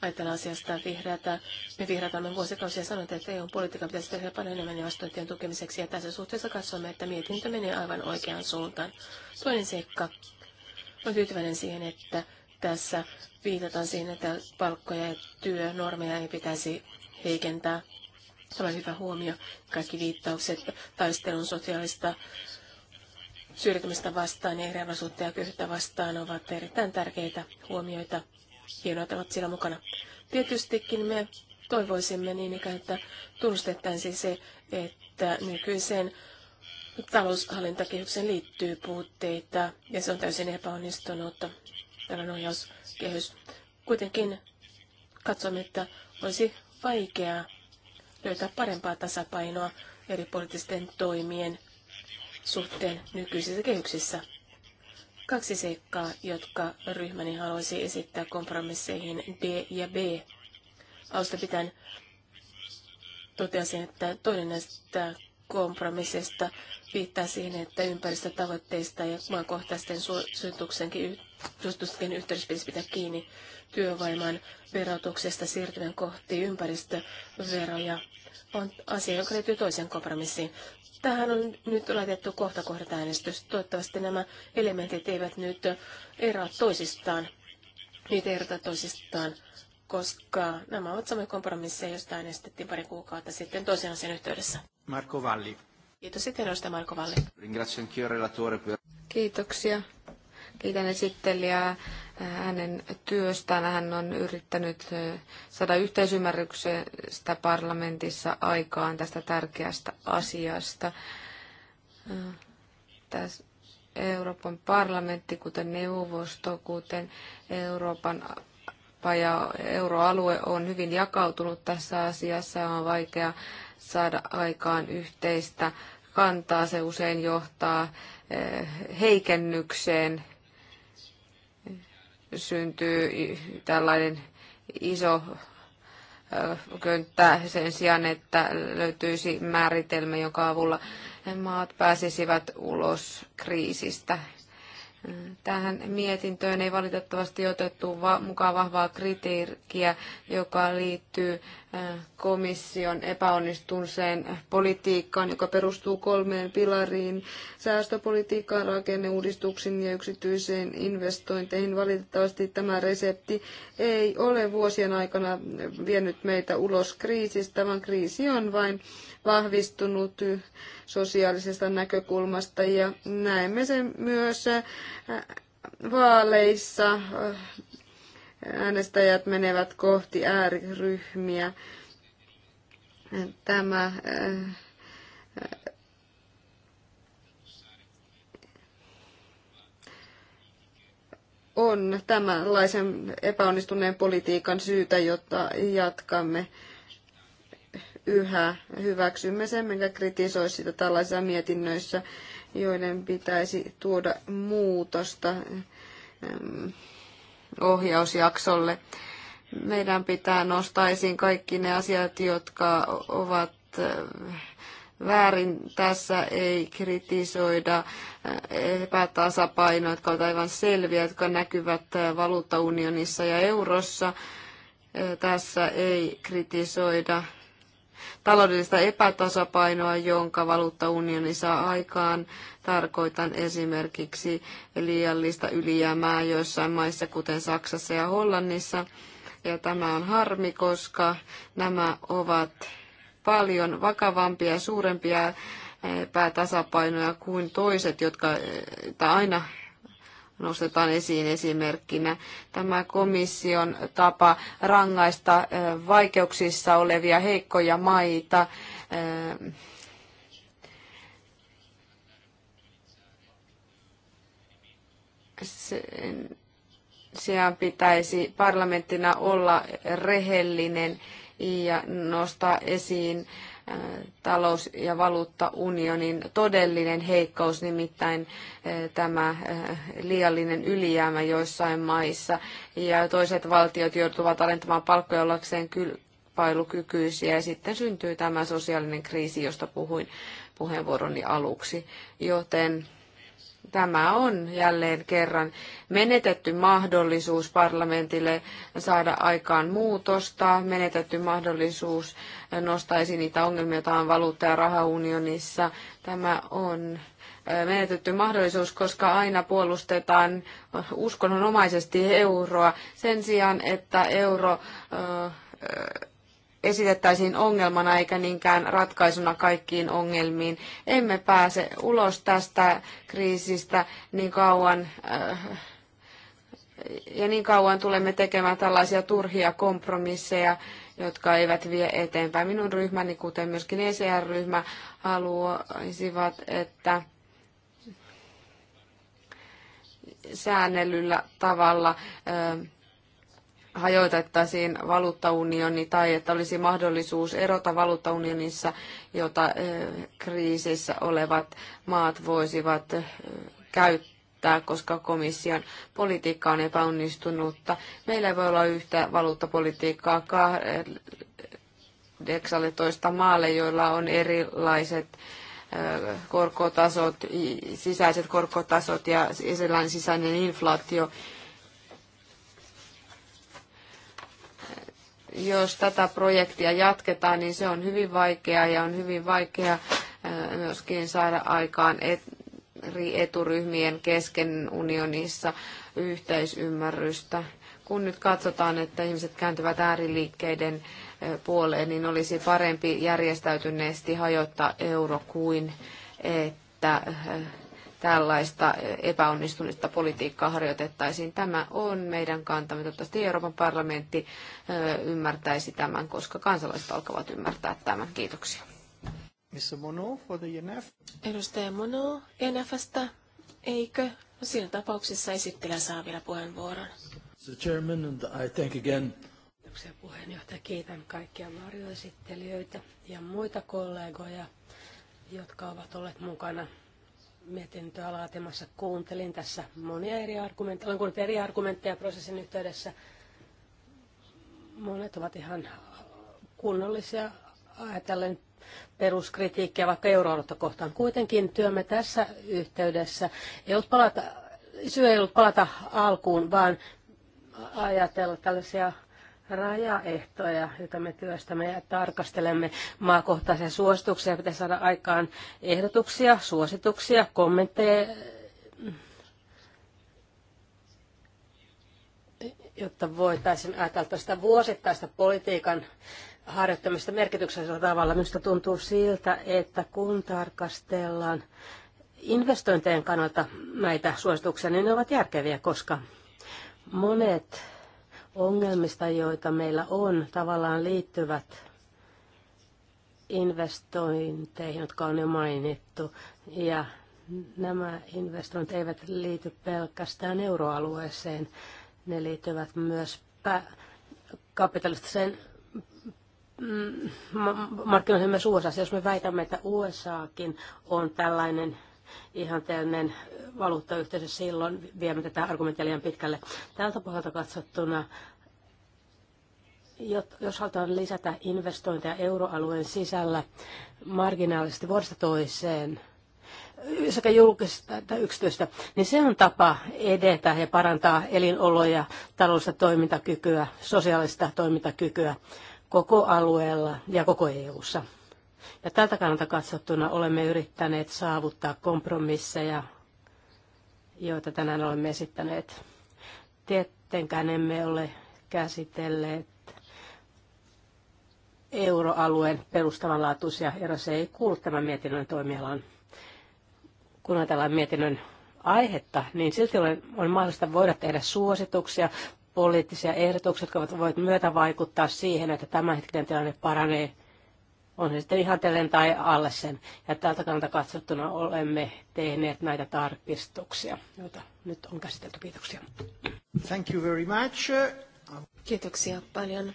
ajatellaan asiasta vihreätä. Me vihreät olemme vuosikausia sanoneet, että EU-politiikan pitäisi tehdä paljon enemmän investointien tukemiseksi, ja tässä suhteessa katsomme, että mietintö menee aivan oikeaan suuntaan. Toinen seikka on tyytyväinen siihen, että tässä viitataan siihen, että palkkoja ja työnormeja ei pitäisi heikentää. Tämä on hyvä huomio. Kaikki viittaukset taistelun sosiaalista syrjimistä vastaan ja eriarvoisuutta ja köyhyyttä vastaan ovat erittäin tärkeitä huomioita hienoa, että ovat siellä mukana. Tietystikin me toivoisimme niin ikään, että tunnustettaisiin se, että nykyiseen taloushallintakehykseen liittyy puutteita ja se on täysin epäonnistunut, tällainen ohjauskehys. Kuitenkin katsomme, että olisi vaikeaa löytää parempaa tasapainoa eri poliittisten toimien suhteen nykyisissä kehyksissä kaksi seikkaa, jotka ryhmäni haluaisi esittää kompromisseihin D ja B. Austa pitäen totesin, että toinen näistä kompromisseista viittaa siihen, että ympäristötavoitteista ja maankohtaisten suosituksenkin yhteydessä pitäisi pitää kiinni työvoiman verotuksesta siirtyvän kohti ympäristöveroja on asia, joka liittyy toisen kompromissiin. Tähän on nyt laitettu kohta kohdat äänestys. Toivottavasti nämä elementit eivät nyt eroa toisistaan. Niitä erota toisistaan, koska nämä ovat samoja kompromisseja, joista äänestettiin pari kuukautta sitten toisen asian yhteydessä. Marko Valli. Kiitos sitten Marko Valli. Kiitoksia Kiitän esittelijää äh, hänen työstään. Hän on yrittänyt äh, saada yhteisymmärryksestä parlamentissa aikaan tästä tärkeästä asiasta. Äh, tässä Euroopan parlamentti, kuten neuvosto, kuten Euroopan ja euroalue on hyvin jakautunut tässä asiassa. On vaikea saada aikaan yhteistä kantaa. Se usein johtaa heikennykseen syntyy tällainen iso könttä sen sijaan, että löytyisi määritelmä, jonka avulla maat pääsisivät ulos kriisistä. Tähän mietintöön ei valitettavasti otettu mukaan vahvaa kritiikkiä, joka liittyy komission epäonnistuneeseen politiikkaan, joka perustuu kolmeen pilariin, säästöpolitiikkaan, rakenneuudistuksiin ja yksityisiin investointeihin. Valitettavasti tämä resepti ei ole vuosien aikana vienyt meitä ulos kriisistä, vaan kriisi on vain vahvistunut sosiaalisesta näkökulmasta ja näemme sen myös vaaleissa äänestäjät menevät kohti ääriryhmiä. Tämä äh, on tämänlaisen epäonnistuneen politiikan syytä, jotta jatkamme yhä. Hyväksymme sen, minkä kritisoi sitä tällaisissa mietinnöissä, joiden pitäisi tuoda muutosta ohjausjaksolle. Meidän pitää nostaa esiin kaikki ne asiat, jotka ovat eh, väärin tässä ei kritisoida eh, epätasapainoja, jotka ovat aivan selviä, jotka näkyvät eh, valuuttaunionissa ja eurossa. Tässä ei kritisoida taloudellista epätasapainoa, jonka valuuttaunioni saa aikaan. Tarkoitan esimerkiksi liiallista ylijäämää joissain maissa, kuten Saksassa ja Hollannissa. Ja tämä on harmi, koska nämä ovat paljon vakavampia ja suurempia eh, päätasapainoja kuin toiset, jotka eh, tai aina nostetaan esiin esimerkkinä. Tämä komission tapa rangaista vaikeuksissa olevia heikkoja maita. Sen sijaan pitäisi parlamenttina olla rehellinen ja nostaa esiin äh, talous- ja valuuttaunionin todellinen heikkous, nimittäin tämä liiallinen ylijäämä joissain maissa. Ja toiset valtiot joutuvat alentamaan palkkoja ollakseen kilpailukykyisiä ja sitten syntyy tämä sosiaalinen kriisi, josta puhuin puheenvuoroni aluksi. Joten Tämä on jälleen kerran menetetty mahdollisuus parlamentille saada aikaan muutosta, menetetty mahdollisuus nostaa esiin niitä ongelmia, joita on valuutta- ja rahaunionissa. Tämä on menetetty mahdollisuus, koska aina puolustetaan uskonnonomaisesti euroa sen sijaan, että euro esitettäisiin ongelmana eikä niinkään ratkaisuna kaikkiin ongelmiin. Emme pääse ulos tästä kriisistä niin kauan äh, ja niin kauan tulemme tekemään tällaisia turhia kompromisseja, jotka eivät vie eteenpäin. Minun ryhmäni, kuten myöskin ECR-ryhmä, haluaisivat, että säännellyllä tavalla äh, hajoitettaisiin valuuttaunioni tai että olisi mahdollisuus erota valuuttaunionissa, jota eh, kriisissä olevat maat voisivat eh, käyttää, koska komission politiikka on epäonnistunutta. Meillä ei voi olla yhtä valuuttapolitiikkaa 18 maalle, joilla on erilaiset eh, korkotasot, sisäiset korkotasot ja sisäinen inflaatio jos tätä projektia jatketaan, niin se on hyvin vaikeaa ja on hyvin vaikea äh, myöskin saada aikaan eri eturyhmien kesken unionissa yhteisymmärrystä. Kun nyt katsotaan, että ihmiset kääntyvät ääriliikkeiden äh, puoleen, niin olisi parempi järjestäytyneesti hajottaa euro kuin että äh, tällaista epäonnistunutta politiikkaa harjoitettaisiin. Tämä on meidän kantamme. Toivottavasti Euroopan parlamentti ymmärtäisi tämän, koska kansalaiset alkavat ymmärtää tämän. Kiitoksia. Missä e Edustaja Mono e NFstä. eikö? No, siinä tapauksessa esittelijä saa vielä puheenvuoron. Mr. Chairman, and I thank again. Kiitoksia puheenjohtaja. Kiitän kaikkia varjoesittelijöitä ja muita kollegoja, jotka ovat olleet mukana mietintöä laatimassa. Kuuntelin tässä monia eri argumentteja, olen kuullut eri argumentteja prosessin yhteydessä. Monet ovat ihan kunnollisia ajatellen peruskritiikkiä vaikka euroaluetta kohtaan. Kuitenkin työmme tässä yhteydessä ei ollut palata, syy ei ollut palata alkuun, vaan ajatella tällaisia rajaehtoja, joita me työstämme ja tarkastelemme maakohtaisia suosituksia. Pitäisi saada aikaan ehdotuksia, suosituksia, kommentteja, jotta voitaisiin ajatella tästä vuosittaista politiikan harjoittamista merkityksellisellä tavalla. Minusta tuntuu siltä, että kun tarkastellaan investointien kannalta näitä suosituksia, niin ne ovat järkeviä, koska monet ongelmista, joita meillä on, tavallaan liittyvät investointeihin, jotka on jo mainittu. Ja nämä investoinnit eivät liity pelkästään euroalueeseen, ne liittyvät myös kapitalistiseen mm, markkinoihin myös USA. Jos me väitämme, että USAkin on tällainen ihan teemen valuuttayhteisö silloin viemme tätä argumenttia liian pitkälle. Tältä pohjalta katsottuna jos halutaan lisätä investointeja euroalueen sisällä marginaalisesti vuodesta toiseen, sekä julkista että yksityistä, niin se on tapa edetä ja parantaa elinoloja, taloudellista toimintakykyä, sosiaalista toimintakykyä koko alueella ja koko EU-ssa. Ja tältä kannalta katsottuna olemme yrittäneet saavuttaa kompromisseja, joita tänään olemme esittäneet. Tietenkään emme ole käsitelleet euroalueen perustavanlaatuisia eroja. Se ei kuulu tämän mietinnön toimialaan. Kun ajatellaan mietinnön aihetta, niin silti on, on mahdollista voida tehdä suosituksia, poliittisia ehdotuksia, jotka voivat myötä vaikuttaa siihen, että tämänhetkinen tilanne paranee on se sitten ihatellen tai alle sen. Ja tältä kannalta katsottuna olemme tehneet näitä tarkistuksia, joita nyt on käsitelty. Kiitoksia. Thank you very much. Kiitoksia paljon.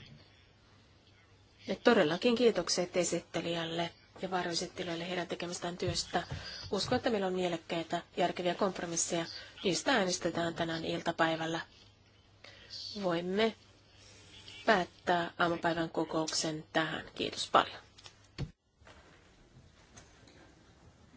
Ja todellakin kiitokset esittelijälle ja varjoesittelijöille heidän tekemästään työstä. Uskon, että meillä on mielekkäitä, järkeviä kompromisseja. Niistä äänestetään tänään iltapäivällä. Voimme päättää aamupäivän kokouksen tähän. Kiitos paljon.